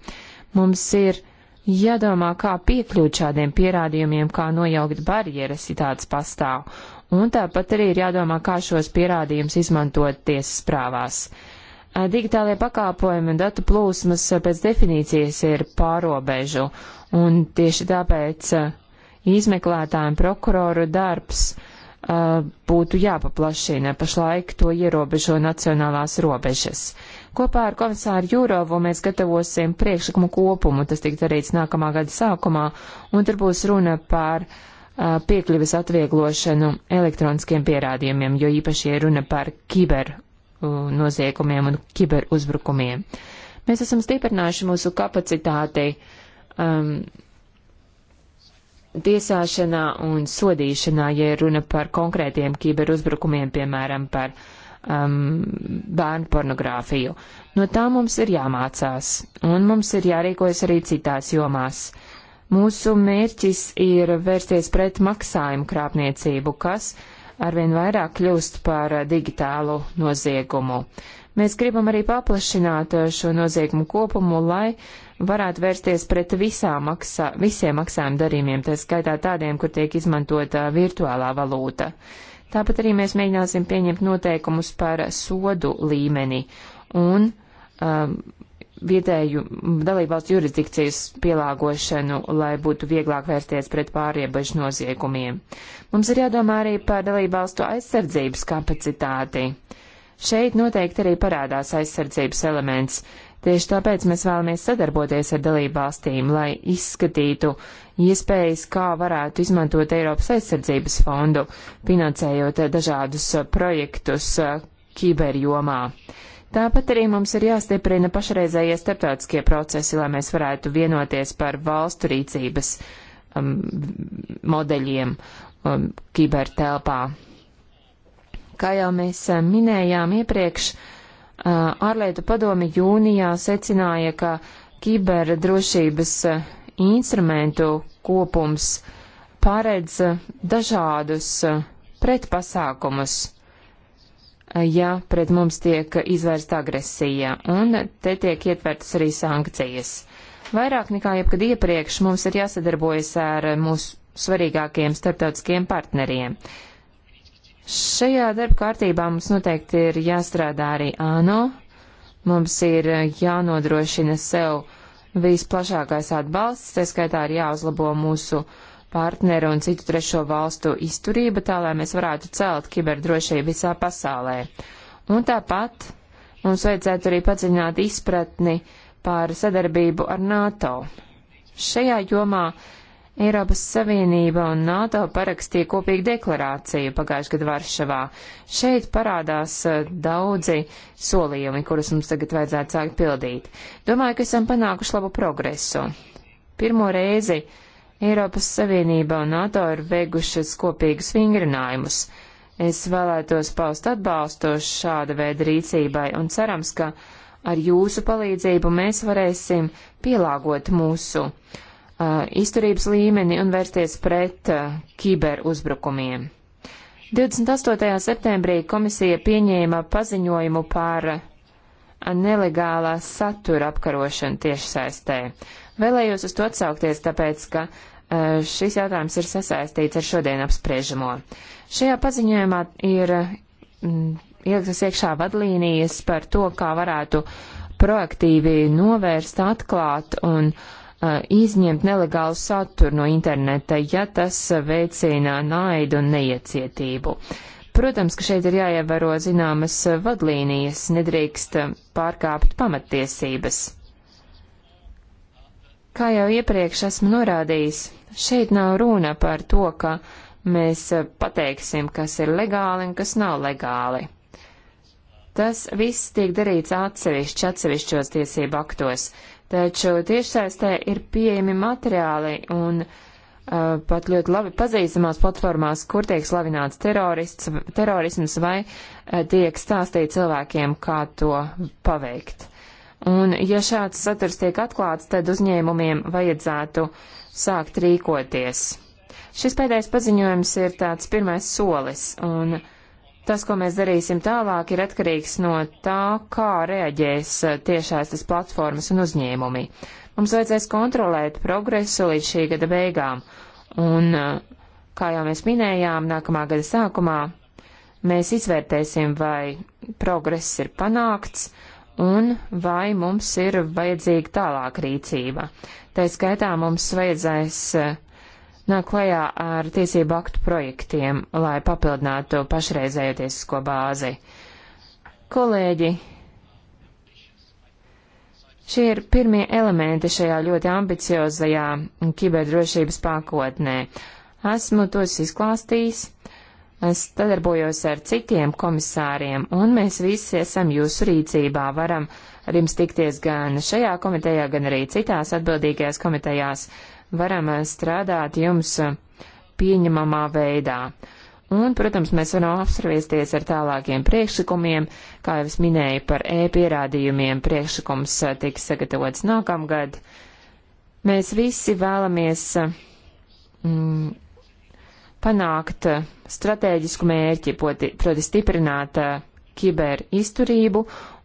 Mums ir jādomā, kā piekļūt šādiem pierādījumiem, kā nojaukt barjeras, ja tāds pastāv, un tāpat arī ir jādomā, kā šos pierādījumus izmantot tiesas prāvās. Digitālie pakāpojumi un datu plūsmas pēc definīcijas ir pārobežu, un tieši tāpēc izmeklētājiem prokuroru darbs uh, būtu jāpaplašina. Pašlaik to ierobežo nacionālās robežas. Kopā ar komisāru Jūrovu mēs gatavosim priekšlikumu kopumu, tas tiks darīts nākamā gada sākumā, un tur būs runa par uh, piekļuvis atvieglošanu elektroniskiem pierādījumiem, jo īpaši ir runa par kiber uh, noziegumiem un kiber uzbrukumiem. Mēs esam stiprinājuši mūsu kapacitāti um, tiesāšanā un sodīšanā, ja runa par konkrētiem kiberuzbrukumiem, piemēram, par um, bērnu pornogrāfiju. No tā mums ir jāmācās, un mums ir jārīkojas arī citās jomās. Mūsu mērķis ir vērsties pret maksājumu krāpniecību, kas arvien vairāk kļūst par digitālu noziegumu. Mēs gribam arī paplašināt uh, šo noziegumu kopumu, lai uh, varētu vērsties pret maksā, visiem maksājuma darījumiem, tā skaitā tādiem, kur tiek izmantota virtuālā valūta. Tāpat arī mēs mēģināsim pieņemt noteikumus par sodu līmeni un um, vietēju dalībvalstu jurisdikcijas pielāgošanu, lai būtu vieglāk vērsties pret pāriebažu noziegumiem. Mums ir jādomā arī par dalībvalstu aizsardzības kapacitāti. Šeit noteikti arī parādās aizsardzības elements. Tieši tāpēc mēs vēlamies sadarboties ar dalībvalstīm, lai izskatītu iespējas, kā varētu izmantot Eiropas aizsardzības fondu, finansējot dažādus projektus uh, kiberjomā. Tāpat arī mums ir jāstiprina pašreizējie starptautiskie procesi, lai mēs varētu vienoties par valstu rīcības um, modeļiem um, kibertelpā. Kā jau mēs uh, minējām iepriekš, uh, Uh, ārlietu padomi jūnijā secināja, ka kiberdrošības uh, instrumentu kopums paredz uh, dažādus pretpasākumus, ja pret mums tiek izvērsta agresija, un te tiek ietvertas arī sankcijas. Vairāk nekā jebkad iepriekš mums ir jāsadarbojas ar mūsu svarīgākajiem starptautiskiem partneriem. Uh, Šajā darba kārtībā mums noteikti ir jāstrādā arī ANO. Mums ir jānodrošina sev visplašākais atbalsts, tā skaitā ir jāuzlabo mūsu partneru un citu trešo valstu izturība, tā lai mēs varētu celt kiberdrošību visā pasaulē. Un tāpat mums vajadzētu arī padziļināt izpratni par sadarbību ar NATO. Šajā jomā uh, Eiropas Savienība un NATO parakstīja kopīgu deklarāciju pagājušajā gadā Varšavā. Šeit parādās eh, daudzi solījumi, kurus mums tagad vajadzētu sākt pildīt. Domāju, ka esam panākuši labu progresu. Pirmo reizi Eiropas Savienība un NATO ir veikušas kopīgus vingrinājumus. Es vēlētos paust atbalstu šāda veida rīcībai un cerams, ka ar jūsu palīdzību mēs varēsim pielāgot mūsu Uh, izturības līmeni un vērsties pret uh, kiberuzbrukumiem. 28. septembrī komisija pieņēma paziņojumu par uh, nelegālā satura apkarošanu tiešsaistē. Vēlējos uz to atsaukties, tāpēc, ka šis jautājums ir sasaistīts ar šodien apspriežamo. Šajā paziņojumā ir mm, ieliktas iekšā vadlīnijas par to, kā varētu proaktīvi novērst, atklāt un uh, Uh, izņemt nelegālu saturu no interneta, ja tas uh, veicina naidu un neiecietību. Protams, ka šeit ir jāievēro zināmas uh, vadlīnijas, nedrīkst pārkāpt pamattiesības. Kā jau iepriekš esmu norādījis, šeit nav runa par to, ka mēs pateiksim, kas ir legāli un kas nav legāli. Tas viss tiek darīts atsevišķi atsevišķos tiesību aktos, Taču tiešsaistē ir pieejami materiāli un uh, pat ļoti labi pazīstamās platformās, kur tiek slavināts terorisms vai uh, tiek stāstīt cilvēkiem, kā to paveikt. Un, ja šāds saturs tiek atklāts, tad uzņēmumiem vajadzētu sākt rīkoties. Šis pēdējais paziņojums ir tāds pirmais solis, un uh, Tas, ko mēs darīsim tālāk, ir atkarīgs no tā, kā reaģēs eh, tiešās platformas un uzņēmumi. Mums vajadzēs kontrolēt progresu līdz šī gada beigām, un, eh, kā jau mēs minējām, nākamā gada sākumā mēs izvērtēsim, vai progress ir panākts un vai mums ir vajadzīga tālāk rīcība. Tā skaitā mums vajadzēs uh, nāk klajā ar tiesību aktu projektiem, lai papildinātu pašreizējo tiesisko bāzi. Kolēģi, šie ir pirmie elementi šajā ļoti ambiciozajā kiberdrošības pakotnē. Esmu tos izklāstījis, es sadarbojos ar citiem komisāriem, un mēs visi esam jūsu rīcībā, varam ar jums tikties gan šajā komitejā, gan arī citās atbildīgajās komitejās varam eh, strādāt jums eh, pieņemamā veidā. Un, protams, mēs varam apspriesties ar tālākiem priekšlikumiem, kā jau es minēju par e-pierādījumiem, priekšlikums eh, tiks sagatavots nākamgad. Mēs visi vēlamies mm, panākt stratēģisku mērķi, poti, proti stiprināt kiber izturību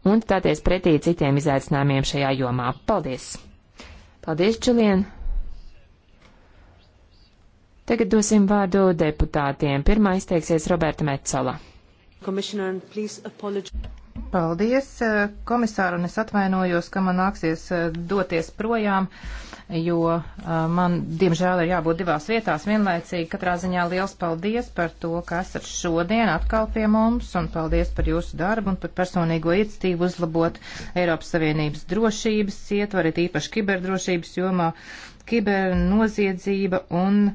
un stāties pretī citiem izaicinājumiem šajā jomā. Paldies! Paldies, Čilien! Tagad dosim vārdu deputātiem. Pirmā izteiksies Roberta Metzola. Paldies, eh, komisāru, un es atvainojos, ka man nāksies eh, doties projām, jo eh, man, diemžēl, ir jābūt divās vietās vienlaicīgi. Katrā ziņā liels paldies par to, ka esat šodien atkal pie mums, un paldies par jūsu darbu un par personīgo iectību uzlabot Eiropas Savienības drošības ietvarit īpaši kiberdrošības jomā, kibernoziedzība un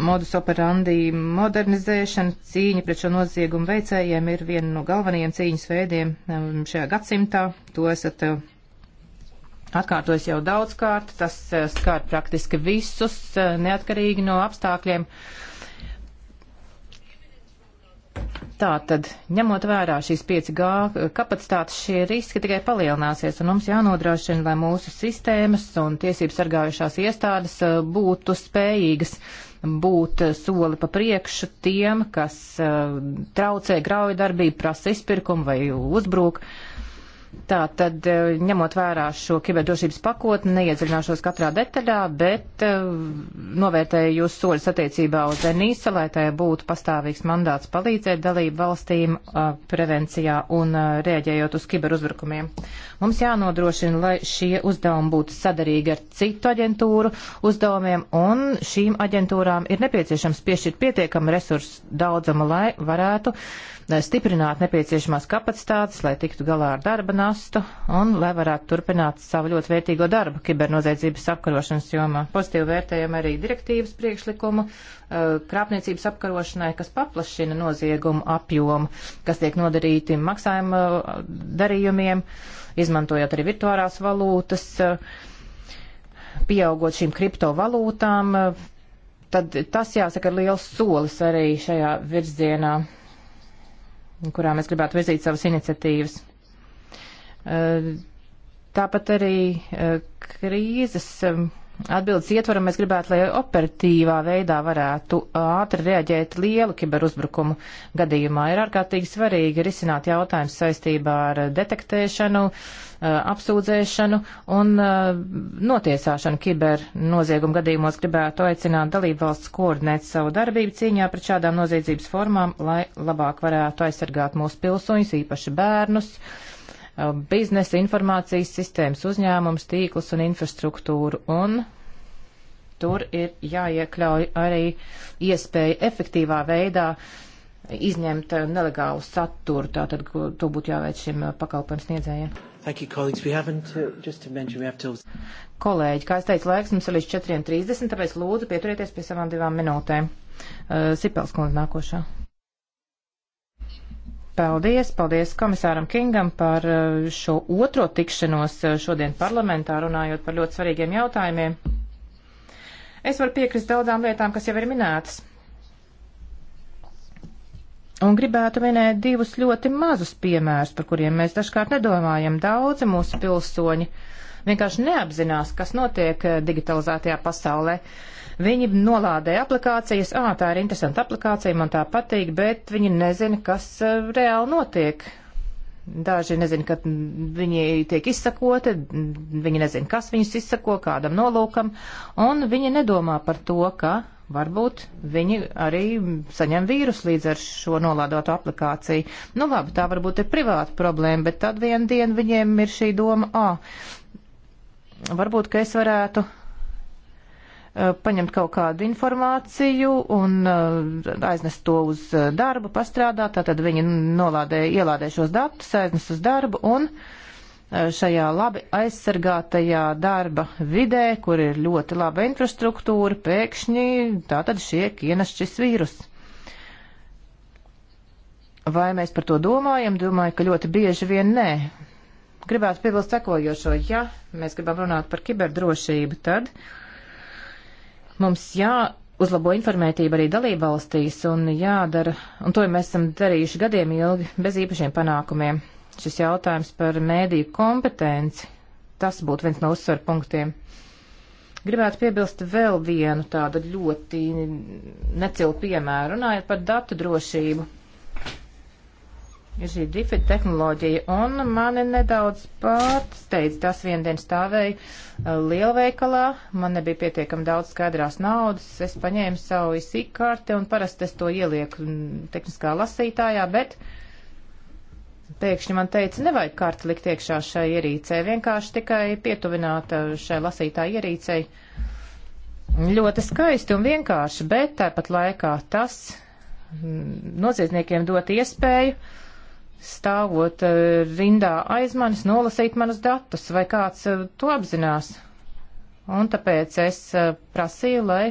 modus operandi modernizēšana, cīņa pret šo noziegumu veicējiem ir viena no galvenajiem cīņas veidiem um, šajā gadsimtā. To esat uh, atkārtojis jau daudz kārt, tas uh, skār praktiski visus, uh, neatkarīgi no apstākļiem. Tātad, ņemot vērā šīs 5G kapacitātes, šie riski tikai palielināsies, un mums jānodrošina, lai mūsu sistēmas un tiesības sargājušās iestādes būtu spējīgas uh, būt eh, soli pa priekšu tiem, kas eh, traucē grauju darbību, prasa izpirkumu vai uzbrūk. Uh, Tā tad, eh, ņemot vērā šo kiberdrošības pakotni, neiedziļināšos katrā detaļā, bet eh, novērtēju jūs soļus attiecībā uz Denīsa, lai tā būtu pastāvīgs mandāts palīdzēt dalību valstīm eh, prevencijā un rēģējot uz kiberuzbrukumiem. Mums jānodrošina, lai šie uzdevumi būtu sadarīgi ar citu aģentūru uzdevumiem, un šīm aģentūrām ir nepieciešams piešķirt pietiekami resursu daudzumu, lai varētu uh, stiprināt nepieciešamās kapacitātes, lai tiktu galā ar darba nastu un lai varētu turpināt savu ļoti vērtīgo darbu kibernoziedzības apkarošanas jomā. Pozitīvi vērtējam arī direktīvas priekšlikumu eh, krāpniecības apkarošanai, kas paplašina noziegumu apjomu, kas tiek nodarīti maksājuma eh, darījumiem, izmantojot arī virtuālās valūtas, eh, pieaugot šīm kriptovalūtām. Tad tas jāsaka ir liels solis arī šajā virzienā kurā mēs gribētu virzīt savas iniciatīvas. Eh, tāpat arī eh, krīzes eh, atbildes ietvaram mēs gribētu, lai operatīvā veidā varētu ātri reaģēt lielu kiberuzbrukumu gadījumā. Ir ārkārtīgi svarīgi risināt jautājums saistībā ar detektēšanu, uh, Uh, apsūdzēšanu un uh, notiesāšanu kiber noziegumu gadījumos gribētu aicināt dalībvalsts koordinēt savu darbību cīņā pret šādām noziedzības formām, lai labāk varētu aizsargāt mūsu pilsoņus, īpaši bērnus uh, biznesa informācijas sistēmas uzņēmums, tīklus un infrastruktūru, un tur ir jāiekļauj arī iespēja efektīvā veidā uh, izņemt eh, nelegālu saturu, tātad to būtu jāveic šim eh, pakalpojumu sniedzējiem. Thank you, colleagues. We haven't, uh, just to mention, we have till... Kolēģi, kā es teicu, laiks mums ir līdz 4.30, tāpēc lūdzu pieturieties pie savām divām minūtēm. Uh, Sipels kundze nākošā. Paldies, paldies komisāram Kingam par uh, šo otro tikšanos uh, šodien parlamentā runājot par ļoti svarīgiem jautājumiem. Es varu piekrist daudzām lietām, kas jau ir minētas Un gribētu minēt divus ļoti mazus piemērus, par kuriem mēs dažkārt nedomājam. Daudzi mūsu pilsoņi vienkārši neapzinās, kas notiek eh, digitalizētajā pasaulē. Viņi nolādē aplikācijas, ā, tā ir interesanta aplikācija, man tā patīk, bet viņi nezina, kas eh, reāli notiek. Daži nezina, ka viņi tiek izsakoti, viņi nezina, kas viņus izsako, kādam nolūkam, un viņi nedomā par to, ka Varbūt viņi arī saņem vīrusu līdz ar šo nolādēto aplikāciju. Nu labi, tā varbūt ir privāta problēma, bet tad vienu dienu viņiem ir šī doma, ā, varbūt, ka es varētu uh, paņemt kaut kādu informāciju un uh, aiznest to uz darbu, pastrādāt, tātad viņi nolādē, ielādē šos datus, aiznes uz darbu un uh, Eh, šajā labi aizsargātajā darba vidē, kur ir ļoti laba infrastruktūra, pēkšņi tātad šiek ienes šis vīrus. Vai mēs par to domājam? Domāju, ka ļoti bieži vien nē. Gribētu piebilst sekojošo, ja mēs gribam runāt par kiberdrošību, tad mums jā uzlabo informētību arī dalībvalstīs un jādara, un to ja mēs esam darījuši gadiem ilgi bez īpašiem panākumiem šis jautājums par mēdīju kompetenci. Tas būtu viens no uzsvaru punktiem. Gribētu piebilst vēl vienu tādu ļoti necilu piemēru, runājot par datu drošību. Ir šī difita tehnoloģija, un mani nedaudz pārsteidz tas vien dienu stāvēju uh, lielveikalā, man nebija pietiekami daudz skaidrās naudas, es paņēmu savu izsīkārti, un parasti es to ielieku mm, tehniskā lasītājā, bet uh, Pēkšņi man teica, nevajag karti likt iekšā šai ierīcē, vienkārši tikai pietuvināt šai lasītā ierīcei. Ļoti skaisti un vienkārši, bet tāpat laikā tas mm, noziedzniekiem dot iespēju stāvot eh, rindā aiz manis, nolasīt manus datus, vai kāds eh, to apzinās. Un tāpēc es eh, prasīju, lai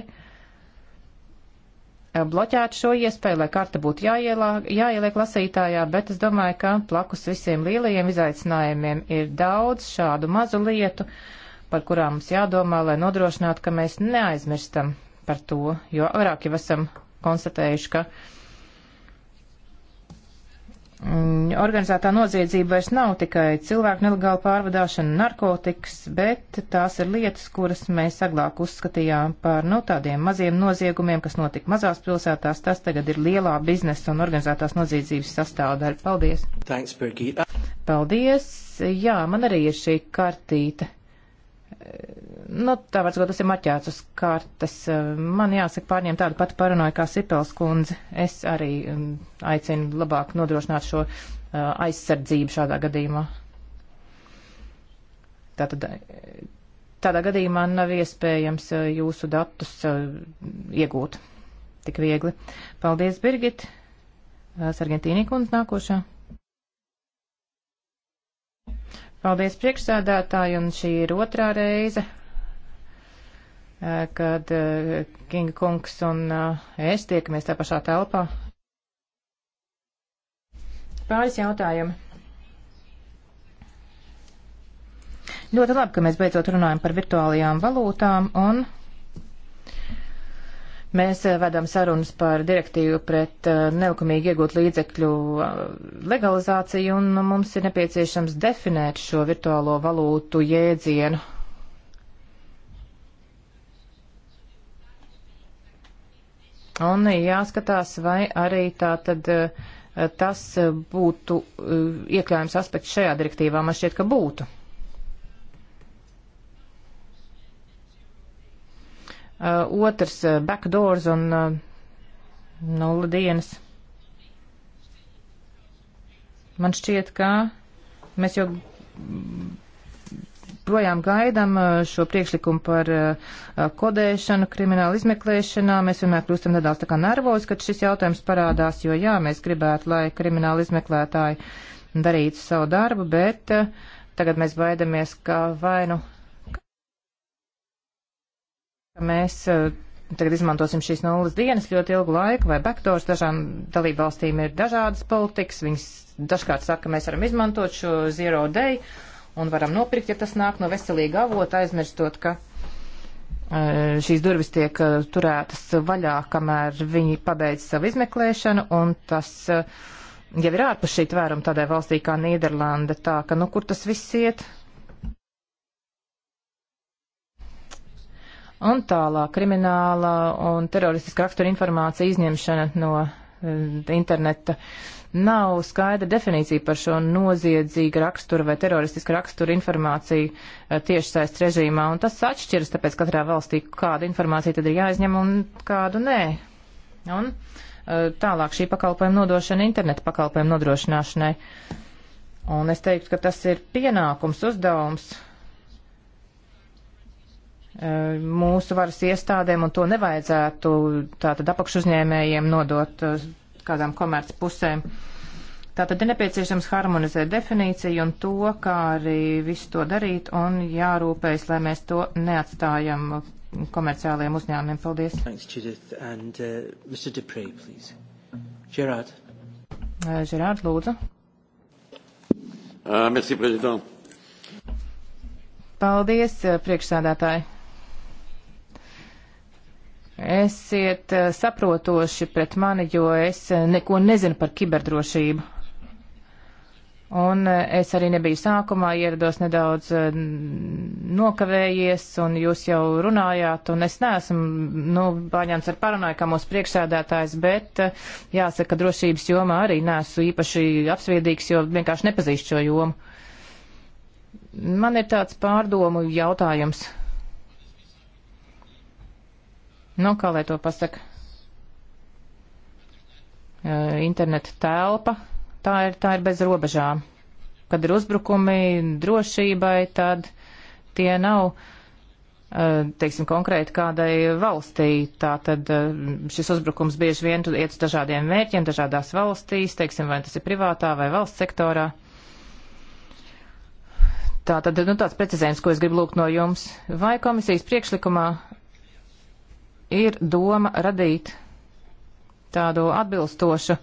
bloķētu šo iespēju, lai karta būtu jāielā, jāieliek lasītājā, bet es domāju, ka plakus visiem lielajiem izaicinājumiem ir daudz šādu mazu lietu, par kurām mums jādomā, lai nodrošinātu, ka mēs neaizmirstam par to, jo vairāk jau esam konstatējuši, ka uh, Mm, organizētā noziedzība vairs nav tikai cilvēku nelegāla pārvadāšana, narkotikas, bet tās ir lietas, kuras mēs agrāk uzskatījām par no nu, tādiem maziem noziegumiem, kas notika mazās pilsētās. Tas tagad ir lielā biznesa un organizētās noziedzības sastāvdaļa. Paldies! Thanks, Birgit. Paldies! Jā, man arī ir šī kartīte. Nu, tā var sakot, tas ir maķēts uz kartes. Man jāsaka pārņem tādu pat paranoju kā Sipels kundze. Es arī um, aicinu labāk nodrošināt šo uh, aizsardzību šādā gadījumā. Tātad, tādā gadījumā nav iespējams uh, jūsu datus uh, iegūt tik viegli. Paldies, Birgit. Sargentīnī kundze nākošā. Paldies priekšsēdētāji, un šī ir otrā reize, eh, kad eh, Kinga kungs un eh, es tiekamies tā pašā telpā. Pāris jautājumi. Ļoti labi, ka mēs beidzot runājam par virtuālajām valūtām un Mēs eh, vedam sarunas par direktīvu pret eh, nelikumīgi iegūt līdzekļu eh, legalizāciju, un mums ir nepieciešams definēt šo virtuālo valūtu jēdzienu. Un jāskatās, vai arī tā tad tas būtu iekļaujams aspekts šajā direktīvā. Man šķiet, ka būtu. Uh, otrs uh, backdoors un uh, nulle dienas. Man šķiet, ka mēs jau projām gaidām šo priekšlikumu par kodēšanu, kriminālu izmeklēšanā. Mēs vienmēr kļūstam nedaudz tā kā nervozi, kad šis jautājums parādās, jo jā, mēs gribētu, lai krimināli izmeklētāji darītu savu darbu, bet tagad mēs baidamies, ka vai nu Mēs e, tagad izmantosim šīs nulles dienas ļoti ilgu laiku vai backdoors. Dažām dalībvalstīm ir dažādas politikas. Viņas dažkārt saka, ka mēs varam izmantot šo zero day un varam nopirkt, ja tas nāk no veselīga avota, aizmirstot, ka e, šīs durvis tiek e, turētas vaļā, kamēr viņi pabeidz savu izmeklēšanu, un tas jau ir ārpus šī tvēruma tādai valstī kā Nīderlanda, tā ka, nu, kur tas viss iet, Un tālāk krimināla un teroristiska rakstura informācija izņemšana no uh, interneta. Nav skaidra definīcija par šo noziedzīgu raksturu vai teroristisku raksturu informāciju uh, e, tiešsaist režīmā, un tas atšķiras, tāpēc katrā valstī kādu informāciju tad ir jāizņem un kādu nē. Un uh, tālāk šī pakalpojuma nodošana interneta pakalpojuma nodrošināšanai. Un es teiktu, ka tas ir pienākums, uzdevums mūsu varas iestādēm, un to nevajadzētu tātad apakšu uzņēmējiem nodot uh, kādām komerc pusēm. Tātad ir nepieciešams harmonizēt definīciju un to, kā arī visu to darīt, un jārūpējas, lai mēs to neatstājam komerciālajiem uzņēmumiem. Paldies. Thanks, Judith. And, uh, Mr. Dupree, please. Gerard. Uh, Gerard, lūdzu. Uh, merci, prezident. Paldies, uh, priekšsēdētāji. Esiet eh, saprotoši pret mani, jo es eh, neko nezinu par kiberdrošību. Un eh, es arī nebiju sākumā, ierados nedaudz nokavējies, un jūs jau runājāt, un es neesmu, nu, pārņemts ar paranoju, kā mūsu priekšsēdētājs, bet jāsaka, drošības jomā arī neesmu īpaši apsviedīgs, jo vienkārši nepazīstu šo jomu. Man ir tāds pārdomu jautājums nu, kā lai to pasaka, interneta telpa, tā ir, tā ir bez robežām. Kad ir uzbrukumi drošībai, tad tie nav, teiksim, konkrēti kādai valstī. Tā tad šis uzbrukums bieži vien iet uz dažādiem mērķiem, dažādās valstīs, teiksim, vai tas ir privātā vai valsts sektorā. Tā tad nu, tāds precizējums, ko es gribu lūgt no jums. Vai komisijas priekšlikumā ir doma radīt tādu atbilstošu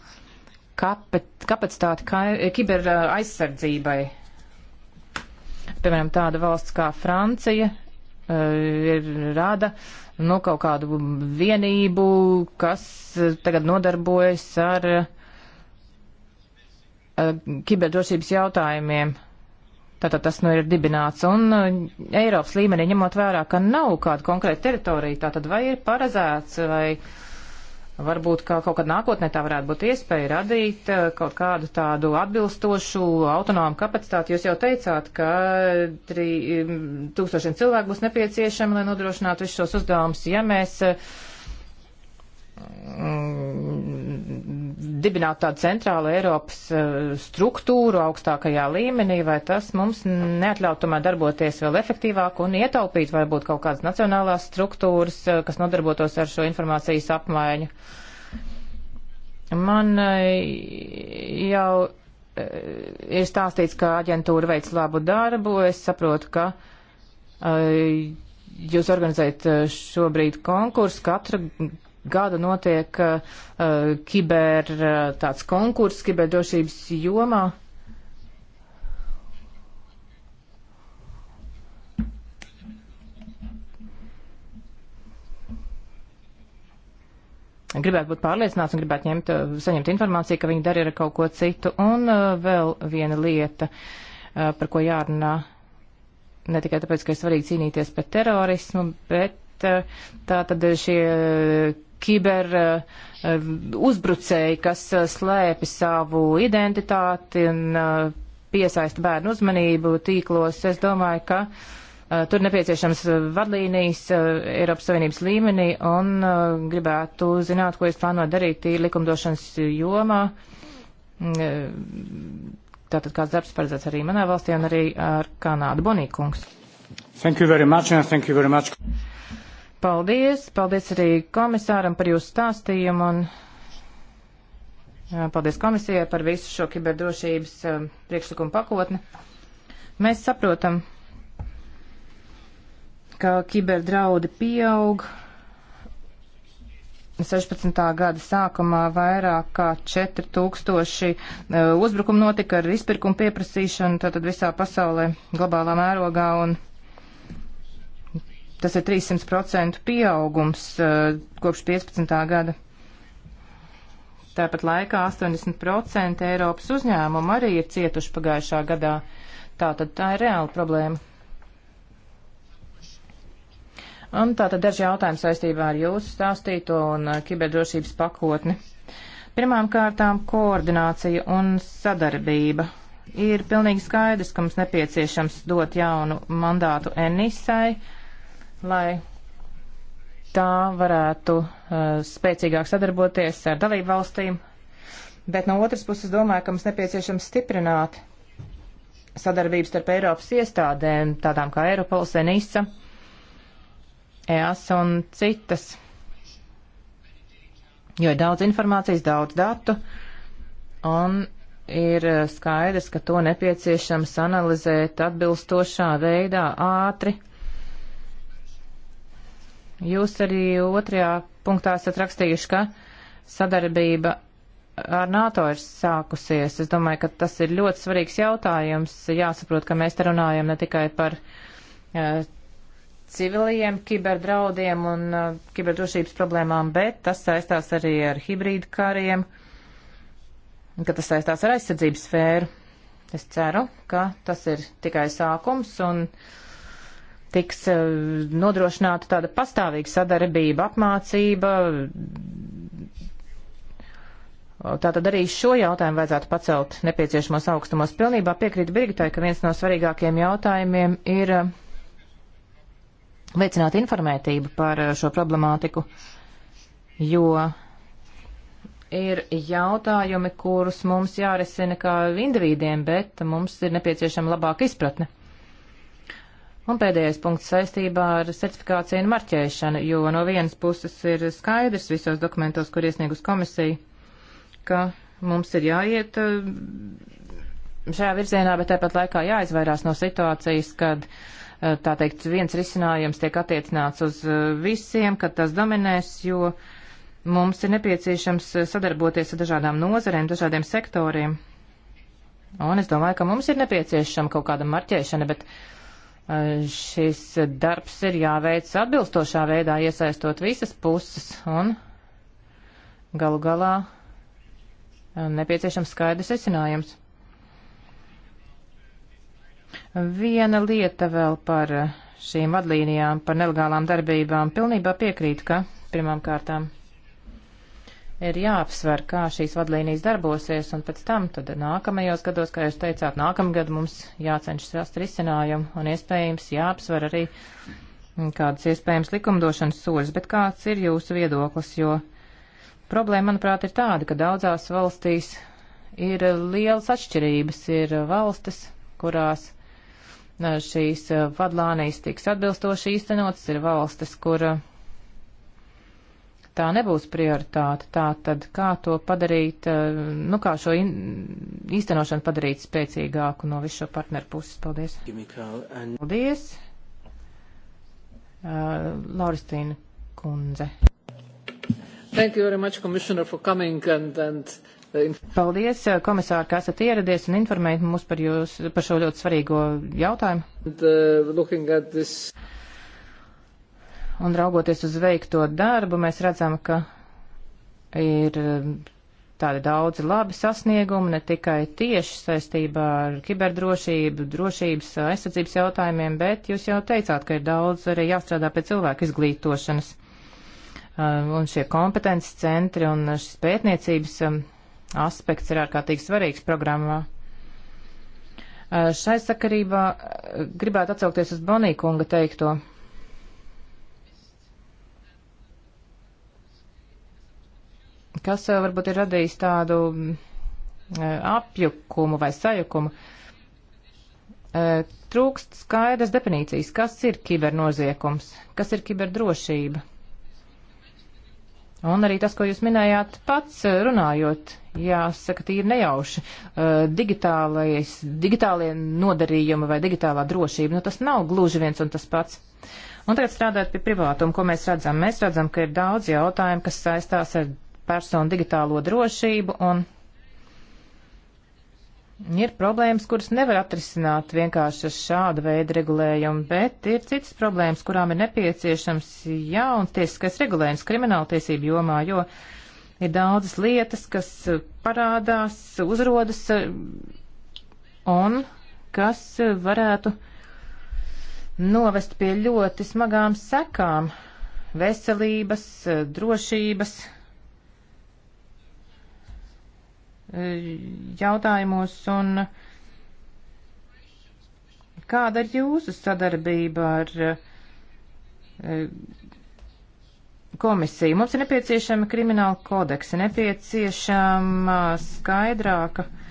kapacitāti ka, kiber eh, aizsardzībai. Piemēram, tāda valsts kā Francija eh, ir rada nu, kaut kādu vienību, kas eh, tagad nodarbojas ar kiberdrošības jautājumiem Tātad tas nu ir dibināts un eh, Eiropas līmenī ņemot vērā, ka nav kāda konkrēta teritorija, tātad vai ir paredzēts vai varbūt kā kaut kad nākotnē tā varētu būt iespēja radīt eh, kaut kādu tādu atbilstošu autonomu kapacitāti. Jūs jau teicāt, ka tūkstošiem cilvēku būs nepieciešami, lai nodrošinātu visus šos uzdevumus. Ja mēs eh, dibināt tādu centrālu Eiropas e, struktūru augstākajā līmenī, vai tas mums neatļaut tomēr darboties vēl efektīvāk un ietaupīt varbūt kaut kādas nacionālās struktūras, e, kas nodarbotos ar šo informācijas apmaiņu. Man e, jau ir stāstīts, ka aģentūra veic labu darbu. Es saprotu, ka uh, jūs organizējat šobrīd konkursu. Katra gadu notiek uh, kiber uh, tāds konkurss kiberdrošības jomā. gribētu būt pārliecināts un gribētu ņemt, eh, saņemt informāciju, ka viņi darīja kaut ko citu. Un uh, vēl viena lieta, uh, par ko jārunā, ne tikai tāpēc, ka ir svarīgi cīnīties pret terorismu, bet uh, tā tad šie kiber eh, uzbrucēji, kas eh, slēpi savu identitāti un eh, piesaista bērnu uzmanību tīklos. Es domāju, ka tur nepieciešams vadlīnijas Eiropas Savienības līmenī un gribētu zināt, ko es plānoju darīt likumdošanas jomā. Mm, tātad kāds darbs paredzēts arī manā valstī un arī ar Kanādu Bonīkungs. Thank you very much and thank you very much. Paldies! Paldies arī komisāram par jūsu stāstījumu un paldies komisijai par visu šo kiberdrošības um, priekšlikumu pakotni. Mēs saprotam, ka kiberdraudi pieaug. 16. gada sākumā vairāk kā 4000 uh, uzbrukumu notika ar izpirkumu pieprasīšanu, tātad visā pasaulē globālā mērogā, un Tas ir 300% pieaugums eh, kopš 15. gada. Tāpat laikā 80% Eiropas uzņēmumu arī ir cietuši pagājušā gadā. Tā tad tā ir reāla problēma. Un tā tad daži jautājumi saistībā ar jūsu stāstīto un eh, kiberdrošības pakotni. Pirmām kārtām koordinācija un sadarbība. Ir pilnīgi skaidrs, ka mums nepieciešams dot jaunu mandātu NISai lai tā varētu uh, spēcīgāk sadarboties ar dalību valstīm, bet no otras puses domāju, ka mums nepieciešams stiprināt sadarbības starp Eiropas iestādēm, tādām kā Eiropols, Enisa, EAS un citas, jo ir daudz informācijas, daudz datu, un ir uh, skaidrs, ka to nepieciešams analizēt atbilstošā veidā ātri Jūs arī otrajā punktā esat rakstījuši, ka sadarbība ar NATO ir sākusies. Es domāju, ka tas ir ļoti svarīgs jautājums. Jāsaprot, ka mēs te runājam ne tikai par uh, civiliem kiberdraudiem un uh, kiberdrošības problēmām, bet tas saistās arī ar hibrīdu kariem, ka tas saistās ar aizsardzības sfēru. Es ceru, ka tas ir tikai sākums un uh, tiks eh, nodrošināta tāda pastāvīga sadarbība, apmācība. Tātad arī šo jautājumu vajadzētu pacelt nepieciešamos augstumos. Pilnībā piekrītu Birgitai, ka viens no svarīgākajiem jautājumiem ir eh, veicināt informētību par eh, šo problemātiku, jo ir jautājumi, kurus mums jārisina kā individiem, bet mums ir nepieciešama labāka izpratne. Un pēdējais punkts saistībā ar certifikāciju un marķēšanu, jo no vienas puses ir skaidrs visos dokumentos, kur iesniegus komisija, ka mums ir jāiet eh, šajā virzienā, bet tāpat laikā jāizvairās no situācijas, kad, eh, tā teikt, viens risinājums tiek attiecināts uz eh, visiem, kad tas dominēs, jo mums ir nepieciešams sadarboties ar dažādām nozarēm, dažādiem sektoriem. Un es domāju, ka mums ir nepieciešama kaut kāda marķēšana, bet šis darbs ir jāveic atbilstošā veidā, iesaistot visas puses un galu galā eh, nepieciešams skaidrs secinājums. Viena lieta vēl par eh, šīm vadlīnijām, par nelegālām darbībām. Pilnībā piekrītu, ka pirmām kārtām ir jāapsver, kā šīs vadlīnijas darbosies, un pēc tam tad nākamajos gados, kā jūs teicāt, nākamgad mums jācenšas rast risinājumu, un iespējams jāapsver arī kādas iespējams likumdošanas soļas, bet kāds ir jūsu viedoklis, jo problēma, manuprāt, ir tāda, ka daudzās valstīs ir lielas atšķirības, ir valstis, kurās eh, šīs eh, vadlānijas tiks atbilstoši īstenotas, ir valstis, kur uh, tā nebūs prioritāte. Tā tad kā to padarīt, eh, nu kā šo in, īstenošanu padarīt spēcīgāku no visu šo partneru puses. Paldies. Paldies. Uh, Lauristīna kundze. Thank you very much, Commissioner, for coming and, and uh, Paldies, eh, komisāri, ka esat ieradies un informējat mums par, jūs, par šo ļoti svarīgo jautājumu. And, uh, un raugoties uz veikto darbu, mēs redzam, ka ir um, tādi daudzi labi sasniegumi, ne tikai tieši saistībā ar kiberdrošību, drošības uh, aizsardzības jautājumiem, bet jūs jau teicāt, ka ir daudz arī jāstrādā pie cilvēku izglītošanas. Um, un šie kompetences centri un šis pētniecības um, aspekts ir ārkārtīgi svarīgs programmā. Uh, šai sakarībā uh, gribētu atsaukties uz Bonīkunga teikto. kas eh, varbūt ir radījis tādu mm, eh, apjukumu vai sajukumu. Eh, trūkst skaidras definīcijas, kas ir kibernoziegums, kas ir kiberdrošība. Un arī tas, ko jūs minējāt pats runājot, jāsaka, tīri nejauši. Digitālais, digitālie nodarījumi vai digitālā drošība, nu tas nav gluži viens un tas pats. Un tagad strādājot pie privātuma, ko mēs redzam? Mēs redzam, ka ir daudz jautājumu, kas saistās ar personu digitālo drošību un ir problēmas, kuras nevar atrisināt vienkārši ar šādu veidu regulējumu, bet ir citas problēmas, kurām ir nepieciešams jauns tiesiskais regulējums krimināltiesību jomā, jo ir daudzas lietas, kas parādās, uzrodas un kas varētu novest pie ļoti smagām sekām veselības, drošības jautājumos un kāda ir jūsu sadarbība ar eh, komisiju? Mums ir nepieciešama krimināla kodeksa, nepieciešama skaidrāka uh,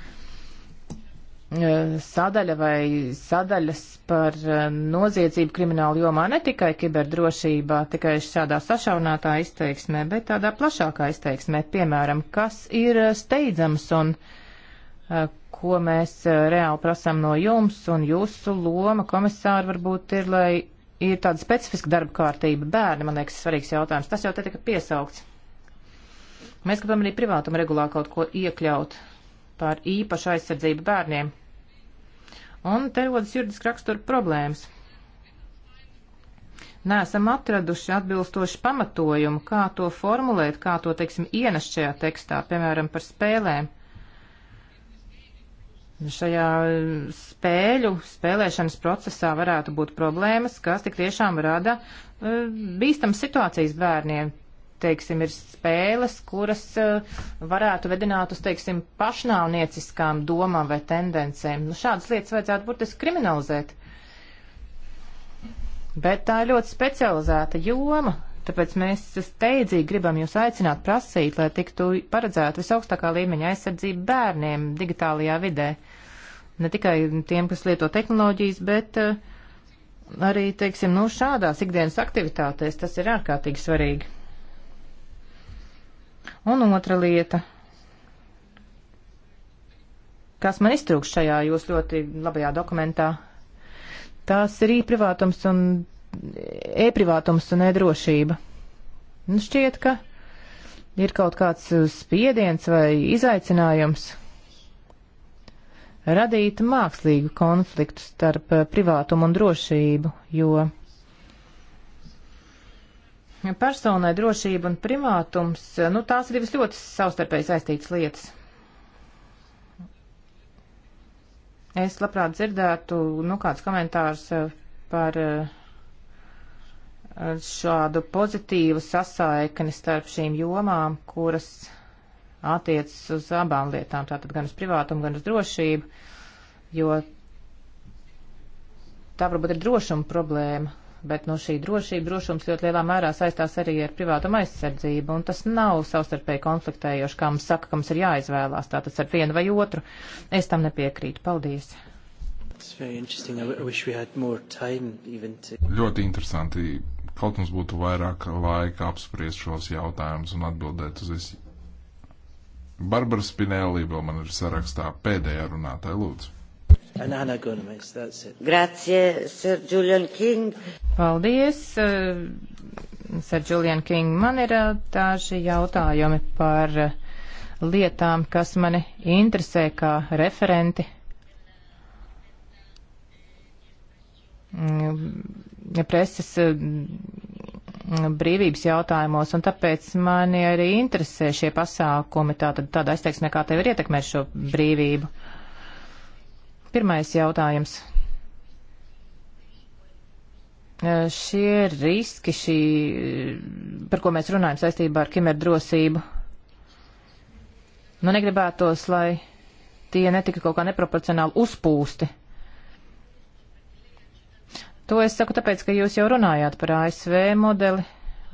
E, sadaļa vai sadaļas par e, noziedzību kriminālu jomā ne tikai kiberdrošībā, tikai šādā sašaunātā izteiksmē, bet tādā plašākā izteiksmē, piemēram, kas ir e, steidzams un ko mēs reāli prasām no jums un jūsu loma komisāri varbūt ir, lai ir tāda specifiska darba kārtība. Bērni, man liekas, svarīgs jautājums. Tas jau te tika piesaukts. Mēs gribam arī privātumu regulā kaut ko iekļaut par īpašu aizsardzību bērniem. Un te rodas juridiski rakstura problēmas. Nesam atraduši atbilstoši pamatojumu, kā to formulēt, kā to, teiksim, ienest šajā tekstā, piemēram, par spēlēm šajā spēļu spēlēšanas procesā varētu būt problēmas, kas tik tiešām rada eh, bīstamas situācijas bērniem teiksim, ir spēles, kuras eh, varētu vedināt uz, teiksim, pašnāvnieciskām domām vai tendencēm. Nu, šādas lietas vajadzētu burtiski kriminalizēt. Bet tā ir ļoti specializēta joma, tāpēc mēs steidzīgi gribam jūs aicināt prasīt, lai tiktu paredzēta visaugstākā līmeņa aizsardzība bērniem digitālajā vidē. Ne tikai tiem, kas lieto tehnoloģijas, bet uh, arī, teiksim, nu, šādās ikdienas aktivitātēs tas ir ārkārtīgi svarīgi. Un otra lieta, kas man iztrūkst šajā jūs ļoti labajā dokumentā, tās ir īprivātums un e-privātums un e-drošība. Nu, šķiet, ka ir kaut kāds spiediens vai izaicinājums radīt mākslīgu konfliktu starp privātumu un drošību, jo Personai drošība un primātums, nu tās ir divas ļoti savstarpēji saistītas lietas. Es labprāt dzirdētu, nu, kāds komentārs eh, par eh, šādu pozitīvu sasaikni starp šīm jomām, kuras attiecas uz abām lietām, tātad gan uz privātumu, gan uz drošību, jo tā varbūt ir drošuma problēma, bet no šī drošība, drošums ļoti lielā mērā saistās arī ar privātumu aizsardzību, un tas nav savstarpēji konfliktējoši, kā mums saka, ka mums ir jāizvēlās tātad ar vienu vai otru. Es tam nepiekrītu. Paldies! To... Ļoti interesanti. Kaut mums būtu vairāk laika apspriest šos jautājumus un atbildēt uz visiem. Barbara Spinelli vēl man ir sarakstā pēdējā runātāja lūdzu. And Anna Gunamis, that's it. Grazie, Sir Julian King. Paldies, uh, Sir Julian King. Man ir uh, daži jautājumi par uh, lietām, kas mani interesē kā referenti. Mm, preses uh, brīvības jautājumos, un tāpēc mani arī interesē šie pasākumi, tātad tāda aizteiksme, kā tev ir ietekmēt šo brīvību. Pirmais jautājums. Šie riski, šī, par ko mēs runājam saistībā ar kiberdrosību, nu negribētos, lai tie netika kaut kā neproporcionāli uzpūsti. To es saku tāpēc, ka jūs jau runājāt par ASV modeli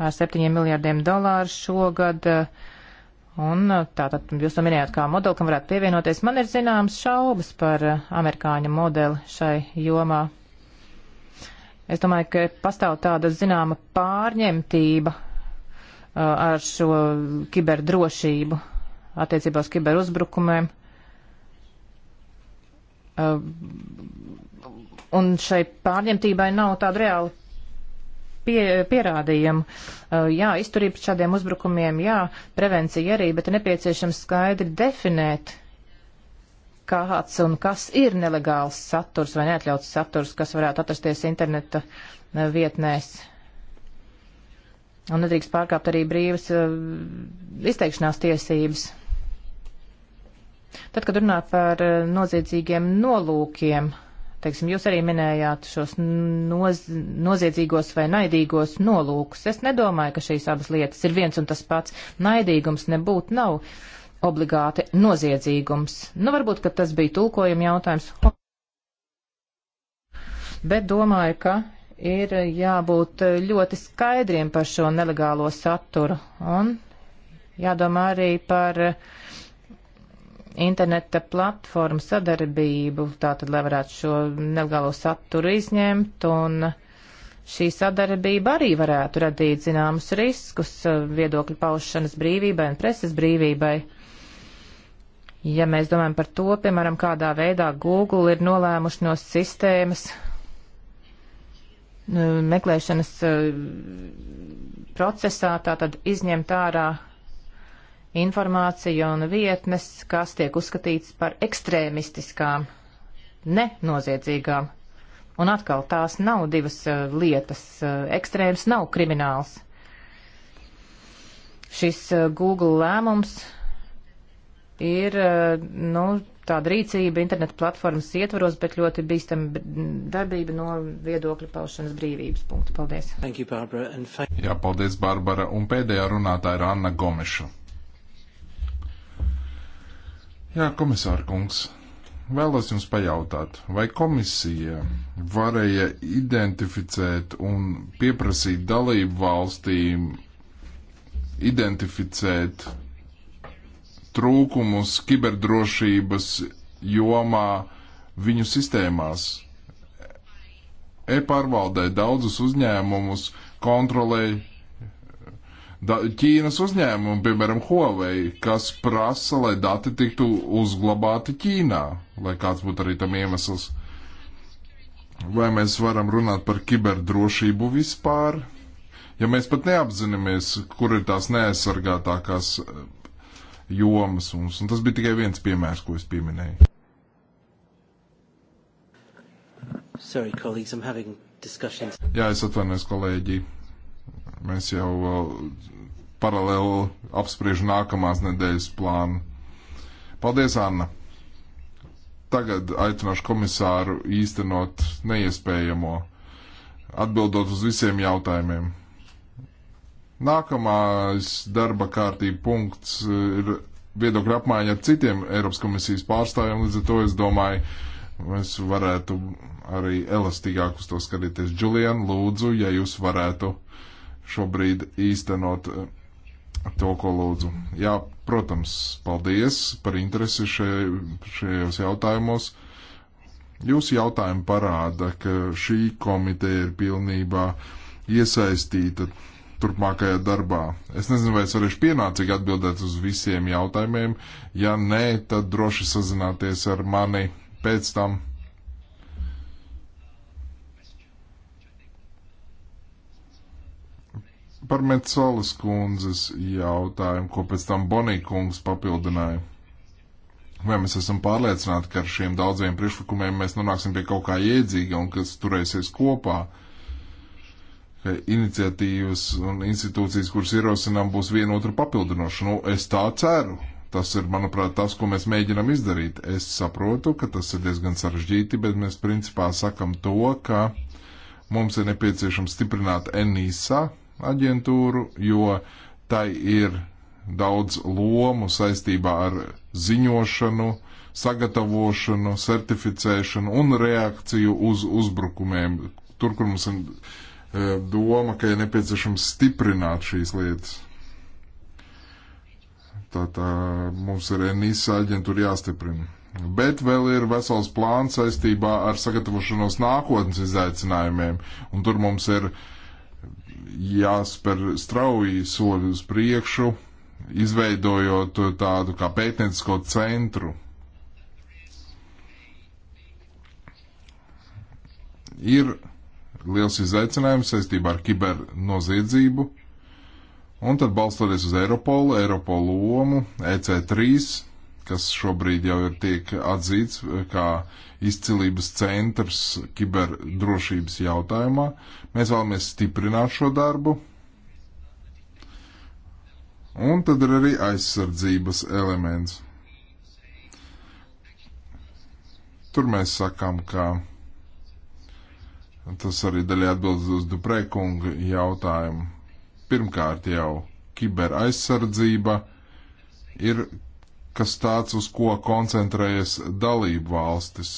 ar 7 miljārdiem dolāru šogad. Uh, Un uh, tātad jūs to minējāt kā modeli, kam varētu pievienoties. Man ir zināmas šaubas par uh, amerikāņu modeli šai jomā. Es domāju, ka pastāv tāda zināma pārņemtība uh, ar šo kiberdrošību attiecībā uz kiberuzbrukumiem. Un šai pārņemtībai nav tāda reāla pie, pierādījumu. Uh, jā, izturība pret šādiem uzbrukumiem, jā, prevencija arī, bet ir nepieciešams skaidri definēt, kāds un kas ir nelegāls saturs vai neatļauts saturs, kas varētu atrasties interneta uh, vietnēs. Un nedrīkst pārkāpt arī brīvas uh, izteikšanās tiesības. Tad, kad runā par noziedzīgiem nolūkiem, uh, Teiksim, jūs arī minējāt šos noz, noziedzīgos vai naidīgos nolūkus. Es nedomāju, ka šīs abas lietas ir viens un tas pats. Naidīgums nebūtu nav obligāti noziedzīgums. Nu, varbūt, ka tas bija tulkojuma jautājums. Bet domāju, ka ir jābūt ļoti skaidriem par šo nelegālo saturu un jādomā arī par interneta platformu sadarbību, tātad, lai varētu šo nelegālo saturu izņemt, un šī sadarbība arī varētu radīt zināmus riskus uh, viedokļu paušanas brīvībai un preses brīvībai. Ja mēs domājam par to, piemēram, kādā veidā Google ir nolēmuši no sistēmas uh, meklēšanas uh, procesā, tātad izņemt ārā informāciju un vietnes, kas tiek uzskatītas par ekstrēmistiskām, nenoziedzīgām. Un atkal tās nav divas uh, lietas. Uh, ekstrēms nav krimināls. Šis uh, Google lēmums ir, uh, nu, tāda rīcība internetu platformas ietvaros, bet ļoti bīstama darbība no viedokļa paušanas brīvības punkta. Paldies. You, Barbara, Jā, paldies, Barbara. Un pēdējā runātāja ir Anna Gomeša. Jā, komisāra kungs, vēlos jums pajautāt, vai komisija varēja identificēt un pieprasīt dalību valstīm identificēt trūkumus kiberdrošības jomā viņu sistēmās? E-pārvaldē daudzus uzņēmumus kontrolē da, Ķīnas uzņēmumu, piemēram, Huawei, kas prasa, lai dati tiktu uzglabāti Ķīnā, lai kāds būtu arī tam iemesls. Vai mēs varam runāt par kiberdrošību vispār? Ja mēs pat neapzināmies, kur ir tās neaizsargātākās eh, jomas mums, un tas bija tikai viens piemērs, ko es pieminēju. Sorry, colleagues, I'm having discussions. Jā, es atvainojos, kolēģi. Mēs jau uh, paralēli apspriežam nākamās nedēļas plānu. Paldies, Anna! Tagad aicināšu komisāru īstenot neiespējamo, atbildot uz visiem jautājumiem. Nākamais darba kārtība punkts uh, ir viedokļa apmaiņa ar citiem Eiropas komisijas pārstāvjiem, līdz ar to es domāju, mēs varētu arī elastīgāk uz to skatīties. Julian, lūdzu, ja jūs varētu šobrīd īstenot eh, to, ko lūdzu. Jā, protams, paldies par interesi šai, šajos jautājumos. Jūsu jautājumi parāda, ka šī komiteja ir pilnībā iesaistīta turpmākajā darbā. Es nezinu, vai es varēšu pienācīgi atbildēt uz visiem jautājumiem. Ja nē, tad droši sazināties ar mani pēc tam par Metzolas kundzes jautājumu, ko pēc tam Bonija kungs papildināja. Vai mēs esam pārliecināti, ka ar šiem daudziem priekšlikumiem mēs nonāksim pie kaut kā iedzīga un kas turēsies kopā? Ka iniciatīvas un institūcijas, kuras ierosinām, būs viena otru papildinoša. Nu, es tā ceru. Tas ir, manuprāt, tas, ko mēs mēģinam izdarīt. Es saprotu, ka tas ir diezgan sarežģīti, bet mēs principā sakam to, ka mums ir nepieciešams stiprināt NISA aģentūru, jo tai ir daudz lomu saistībā ar ziņošanu, sagatavošanu, certificēšanu un reakciju uz uzbrukumiem. Tur, kur mums ir e, doma, ka ir nepieciešams stiprināt šīs lietas. Tā, tā mums ir NISA aģentūra jāstiprina. Bet vēl ir vesels plāns saistībā ar sagatavošanos nākotnes izaicinājumiem, un tur mums ir uh, jāspēr strauji soļi uz priekšu, izveidojot tādu kā pētniecisko centru. Ir liels izaicinājums saistībā ar kibernoziedzību, un tad balstoties uz Eiropolu, Eiropolu lomu, EC3, kas šobrīd jau ir tiek atzīts kā uh, izcilības centrs kiberdrošības jautājumā. Mēs vēlamies stiprināt šo darbu. Un tad ir arī aizsardzības elements. Tur mēs sakām, ka tas arī daļai atbildes uz Duprēkunga jautājumu. Pirmkārt jau kiberaizsardzība ir kas tāds, uz ko koncentrējas dalību valstis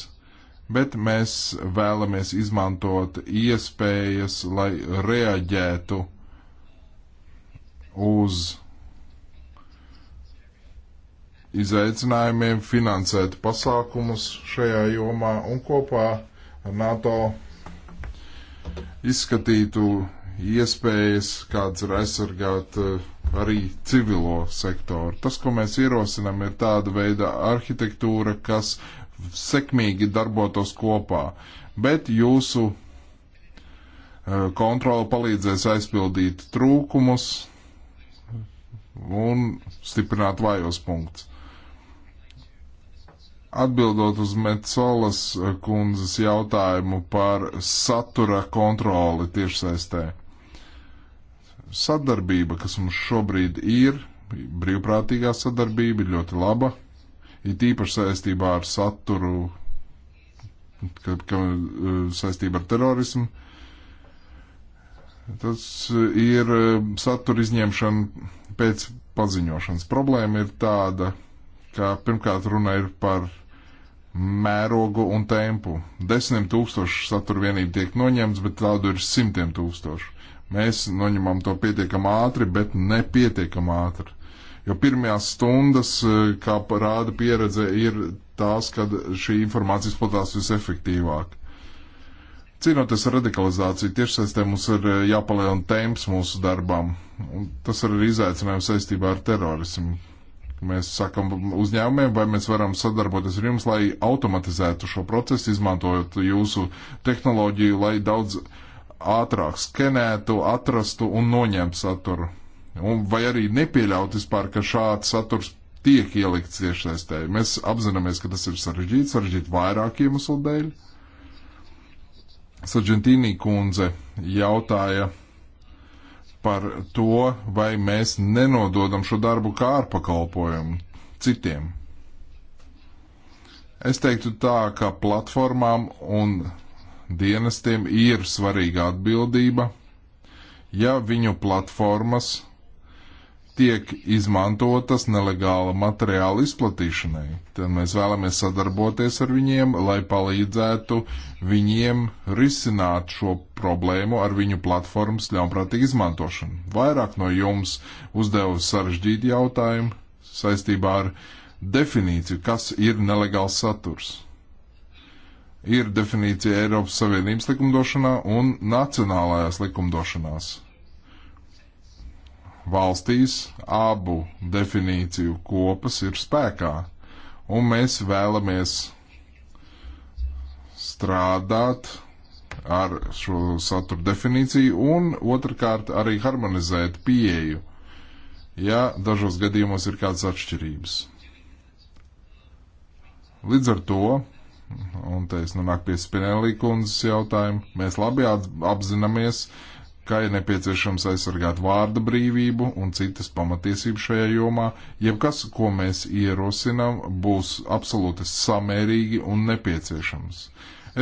bet mēs vēlamies izmantot iespējas, lai reaģētu uz izaicinājumiem, finansētu pasākumus šajā jomā un kopā ar NATO izskatītu iespējas, kādas ir aizsargāt eh, arī civilo sektoru. Tas, ko mēs ierosinām, ir tāda veida arhitektūra, kas sekmīgi darbotos kopā, bet jūsu eh, kontrola palīdzēs aizpildīt trūkumus un stiprināt vājos punktus. Atbildot uz Metzolas eh, kundzes jautājumu par satura kontroli tiešsaistē. Sadarbība, kas mums šobrīd ir, brīvprātīgā sadarbība ir ļoti laba. It īpaši saistībā ar saturu, ka, ka, eh, saistībā ar terorismu. Tas ir eh, satura izņemšana pēc paziņošanas. Problēma ir tāda, ka pirmkārt runa ir par mērogu un tempu. Desmit tūkstoši satura vienību tiek noņemts, bet tādu ir simtiem tūkstoši. Mēs noņemam to pietiekam ātri, bet nepietiekam ātri. Jo pirmās stundas, eh, kā parāda pieredze, ir tās, kad šī informācija izplatās visefektīvāk. Cīnoties ar radikalizāciju, tiešsaistē mums ir eh, jāpalielina temps mūsu darbām. Un tas arī ir izaicinājums saistībā ar terorismu. Mēs sakam uzņēmumiem, vai mēs varam sadarboties ar jums, lai automatizētu šo procesu, izmantojot jūsu tehnoloģiju, lai daudz ātrāk skenētu, atrastu un noņemtu saturu. Un vai arī nepieļaut vispār, ka šāds saturs tiek ielikts tiešsaistē. Mēs apzināmies, ka tas ir sarežģīti, sarežģīti vairāk iemeslu dēļ. Sargentīnī kundze jautāja par to, vai mēs nenododam šo darbu kā ārpakalpojumu citiem. Es teiktu tā, ka platformām un dienestiem ir svarīga atbildība, ja viņu platformas tiek izmantotas nelegāla materiāla izplatīšanai. Tad mēs vēlamies sadarboties ar viņiem, lai palīdzētu viņiem risināt šo problēmu ar viņu platformas ļaunprātīgu izmantošanu. Vairāk no jums uzdeva sarežģīti jautājumi saistībā ar definīciju, kas ir nelegāls saturs. Ir definīcija Eiropas Savienības likumdošanā un nacionālajās likumdošanās valstīs abu definīciju kopas ir spēkā, un mēs vēlamies strādāt ar šo saturu definīciju un otrkārt arī harmonizēt pieeju, ja dažos gadījumos ir kādas atšķirības. Līdz ar to, un te es nonāku pie Spinelli kundzes jautājumu, mēs labi apzināmies, uh, ka ir nepieciešams aizsargāt vārda brīvību un citas pamatiesības šajā jomā, jebkas, ko mēs ierosinām, būs absolūti samērīgi un nepieciešams.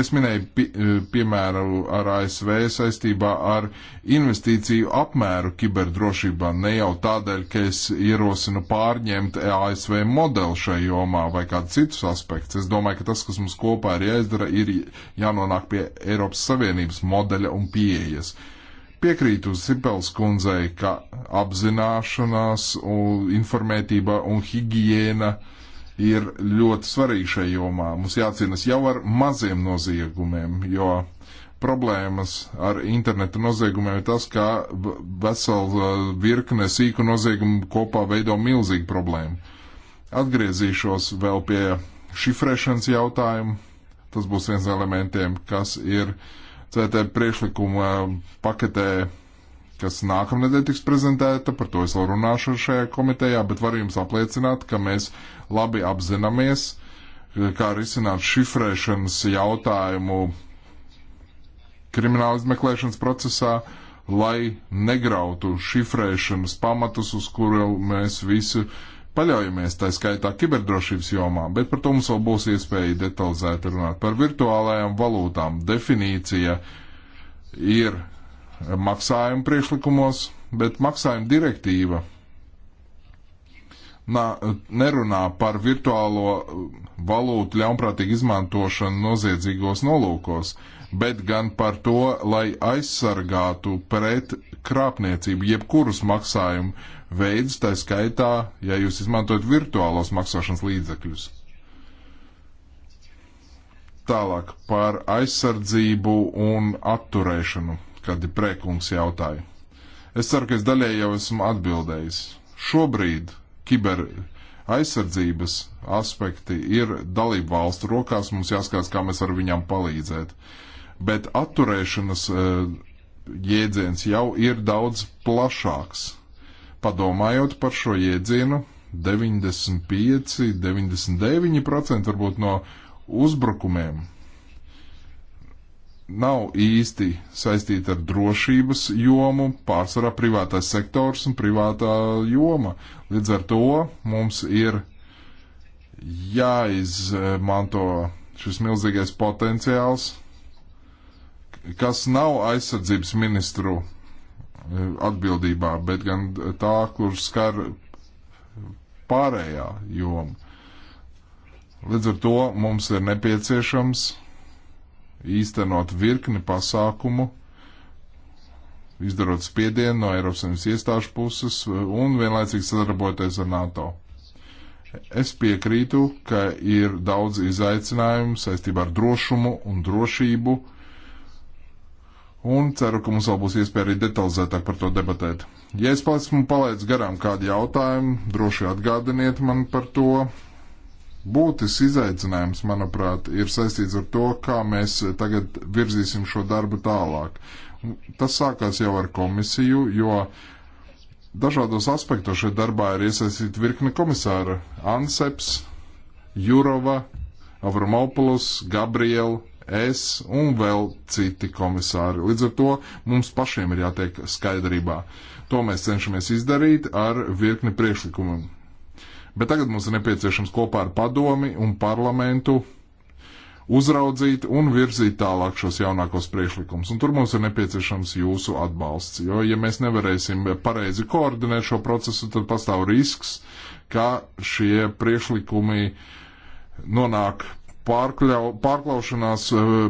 Es minēju pi e, piemēru ar ASV saistībā ar investīciju apmēru kiberdrošībā, ne jau tādēļ, ka es ierosinu pārņemt ASV modeli šajā jomā vai kādu citus aspektus. Es domāju, ka tas, kas mums kopā ir jāizdara, ir jānonāk pie Eiropas Savienības modeļa un pieejas. Uh, Piekrītu Zipels kundzei, ka apzināšanās, un informētība un higiēna ir ļoti svarīgi šajā jomā. Mums jācīnas jau ar maziem noziegumiem, jo problēmas ar interneta noziegumiem ir tas, ka vesela uh, virkne sīku noziegumu kopā veido milzīgu problēmu. Atgriezīšos vēl pie šifrēšanas jautājuma. Tas būs viens no elementiem, kas ir uh, CT priekšlikuma paketē, kas nākamnedēļ tiks prezentēta, par to es vēl runāšu šajā komitejā, bet varu jums apliecināt, ka mēs labi apzināmies, kā risināt šifrēšanas jautājumu krimināla izmeklēšanas procesā, lai negrautu šifrēšanas pamatus, uz kuriem mēs visi uh, paļaujamies, tā skaitā kiberdrošības jomā, bet par to mums vēl būs iespēja detalizēt runāt. Par virtuālajām valūtām definīcija ir maksājuma priekšlikumos, bet maksājuma direktīva na, nerunā par virtuālo eh, valūtu ļaunprātīgu izmantošanu noziedzīgos nolūkos, bet gan par to, lai aizsargātu pret krāpniecību jebkurus maksājumu veidus, tā skaitā, ja jūs izmantojat virtuālos maksāšanas līdzekļus. Tālāk par aizsardzību un atturēšanu, kad ir prēkungs jautāja. Es ceru, ka es daļēji jau esmu atbildējis. Šobrīd kiber aizsardzības aspekti ir dalību valstu rokās, mums jāskatās, kā mēs varam viņām palīdzēt. Bet atturēšanas e, jēdziens jau ir daudz plašāks. Padomājot par šo jēdzienu, 95, 99% varbūt no uzbrukumiem nav īsti saistīta ar drošības jomu, pārsvarā privātais sektors un privātā joma. Līdz ar to mums ir jāizmanto šis milzīgais potenciāls, kas nav aizsardzības ministru e, atbildībā, bet gan tā, kur skar pārējā joma. Līdz ar to mums ir nepieciešams īstenot virkni pasākumu, izdarot spiedienu no Eiropas Savienības iestāžu puses un vienlaicīgi sadarboties ar NATO. Es piekrītu, ka ir daudz izaicinājumu saistībā ar drošumu un drošību, un ceru, ka mums vēl būs iespēja arī detalizētāk par to debatēt. Ja es pats man palaidu garām kādu jautājumu, droši atgādiniet man par to, Būtis izaicinājums, manuprāt, ir saistīts ar to, kā mēs tagad virzīsim šo darbu tālāk. Tas sākās jau ar komisiju, jo dažādos aspektos šajā darbā ir iesaistīta virkne komisāra - Anseps, Jurova, Avramopoulos, Gabriela, es un vēl citi komisāri. Līdz ar to mums pašiem ir jātiek skaidrībā. To mēs cenšamies izdarīt ar virkni priekšlikumiem. Bet tagad mums ir nepieciešams kopā ar padomi un parlamentu uzraudzīt un virzīt tālāk šos jaunākos priekšlikumus. Un tur mums ir nepieciešams jūsu atbalsts, jo ja mēs nevarēsim pareizi koordinēt šo procesu, tad pastāv risks, ka šie priekšlikumi nonāk pārkļau, pārklaušanās,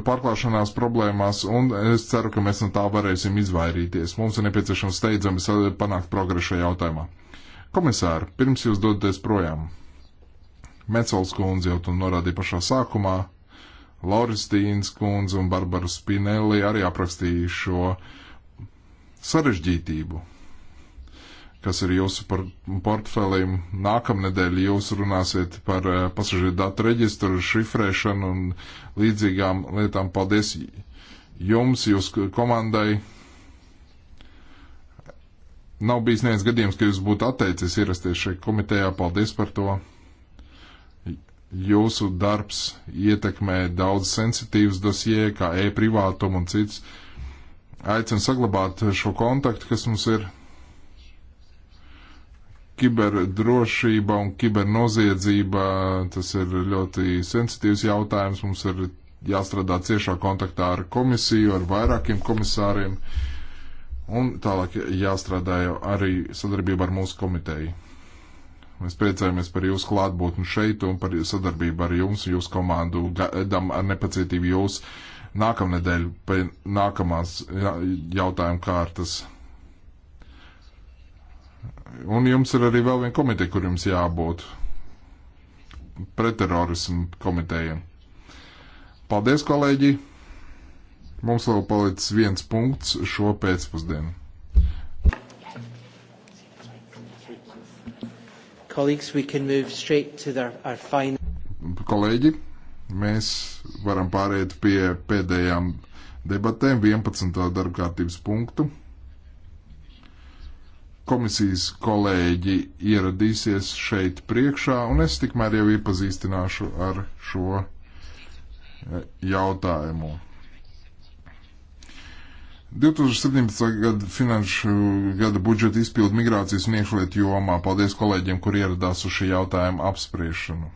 pārklāšanās problēmās, un es ceru, ka mēs no tā varēsim izvairīties. Mums ir nepieciešams steidzami panākt progresu šajā jautājumā. Komisāri, pirms jūs dodaties projām, Mecels kundze jau to norādīja pašā sākumā, Lauristīnas kundze un Barbara Spinelli arī aprakstīja šo sarežģītību, kas ir jūsu par portfelim. Nākamnedēļ jūs runāsiet par eh, pasažieru datu reģistru, šifrēšanu un līdzīgām lietām. Paldies jums, jūsu komandai! Nav bijis neviens gadījums, ka jūs būtu atteicis ierasties šeit komitejā. Paldies par to. Jūsu darbs ietekmē daudz sensitīvas dosie, kā e-privātum un cits. Aicinu saglabāt šo kontaktu, kas mums ir kiberdrošība un kibernoziedzība, tas ir ļoti sensitīvs jautājums. Mums ir jāstrādā ciešā kontaktā ar komisiju, ar vairākiem komisāriem. Uh, Un tālāk jāstrādā jau arī sadarbība ar mūsu komiteju. Mēs priecājamies par jūsu klātbūtni šeit un par sadarbību ar jums, jūsu komandu. Gaidām ar nepacietību jūs nākamnedēļ pie nākamās jautājuma kārtas. Un jums ir arī vēl viena komiteja, kur jums jābūt pretterorismu komitejiem. Paldies, kolēģi! Mums vēl palicis viens punkts šo pēcpusdienu. Kolēģi, mēs varam pāriet pie pēdējām debatēm 11. darbkārtības punktu. Komisijas kolēģi ieradīsies šeit priekšā, un es tikmēr jau iepazīstināšu ar šo eh, jautājumu. 2017. gada finanšu gada budžeta izpildu migrācijas un iekšlietu jomā. Paldies kolēģiem, kur ieradās uz šī jautājuma apspriešanu.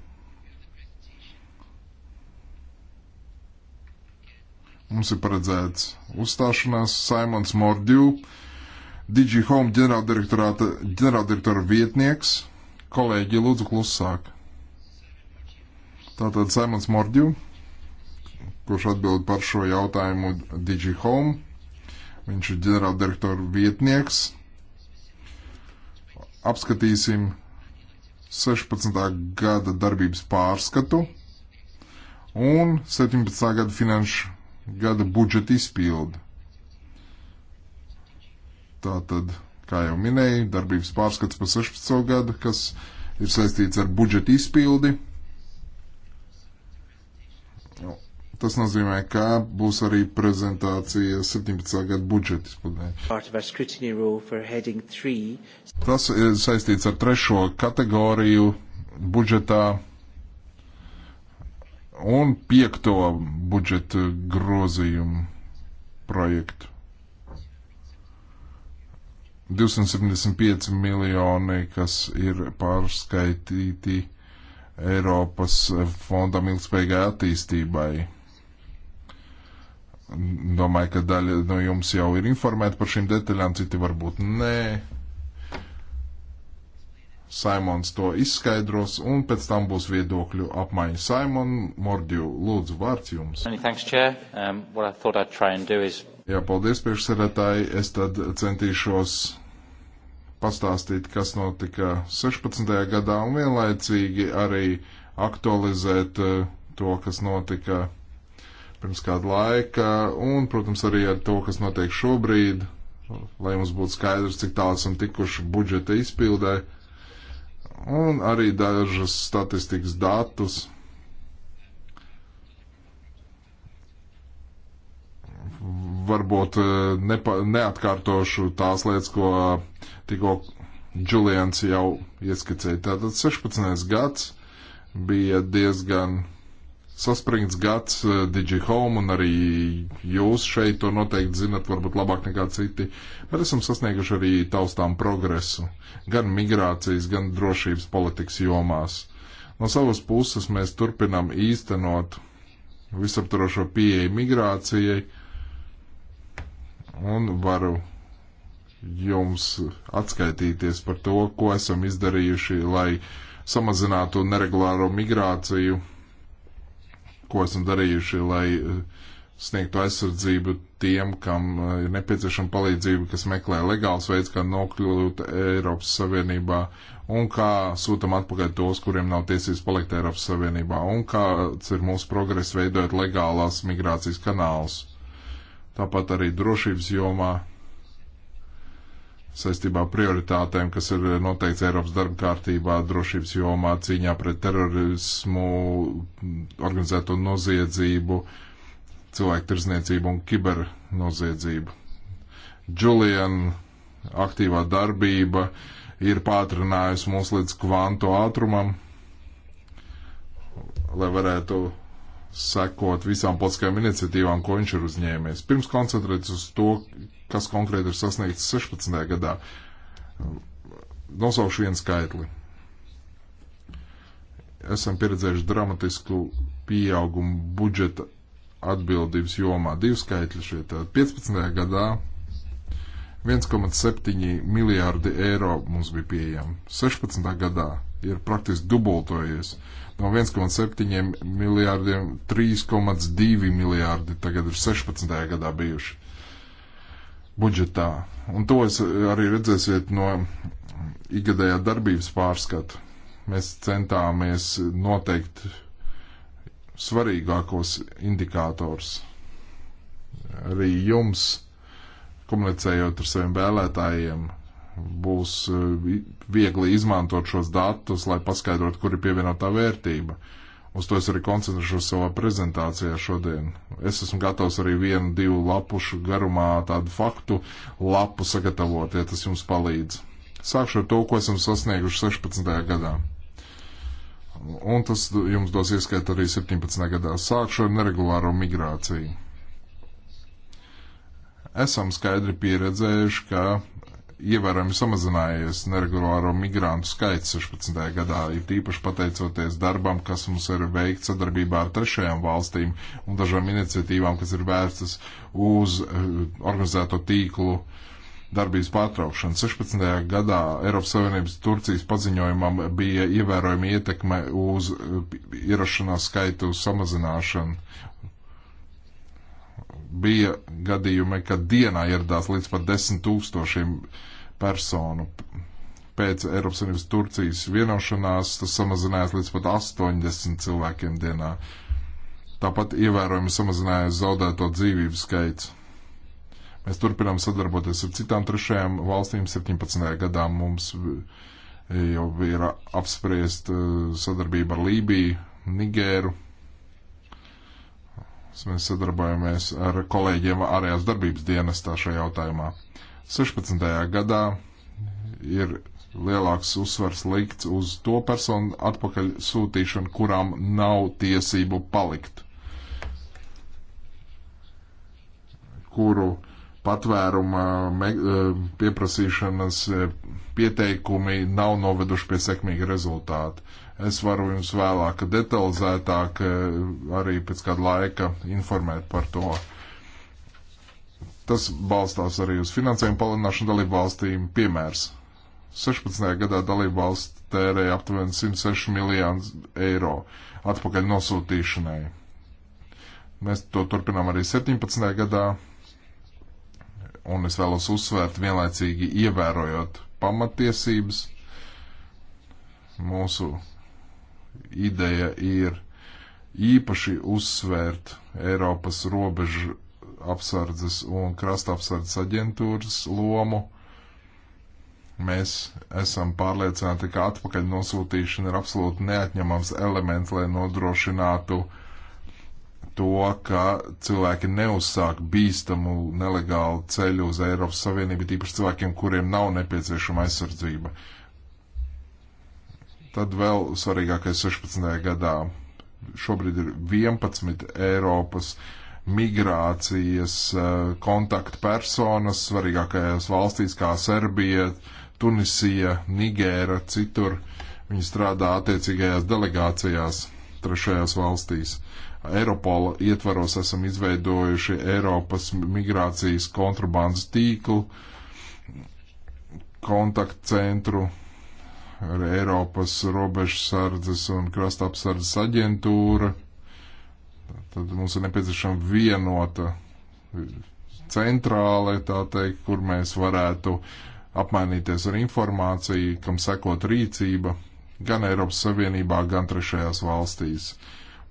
Mums ir paredzēts uzstāšanās Simons Mordju, Digi Home ģenerāldirektora vietnieks. Kolēģi, lūdzu, klusāk. Tātad Simons Mordju, kurš atbild par šo jautājumu Digi Home Viņš ir ģenerāldirektora vietnieks. Apskatīsim 16. gada darbības pārskatu un 17. gada finanšu gada budžeta izpildi. Tātad, kā jau minēju, darbības pārskats par 16. gadu, kas ir saistīts ar budžeta izpildi Tas nozīmē, ka būs arī prezentācija 17. gada budžeta izpildē. Tas ir saistīts ar trešo kategoriju budžetā un piekto budžeta grozījumu projektu. 275 miljoni, kas ir pārskaitīti Eiropas fondam ilgspējīgai attīstībai Domāju, ka daļa no jums jau ir informēta par šīm detaļām, citi varbūt nē. Saimons to izskaidros, un pēc tam būs viedokļu apmaiņa. Saimon, Mordju, lūdzu, vārds jums. Thanks, Chair. Um, what I thought I'd try and do is... Jā, paldies, priekšsēdētāji. Es tad centīšos pastāstīt, kas notika 16. gadā, un vienlaicīgi arī aktualizēt uh, to, kas notika pirms kāda laika, un, protams, arī ar to, kas notiek šobrīd, lai mums būtu skaidrs, cik tālu esam tikuši budžeta izpildē, un arī dažas statistikas datus. Varbūt e, nepa, neatkārtošu tās lietas, ko tikko Julians jau ieskicēja. Tātad 16. gads bija diezgan saspringts gads eh, DigiHome, un arī jūs šeit to noteikti zinat, varbūt labāk nekā citi, bet esam sasnieguši arī taustām progresu gan migrācijas, gan drošības politikas jomās. No savas puses mēs turpinam īstenot visaptarošo pieeju migrācijai, un varu jums atskaitīties par to, ko esam izdarījuši, lai samazinātu neregulāro migrāciju ko esam darījuši, lai eh, sniegtu aizsardzību tiem, kam eh, ir nepieciešama palīdzība, kas meklē legāls veids, kā nokļūt Eiropas Savienībā, un kā sūtam atpakaļ tos, kuriem nav tiesības palikt Eiropas Savienībā, un kāds ir mūsu progress veidojot legālās migrācijas kanālus. Tāpat arī drošības jomā saistībā ar prioritātēm, kas ir noteikts Eiropas darba kārtībā, drošības jomā, cīņā pret terorismu, organizēto noziedzību, cilvēku tirzniecību un kibernoziedzību. Julian aktīvā darbība ir pātrinājusi mūs līdz kvantu ātrumam, lai varētu sekot visām politiskajām iniciatīvām, ko viņš ir uzņēmies. Pirms koncentrēties uz to, kas konkrēti ir sasniegts 16. gadā. Nosaukšu vienu skaitli. Esam pieredzējuši dramatisku pieaugumu budžeta atbildības jomā. Divi skaitļi šeit. 15. gadā 1,7 miljārdi eiro mums bija pieejami. 16. gadā ir praktiski dubultojies. No 1,7 miljārdiem 3,2 miljārdi tagad ir 16. gadā bijuši budžetā. Un to es eh, arī redzēsiet no ikgadējā darbības pārskata. Mēs centāmies noteikt svarīgākos indikātors. Arī jums, komunicējot ar saviem vēlētājiem, būs eh, viegli izmantot šos datus, lai paskaidrotu, kur ir pievienotā vērtība. Uh, Uz to es arī koncentrēšos savā prezentācijā šodien. Es esmu gatavs arī vienu, divu lapušu garumā tādu faktu lapu sagatavot, ja tas jums palīdz. Sākšu ar to, ko esam sasnieguši 16. gadā. Un tas jums dos ieskait arī 17. gadā. Sākšu ar neregulāro migrāciju. Esam skaidri pieredzējuši, ka ievērojami samazinājies neregulāro migrantu skaits 16. gadā, ir tīpaši pateicoties darbam, kas mums ir veikts sadarbībā ar trešajām valstīm un dažām iniciatīvām, kas ir vērstas uz eh, organizēto tīklu darbības pārtraukšanu. 16. gadā Eiropas Savienības Turcijas paziņojumam bija ievērojama ietekme uz eh, ierašanās skaitu samazināšanu bija gadījumi, kad dienā ieradās līdz pat desmit tūkstošiem personu. Pēc Eiropas Savienības Turcijas vienošanās tas samazinājās līdz pat 80 cilvēkiem dienā. Tāpat ievērojami samazinājās zaudēto dzīvību skaits. Mēs turpinām sadarboties ar citām trešajām valstīm. 17. gadā mums jau ir apspriest eh, sadarbība ar Lībiju, Nigēru, Mēs sadarbojamies ar kolēģiem ārējās darbības dienestā šajā jautājumā. 16. gadā ir lielāks uzsvars likts uz to personu atpakaļ sūtīšanu, kurām nav tiesību palikt, kuru patvēruma me, e, pieprasīšanas e, pieteikumi nav noveduši pie sekmīga rezultāta. Es varu jums vēlāk detalizētāk eh, arī pēc kāda laika informēt par to. Tas balstās arī uz finansējumu palielināšanu dalību valstīm. Piemērs. 16. gadā dalību valsts tērēja aptuveni 106 miljonus eiro atpakaļ nosūtīšanai. Mēs to turpinām arī 17. gadā, un es vēlos uzsvērt vienlaicīgi ievērojot pamatiesības mūsu ideja ir īpaši uzsvērt Eiropas robežu apsardzes un krasta apsardzes aģentūras lomu. Mēs esam pārliecināti, ka atpakaļ nosūtīšana ir absolūti neatņemams elements, lai nodrošinātu to, ka cilvēki neuzsāk bīstamu nelegālu ceļu uz Eiropas Savienību, tīpaši cilvēkiem, kuriem nav nepieciešama aizsardzība. Uh, Tad vēl svarīgākais 16. gadā. Šobrīd ir 11 Eiropas migrācijas eh, kontaktpersonas svarīgākajās valstīs kā Serbija, Tunisija, Nigēra, citur. Viņi strādā attiecīgajās delegācijās trešajās valstīs. Eiropola ietvaros esam izveidojuši Eiropas migrācijas kontrabandas tīklu, kontaktcentru ar Eiropas robežsardzes un krastapsardzes aģentūra. Tad mums ir nepieciešama vienota centrāle, tā teikt, kur mēs varētu apmainīties ar informāciju, kam sekot rīcība gan Eiropas Savienībā, gan trešajās valstīs.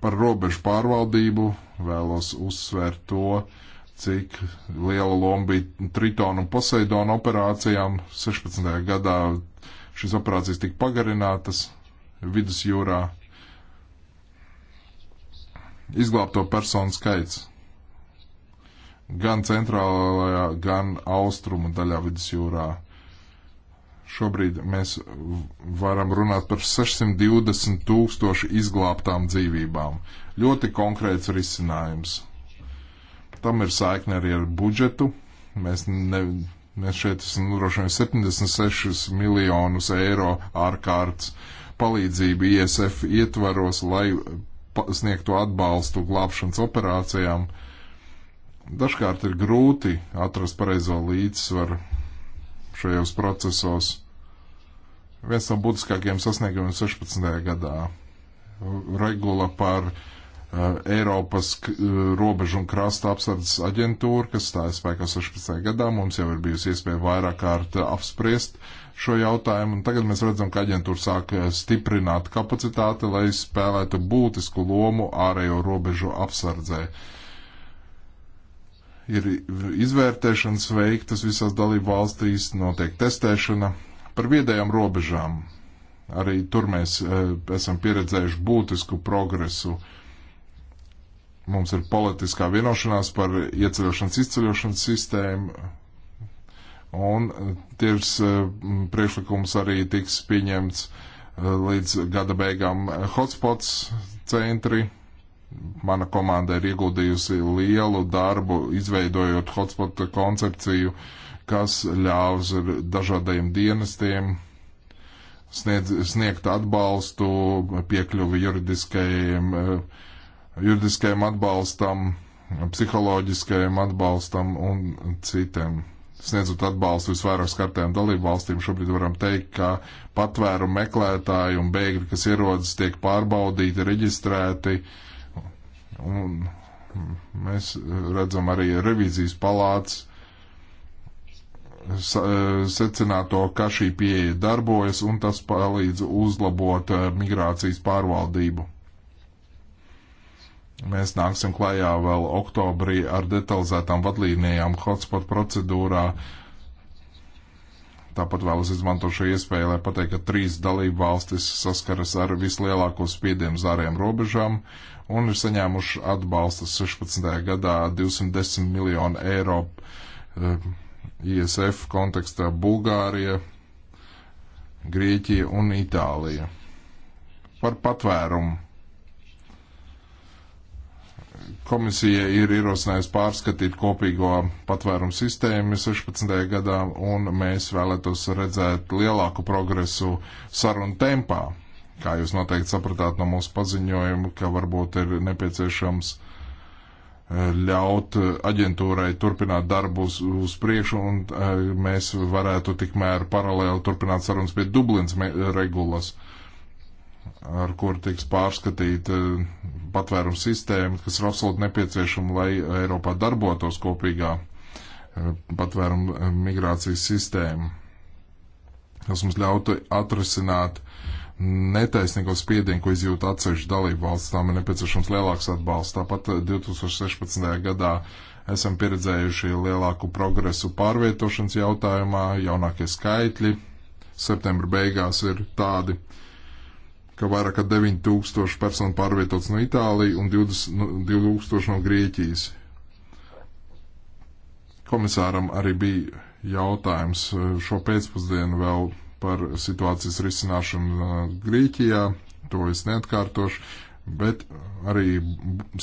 Par robežu pārvaldību vēlos uzsvērt to, cik liela lomba bija Tritona un Poseidona operācijām 16. gadā Šīs operācijas tika pagarinātas vidusjūrā. Izglābto personu skaits gan centrālajā, gan austrumu daļā vidusjūrā. Šobrīd mēs varam runāt par 620 tūkstošu izglābtām dzīvībām. Ļoti konkrēts risinājums. Tam ir saikne arī ar budžetu. Mēs ne, Mēs šeit esam nodrošinājuši 76 miljonus eiro ārkārtas palīdzību ISF ietvaros, lai sniegtu atbalstu glābšanas operācijām. Dažkārt ir grūti atrast pareizo līdzsvaru šajos procesos. Viens no būtiskākajiem sasniegumiem 16. gadā regula par uh, Eiropas robežu un krasta apsardzes aģentūra, kas stājas spēkā 16. gadā. Mums jau ir bijusi iespēja vairāk kārt apspriest šo jautājumu, un tagad mēs redzam, ka aģentūra sāk stiprināt kapacitāti, lai spēlētu būtisku lomu ārējo robežu apsardzē. Ir izvērtēšanas veiktas visās dalību valstīs, notiek testēšana par viedajām robežām. Arī tur mēs e, esam pieredzējuši būtisku progresu. E, Mums ir politiskā vienošanās par ieceļošanas izceļošanas sistēmu, un tirs eh, priekšlikums arī tiks pieņemts eh, līdz gada beigām hotspots centri. Mana komanda ir ieguldījusi lielu darbu, izveidojot hotspot koncepciju, kas ļaus dažādajiem dienestiem sniedz, sniegt atbalstu, piekļuvi juridiskajiem uh, juridiskajam atbalstam, psiholoģiskajam atbalstam un citiem. Sniedzot atbalstu visvairāk skartējām dalību valstīm, šobrīd varam teikt, ka patvēru meklētāji un bēgļi, kas ierodas, tiek pārbaudīti, reģistrēti. Un mēs redzam arī revīzijas palāts eh, secināto, ka šī pieeja darbojas un tas palīdz uzlabot eh, migrācijas pārvaldību Mēs nāksim klajā vēl oktobrī ar detalizētām vadlīnijām hotspot procedūrā. Tāpat vēlas izmantot šo iespēju, lai pateikt, ka trīs dalību valstis saskaras ar vislielāko spiedienu zāriem robežām un ir saņēmuši atbalstu 16. gadā 210 miljonu eiro eh, ISF kontekstā Bulgārija, Grieķija un Itālija. Par patvērumu komisija ir ierosinājusi pārskatīt kopīgo patvērumu sistēmu 16. gadā, un mēs vēlētos redzēt lielāku progresu sarunu tempā. Kā jūs noteikti sapratāt no mūsu paziņojuma, ka varbūt ir nepieciešams eh, ļaut aģentūrai turpināt darbu uz, uz priekšu, un eh, mēs varētu tikmēr paralēli turpināt sarunas pie Dublins regulas. Uh, ar kuru tiks pārskatīta eh, patvērums sistēma, kas ir absolūti nepieciešama, lai Eiropā darbotos kopīgā eh, patvērumu eh, migrācijas sistēma, kas mums ļautu atrisināt netaisnīgo spiedienu, ko izjūt atsevišķi dalību valsts. Tām ir nepieciešams lielāks atbalsts. Tāpat 2016. gadā esam pieredzējuši lielāku progresu pārvietošanas jautājumā, jaunākie skaitļi septembra beigās ir tādi, uh, ka vairāk kā 9000 personu pārvietots no Itālijas un 20, 2000 nu, no Grieķijas. Komisāram arī bija jautājums eh, šo pēcpusdienu vēl par situācijas risināšanu eh, Grieķijā. To es neatkārtošu, bet arī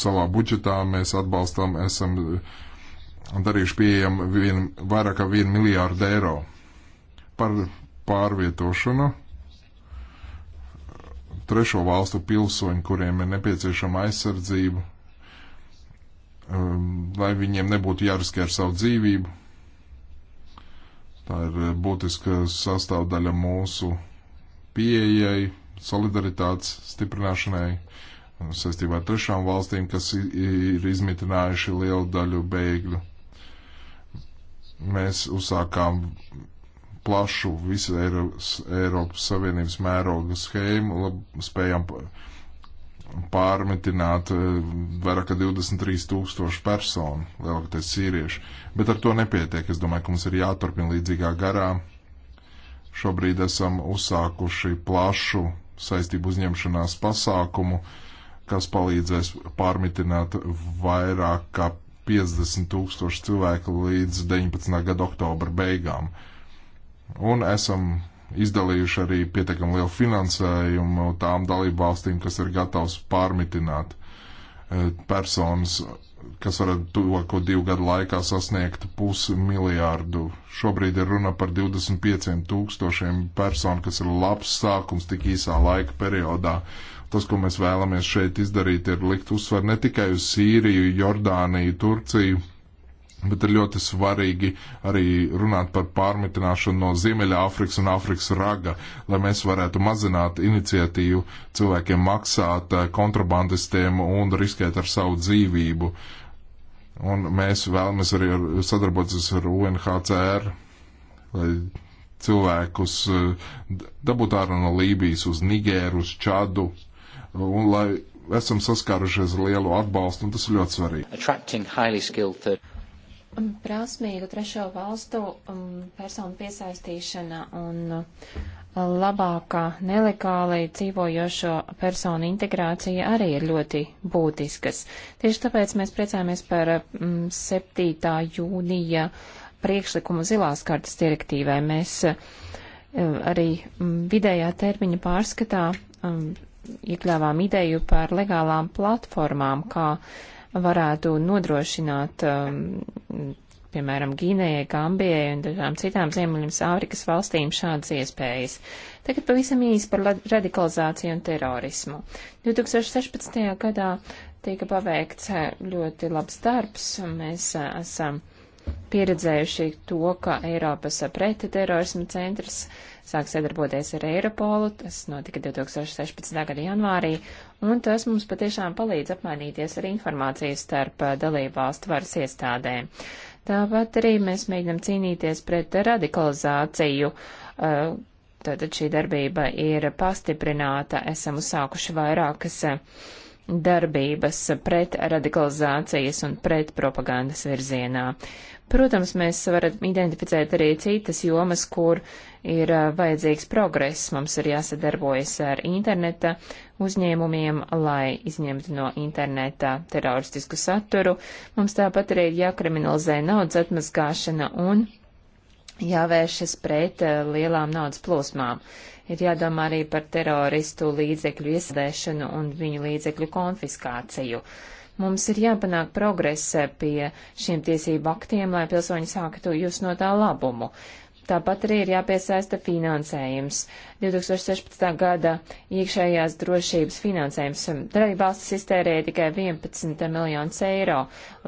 savā budžetā mēs atbalstam, esam eh, darījuši pieejam vien, vairāk kā 1 miljārdu eiro par pārvietošanu trešo valstu pilsoņi, kuriem ir nepieciešama aizsardzība, um, lai viņiem nebūtu jāriskē ar savu dzīvību. Tā ir eh, būtiska sastāvdaļa mūsu pieejai, solidaritātes stiprināšanai saistībā ar trešām valstīm, kas ir izmitinājuši lielu daļu bēgļu. Mēs uzsākām plašu visu Eiropas, Eiropas Savienības mēroga schēmu, lab, spējām pārmetināt e, vairāk kā 23 tūkstoši personu, lielākoties sīrieši. Bet ar to nepietiek. Es domāju, ka mums ir jāturpina līdzīgā garā. Šobrīd esam uzsākuši plašu saistību uzņemšanās pasākumu, kas palīdzēs pārmitināt vairāk kā 50 tūkstoši cilvēku līdz 19. gada oktobra beigām. Uh, un esam izdalījuši arī pietiekami lielu finansējumu tām dalību valstīm, kas ir gatavs pārmitināt e, personas, kas varētu tuvāko divu gadu laikā sasniegt pusmiljārdu. Šobrīd ir runa par 25 tūkstošiem personu, kas ir labs sākums tik īsā laika periodā. Tas, ko mēs vēlamies šeit izdarīt, ir likt uzsver ne tikai uz Sīriju, Jordāniju, Turciju, Bet ir ļoti svarīgi arī runāt par pārmitināšanu no Ziemeļāfrikas un Āfrikas raga, lai mēs varētu mazināt iniciatīvu cilvēkiem maksāt eh, kontrabandistiem un riskēt ar savu dzīvību. Un mēs vēlamies arī sadarboties ar UNHCR, lai cilvēkus eh, dabūt ārā no Lībijas uz Nigēru, uz Čadu, un lai esam saskārušies ar lielu atbalstu, un tas ir ļoti svarīgi prasmīgu trešo valstu um, personu piesaistīšana un uh, labākā nelegāli dzīvojošo personu integrācija arī ir ļoti būtiskas. Tieši tāpēc mēs priecājamies par 7. Um, jūnija priekšlikumu zilās kartas direktīvai. Mēs uh, arī um, vidējā termiņa pārskatā iekļāvām ideju par legālām platformām, kā varētu nodrošināt, um, piemēram, Gīnējai, Gambijai un dažām citām Ziemeļums Āfrikas valstīm šādas iespējas. Tagad pavisam īsi par radikalizāciju un terorismu. 2016. gadā tika paveikts eh, ļoti labs darbs, un mēs eh, esam pieredzējuši to, ka Eiropas eh, pretterorisma centrs uh, sāk sadarboties ar Eiropolu, tas notika 2016. gada janvārī, un tas mums patiešām palīdz apmainīties ar informāciju starp uh, dalībvalstu varas iestādēm. Tāpat arī mēs mēģinam cīnīties pret radikalizāciju. Uh, tātad šī darbība ir pastiprināta, esam uzsākuši vairākas uh, darbības pret radikalizācijas un pret propagandas virzienā. Protams, mēs varam identificēt arī citas jomas, kur ir eh, vajadzīgs progress, mums ir jāsadarbojas ar interneta uzņēmumiem, lai izņemtu no interneta teroristisku saturu. Mums tāpat arī ir jākriminalizē naudas atmazgāšana un jāvēršas pret eh, lielām naudas plūsmām. Ir jādomā arī par teroristu līdzekļu iesādēšanu un viņu līdzekļu konfiskāciju. Mums ir jāpanāk progrese eh, pie šiem tiesību aktiem, lai pilsoņi sāktu jūs no tā labumu. Tāpat arī ir jāpiesaista finansējums. 2016. gada iekšējās drošības finansējums. Darība valstis iztērēja tikai 11 miljonus eiro,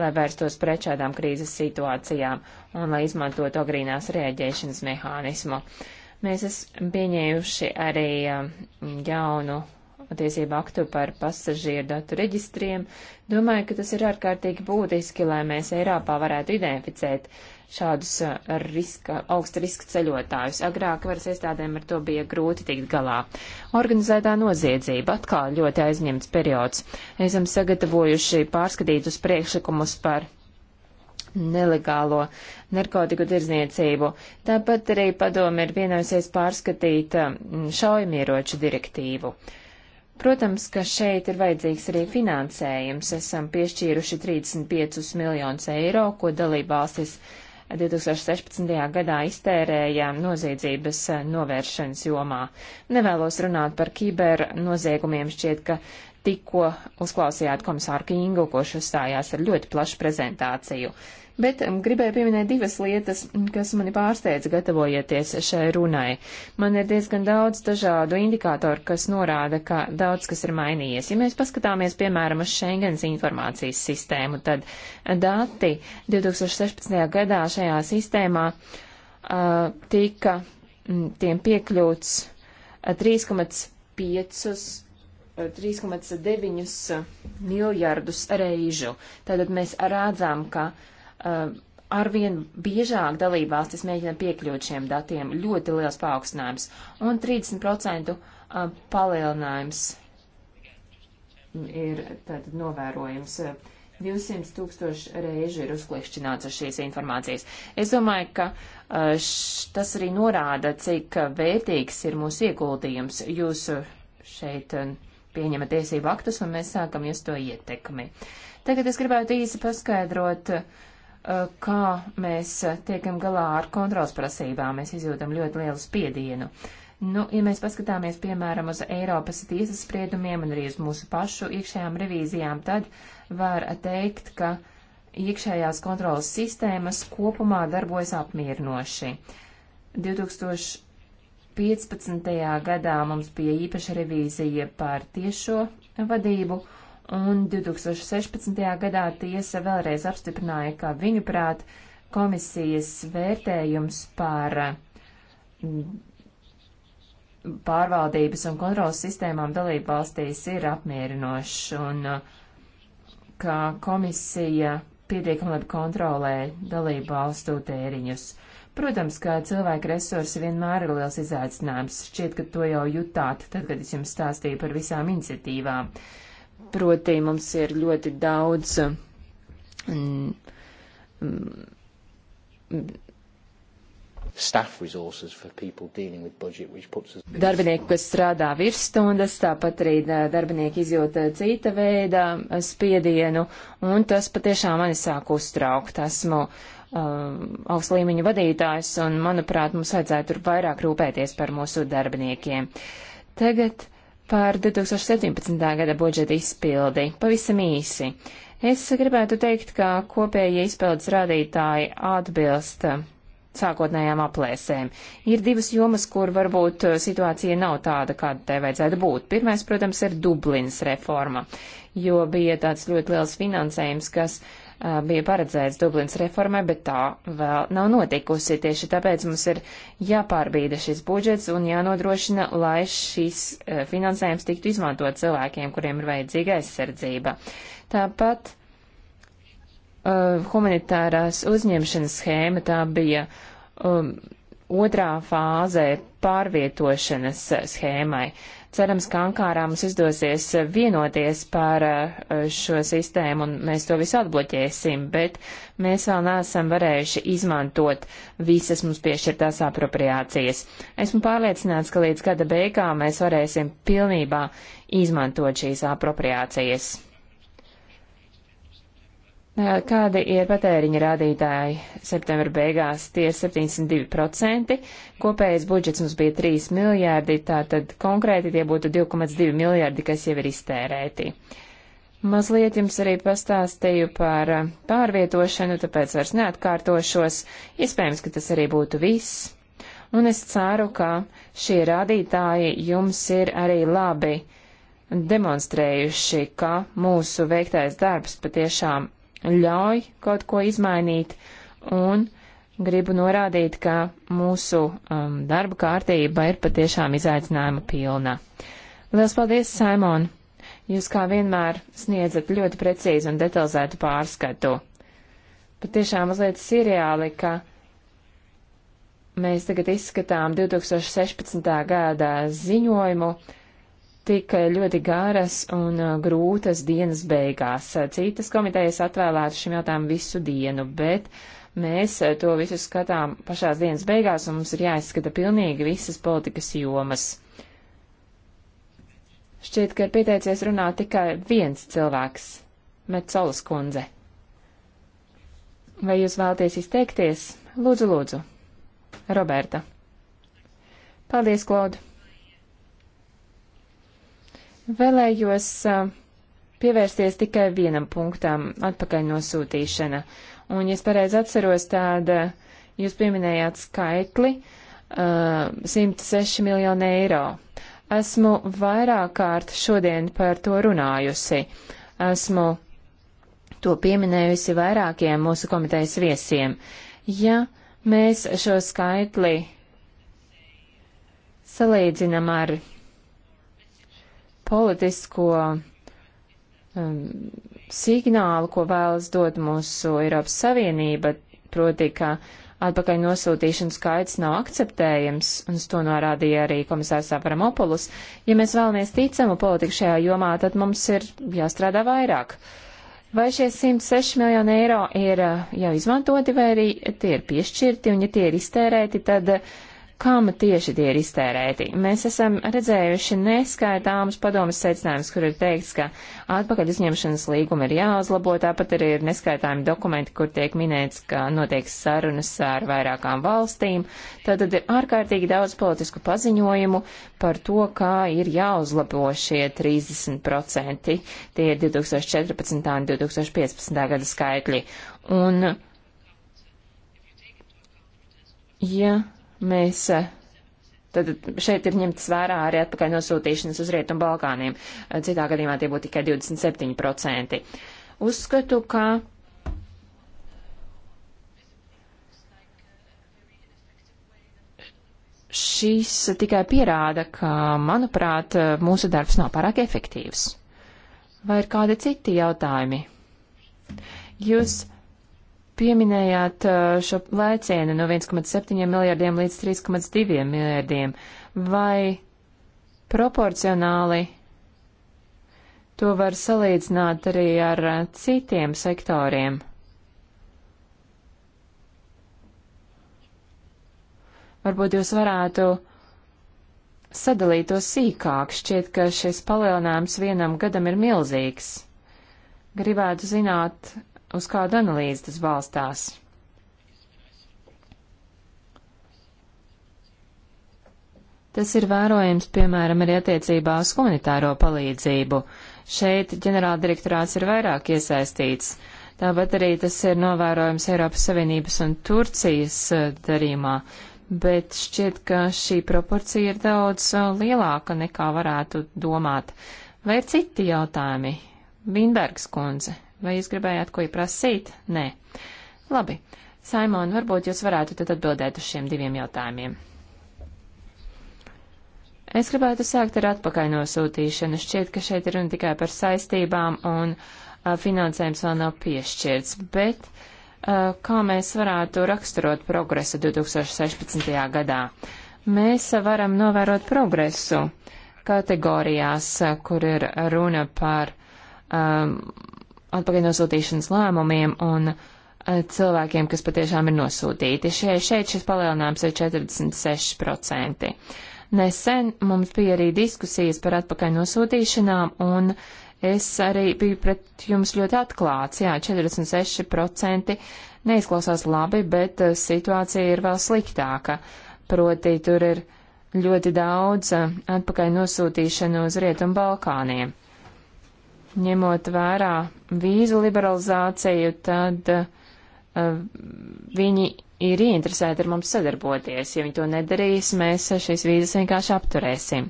lai vērstos pret šādām krīzes situācijām un lai izmantotu agrīnās rēģēšanas mehānismu. Mēs esam pieņēmuši arī jaunu tiesību aktu par pasažieru datu reģistriem. Domāju, ka tas ir ārkārtīgi būtiski, lai mēs Eiropā varētu identificēt šādus riska, augsta riska ceļotājus. Agrāk varas iestādēm ar to bija grūti tikt galā. Organizētā noziedzība atkal ļoti aizņemts periods. Esam sagatavojuši pārskatītus priekšlikumus par nelegālo narkotiku tirzniecību. Tāpat arī padomi ir vienojusies pārskatīt šaujamieroču direktīvu. Protams, ka šeit ir vajadzīgs arī finansējums. Esam piešķīruši 35 miljonus eiro, ko dalībvalstis valstis 2016. gadā iztērējām noziedzības eh, novēršanas jomā. Nevēlos runāt par kiber noziegumiem, šķiet, ka tikko uzklausījāt komisāru Kingu, kurš uzstājās ar ļoti plašu prezentāciju. Uh, bet um, gribēju pieminēt divas lietas, mm, kas mani pārsteidza gatavojoties šai runai. Man ir diezgan daudz dažādu indikātoru, kas norāda, ka daudz kas ir mainījies. Ja mēs paskatāmies, piemēram, uz Schengens informācijas sistēmu, tad dati 2016. gadā šajā sistēmā uh, tika mm, tiem piekļūts 3,5 uh, 3,9 uh, miljardus reižu. Tātad mēs redzam, ka uh, arvien biežāk dalībvalstis mēģina piekļūt šiem datiem. Ļoti liels paaugstinājums un 30% um, palielinājums ir tad novērojams. 200 tūkstoši reižu ir uzklikšķināts ar šīs informācijas. Es domāju, ka uh, š, tas arī norāda, cik vērtīgs ir mūsu ieguldījums. Jūs uh, šeit uh, pieņemat tiesību aktus un mēs sākam jūs to ietekmi. Tagad es gribētu īsi paskaidrot uh, Eh, kā mēs tiekam galā ar kontrols prasībām. Mēs izjūtam ļoti lielu spiedienu. Nu, ja mēs paskatāmies, piemēram, uz Eiropas tiesas spriedumiem un arī uz mūsu pašu iekšējām revīzijām, tad var teikt, ka iekšējās kontrolas sistēmas kopumā darbojas apmierinoši. 2015. gadā mums bija īpaša revīzija par tiešo vadību, un 2016. gadā tiesa vēlreiz apstiprināja, ka viņuprāt komisijas vērtējums par pārvaldības un kontrolas sistēmām dalību valstīs ir apmierinošs un ka komisija pietiekami labi kontrolē dalību valstu tēriņus. Protams, ka cilvēka resursi vienmēr ir liels izaicinājums. Šķiet, ka to jau jutāt, tad, kad es jums stāstīju par visām iniciatīvām. Uh, Proti mums ir ļoti daudz mm, Darbinieku, kas strādā virsstundas, tāpat arī darbinieki izjūta cita veida spiedienu, un tas patiešām mani sāk uztraukt. Esmu um, augsts līmeņa vadītājs, un manuprāt, mums vajadzētu tur vairāk rūpēties par mūsu darbiniekiem. Tagad par 2017. gada budžeta izpildi. Pavisam īsi. Es gribētu teikt, ka kopējie izpildes rādītāji atbilst sākotnējām aplēsēm. Ir divas jomas, kur varbūt situācija nav tāda, kāda tai vajadzētu būt. Pirmais, protams, ir Dublinas reforma, jo bija tāds ļoti liels finansējums, kas uh, Uh, bija paredzēts Dublinas reformai, bet tā vēl nav notikusi. Tieši tāpēc mums ir jāpārbīda šis budžets un jānodrošina, lai šis uh, finansējums tiktu izmantot cilvēkiem, kuriem ir vajadzīga aizsardzība. Tāpat uh, humanitārās uzņemšanas schēma tā bija um, otrā fāzē pārvietošanas schēmai. Uh, Cerams, ka Ankārā mums izdosies vienoties par eh, šo sistēmu un mēs to visu atbloķēsim, bet mēs vēl neesam varējuši izmantot visas mums piešķirtās apropriācijas. Esmu pārliecināts, ka līdz gada beigām mēs varēsim pilnībā izmantot šīs apropriācijas. Kādi ir patēriņa rādītāji septembra beigās? Tie ir 72%, kopējais budžets mums bija 3 miljārdi, tātad konkrēti tie būtu 2,2 miljārdi, kas jau ir iztērēti. Mazliet jums arī pastāstīju par pārvietošanu, tāpēc vairs neatkārtošos. Iespējams, ka tas arī būtu viss. Un es ceru, ka šie rādītāji jums ir arī labi demonstrējuši, ka mūsu veiktais darbs patiešām ļauj kaut ko izmainīt, un gribu norādīt, ka mūsu um, darba kārtība ir patiešām izaicinājuma pilna. Lielas paldies, Simon! Jūs kā vienmēr sniedzat ļoti precīzu un detalizētu pārskatu. Pat tiešām mazliet sirreāli, ka mēs tagad izskatām 2016. gada ziņojumu, tika ļoti garas un uh, grūtas dienas beigās. Citas komitejas atvēlēta šim jautājumam visu dienu, bet mēs uh, to visu skatām pašās dienas beigās un mums ir jāizskata pilnīgi visas politikas jomas. Šķiet, ka ir pieteicies runāt tikai viens cilvēks - Metzolas kundze. Vai jūs vēlaties izteikties? Lūdzu, lūdzu. Roberta. Paldies, Klaudu. Vēlējos uh, pievērsties tikai vienam punktam - atpakaļ nosūtīšana. Un, ja es pareizi atceros, tad uh, jūs pieminējāt skaitli uh, 106 miljonu eiro. Esmu vairāk kārt šodien par to runājusi. Esmu to pieminējusi vairākiem mūsu komitejas viesiem. Ja mēs šo skaitli salīdzinam ar politisko um, signālu, ko vēlas dot mūsu Eiropas Savienība, proti, ka atpakaļ nosūtīšanas skaits nav akceptējams, un to norādīja arī komisārs Avramopulus. Ja mēs vēlamies ticamu politiku šajā jomā, tad mums ir jāstrādā vairāk. Vai šie 106 miljoni eiro ir uh, jau izmantoti, vai arī tie ir piešķirti, un ja tie ir iztērēti, tad uh, kam tieši tie ir iztērēti. Mēs esam redzējuši neskaitāmus padomas secinājumus, kur ir teikts, ka atpakaļ uzņemšanas līguma ir jāuzlabo, tāpat arī ir neskaitāmi dokumenti, kur tiek minēts, ka notiek sarunas ar vairākām valstīm. Tātad ir ārkārtīgi daudz politisku paziņojumu par to, kā ir jāuzlabo šie 30%. Tie ir 2014. un 2015. gada skaitļi. Un, ja Mēs eh, Tad šeit ir ņemts vērā arī atpakaļ nosūtīšanas uz Rietumu Balkāniem. Eh, citā gadījumā tie būtu tikai 27%. Uzskatu, ka šīs tikai pierāda, ka, manuprāt, mūsu darbs nav pārāk efektīvs. Vai ir kādi citi jautājumi? Jūs pieminējāt uh, šo lēcienu no 1,7 miljardiem līdz 3,2 miljardiem. Vai proporcionāli to var salīdzināt arī ar uh, citiem sektoriem? Varbūt jūs varētu sadalīt to sīkāk, šķiet, ka šis palielinājums vienam gadam ir milzīgs. Gribētu zināt, uz kādu analīzi tas balstās. Tas ir vērojams, piemēram, arī attiecībā uz humanitāro palīdzību. Šeit ģenerāldirektorāts ir vairāk iesaistīts. Tāpat arī tas ir novērojams Eiropas Savienības un Turcijas eh, darījumā, bet šķiet, ka šī proporcija ir daudz eh, lielāka nekā varētu domāt. Vai ir citi jautājumi? Vinbergs kundze. Vai jūs gribējāt ko prasīt? Nē. Labi. Saimon, varbūt jūs varētu tad atbildēt uz šiem diviem jautājumiem. Es gribētu sākt ar atpakaļnosūtīšanu. Šķiet, ka šeit ir runa tikai par saistībām un a, finansējums vēl nav piešķirts, bet a, kā mēs varētu raksturot progresu 2016. gadā? Mēs a, varam novērot progresu kategorijās, kur ir runa par um, atpakaļnosūtīšanas lēmumiem un eh, cilvēkiem, kas patiešām ir nosūtīti. Šie, šeit šis palielinājums ir 46%. Nesen mums bija arī diskusijas par atpakaļnosūtīšanām, un es arī biju pret jums ļoti atklāts. Jā, 46% neizklausās labi, bet eh, situācija ir vēl sliktāka. Proti, tur ir ļoti daudz eh, atpakaļ nosūtīšanu uz Rietumu Balkāniem ņemot vērā vīzu liberalizāciju, tad uh, viņi ir ieinteresēti ar mums sadarboties. Ja viņi to nedarīs, mēs šīs vīzas vienkārši apturēsim.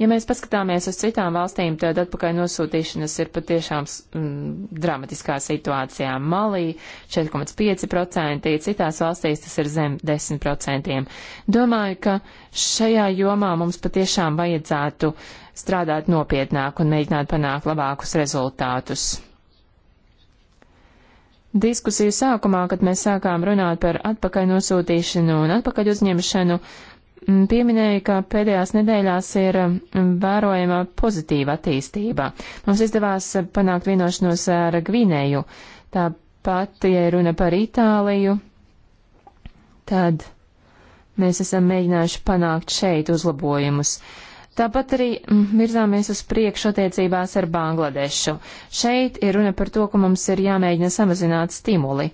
Ja mēs paskatāmies uz citām valstīm, tad atpakaļ nosūtīšanas ir patiešām mm, dramatiskā situācijā. Malī 4,5%, citās valstīs tas ir zem 10%. Domāju, ka šajā jomā mums patiešām vajadzētu uh, strādāt nopietnāk un mēģināt panākt labākus rezultātus. Diskusiju sākumā, kad mēs sākām runāt par atpakaļ nosūtīšanu un atpakaļ uzņemšanu, pieminēja, ka pēdējās nedēļās ir vērojama pozitīva attīstība. Mums izdevās panākt vienošanos ar Gvinēju. Tāpat, ja runa par Itāliju, tad mēs esam mēģinājuši panākt šeit uzlabojumus. Tāpat arī virzāmies uz priekšu attiecībās ar Bangladešu. Šeit ir runa par to, ka mums ir jāmēģina samazināt stimuli.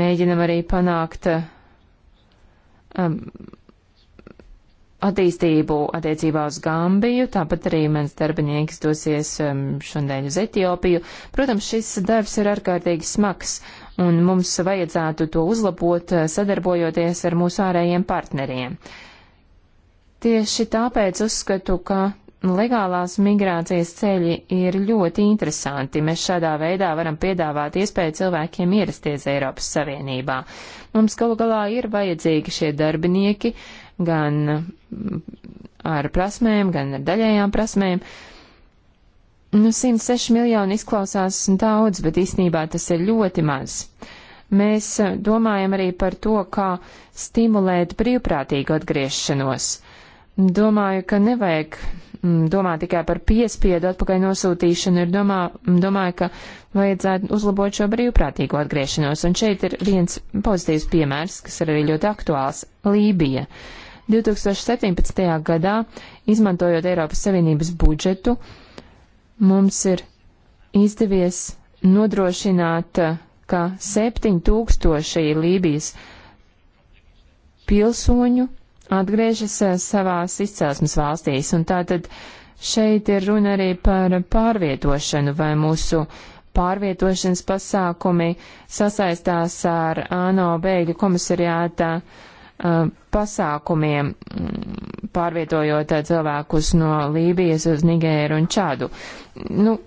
Mēģinam arī panākt um, attīstību attiecībā uz Gambiju, tāpat arī mans darbinieks dosies um, šodien uz Etiopiju. Protams, šis darbs ir ārkārtīgi smags, un mums vajadzētu to uzlabot, eh, sadarbojoties ar mūsu ārējiem partneriem. Uh, Tieši tāpēc uzskatu, ka legālās migrācijas ceļi ir ļoti interesanti. Mēs šādā veidā varam piedāvāt iespēju cilvēkiem ierasties Eiropas Savienībā. Mums galu galā ir vajadzīgi šie darbinieki gan ar prasmēm, gan ar daļējām prasmēm. Nu, 106 miljoni izklausās daudz, bet īstenībā tas ir ļoti maz. Mēs domājam arī par to, kā stimulēt brīvprātīgu atgriešanos. Domāju, ka nevajag mm, domā tikai par piespiedu atpakaļ nosūtīšanu, ir domā, mm, domāju, ka vajadzētu uzlabot šo brīvprātīgo atgriešanos. Un šeit ir viens pozitīvs piemērs, kas ir arī ļoti aktuāls - Lībija. 2017. gadā, izmantojot Eiropas Savienības budžetu, mums ir izdevies nodrošināt, ka 7000 Lībijas pilsoņu atgriežas eh, savās izcelsmes valstīs, un tātad šeit ir runa arī par pārvietošanu vai mūsu pārvietošanas pasākumi sasaistās ar ANO bēgļu komisariātā eh, pasākumiem, mm, pārvietojot eh, cilvēkus no Lībijas uz Nigēru un Čādu. Nu,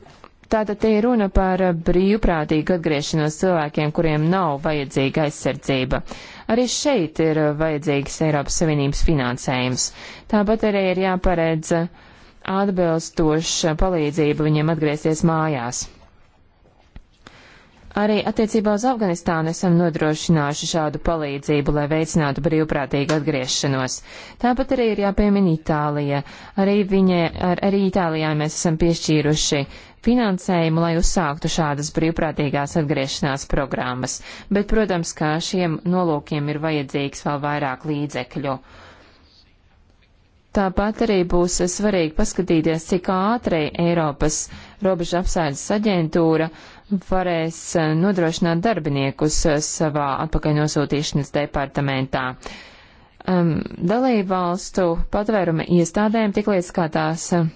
tātad te ir runa par brīvprātīgu atgriešanos cilvēkiem, kuriem nav vajadzīga aizsardzība. Uh, Arī šeit ir vajadzīgs Eiropas Savienības finansējums. Tāpat arī ir jāparedz atbilstoša palīdzība viņiem atgriezties mājās. Arī attiecībā uz Afganistānu esam nodrošinājuši šādu palīdzību, lai veicinātu brīvprātīgu atgriešanos. Tāpat arī ir jāpiemina Itālija. Arī, viņa, ar, arī Itālijā mēs esam piešķīruši finansējumu, lai uzsāktu šādas brīvprātīgās atgriešanās programmas. Bet, protams, kā šiem nolūkiem ir vajadzīgs vēl vairāk līdzekļu. Tāpat arī būs svarīgi paskatīties, cik ātri Eiropas robežu apsardzes aģentūra uh, varēs eh, nodrošināt darbiniekus eh, savā atpakaļnosūtīšanas departamentā. Um, dalībvalstu patvēruma iestādēm tiklīdz kā tās eh,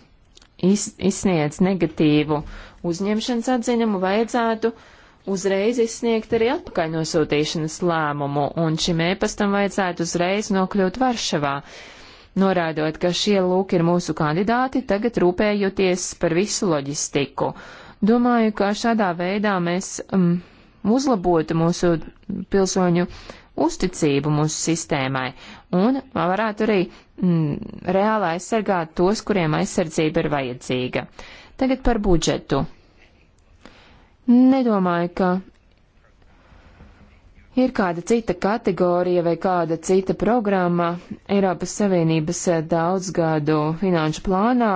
iz, izsniedz negatīvu uzņemšanas atziņumu, vajadzētu uzreiz izsniegt arī atpakaļnosūtīšanas lēmumu, un šim ēpastam vajadzētu uzreiz nokļūt Varšavā norādot, ka šie lūk ir mūsu kandidāti, tagad rūpējoties par visu loģistiku. Domāju, ka šādā veidā mēs um, uzlabotu mūsu pilsoņu uzticību mūsu sistēmai un varētu arī mm, reāli aizsargāt tos, kuriem aizsardzība ir vajadzīga. Tagad par budžetu. Nedomāju, ka ir kāda cita kategorija vai kāda cita programma Eiropas Savienības eh, daudzgadu finanšu plānā,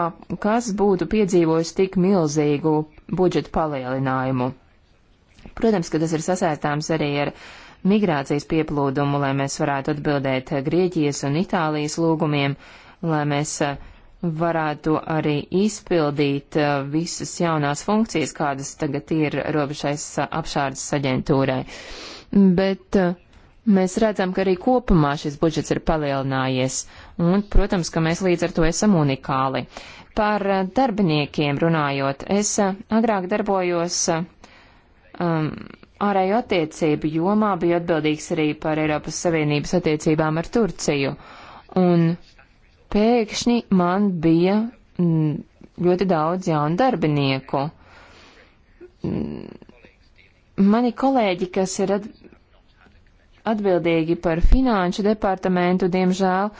kas būtu piedzīvojis tik milzīgu budžeta palielinājumu. Protams, ka tas ir sasaistāms arī ar migrācijas pieplūdumu, lai mēs varētu atbildēt Grieķijas un Itālijas lūgumiem, lai mēs eh, varētu arī izpildīt eh, visas jaunās funkcijas, kādas tagad ir robežais eh, apšārdas aģentūrai. Bet mēs redzam, ka arī kopumā šis budžets ir palielinājies, un, protams, ka mēs līdz ar to esam unikāli. Par eh, darbiniekiem runājot, es eh, agrāk darbojos eh, um, ārējo attiecību jomā, biju atbildīgs arī par Eiropas Savienības attiecībām ar Turciju. Un pēkšņi man bija mm, ļoti daudz jaunu darbinieku. Mm, mani kolēģi, kas ir atbildīgi par finanšu departamentu, diemžēl,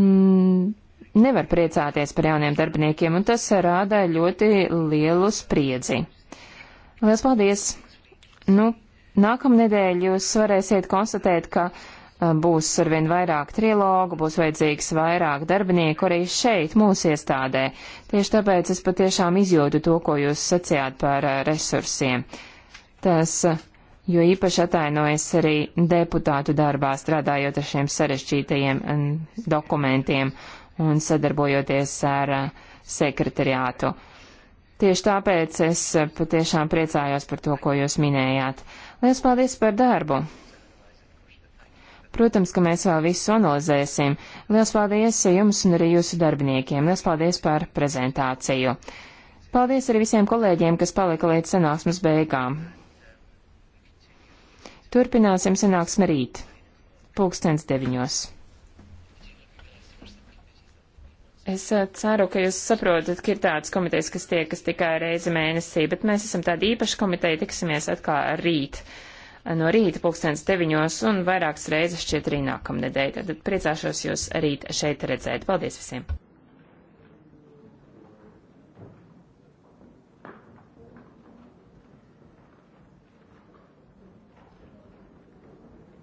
m, mm, nevar priecāties par jauniem darbiniekiem, un tas rāda ļoti lielu spriedzi. Lielas paldies! Nu, nākamnedēļ jūs varēsiet konstatēt, ka būs arvien vairāk trilogu, būs vajadzīgs vairāk darbinieku arī šeit, mūsu iestādē. Tieši tāpēc es patiešām izjūtu to, ko jūs sacījāt par resursiem. Tas jo īpaši atainojas arī deputātu darbā strādājot ar šiem sarežģītajiem dokumentiem un sadarbojoties ar eh, sekretariātu. Tieši tāpēc es eh, patiešām priecājos par to, ko jūs minējāt. Lielas paldies par darbu! Protams, ka mēs vēl visu analizēsim. Lielas paldies jums un arī jūsu darbiniekiem. Lielas paldies par prezentāciju. Paldies arī visiem kolēģiem, kas palika līdz sanāksmes beigām. Turpināsim sanāksmi rīt, pulkstens deviņos. Es eh, ceru, ka jūs saprotat, ka ir tāds komitejas, kas tiekas tikai reizi mēnesī, bet mēs esam tāda īpaša komiteja, tiksimies atkal rīt. Eh, no rīta pulkstens deviņos un vairākas reizes šķiet arī nākamnedēļ. Tad priecāšos jūs rīt šeit redzēt. Paldies visiem!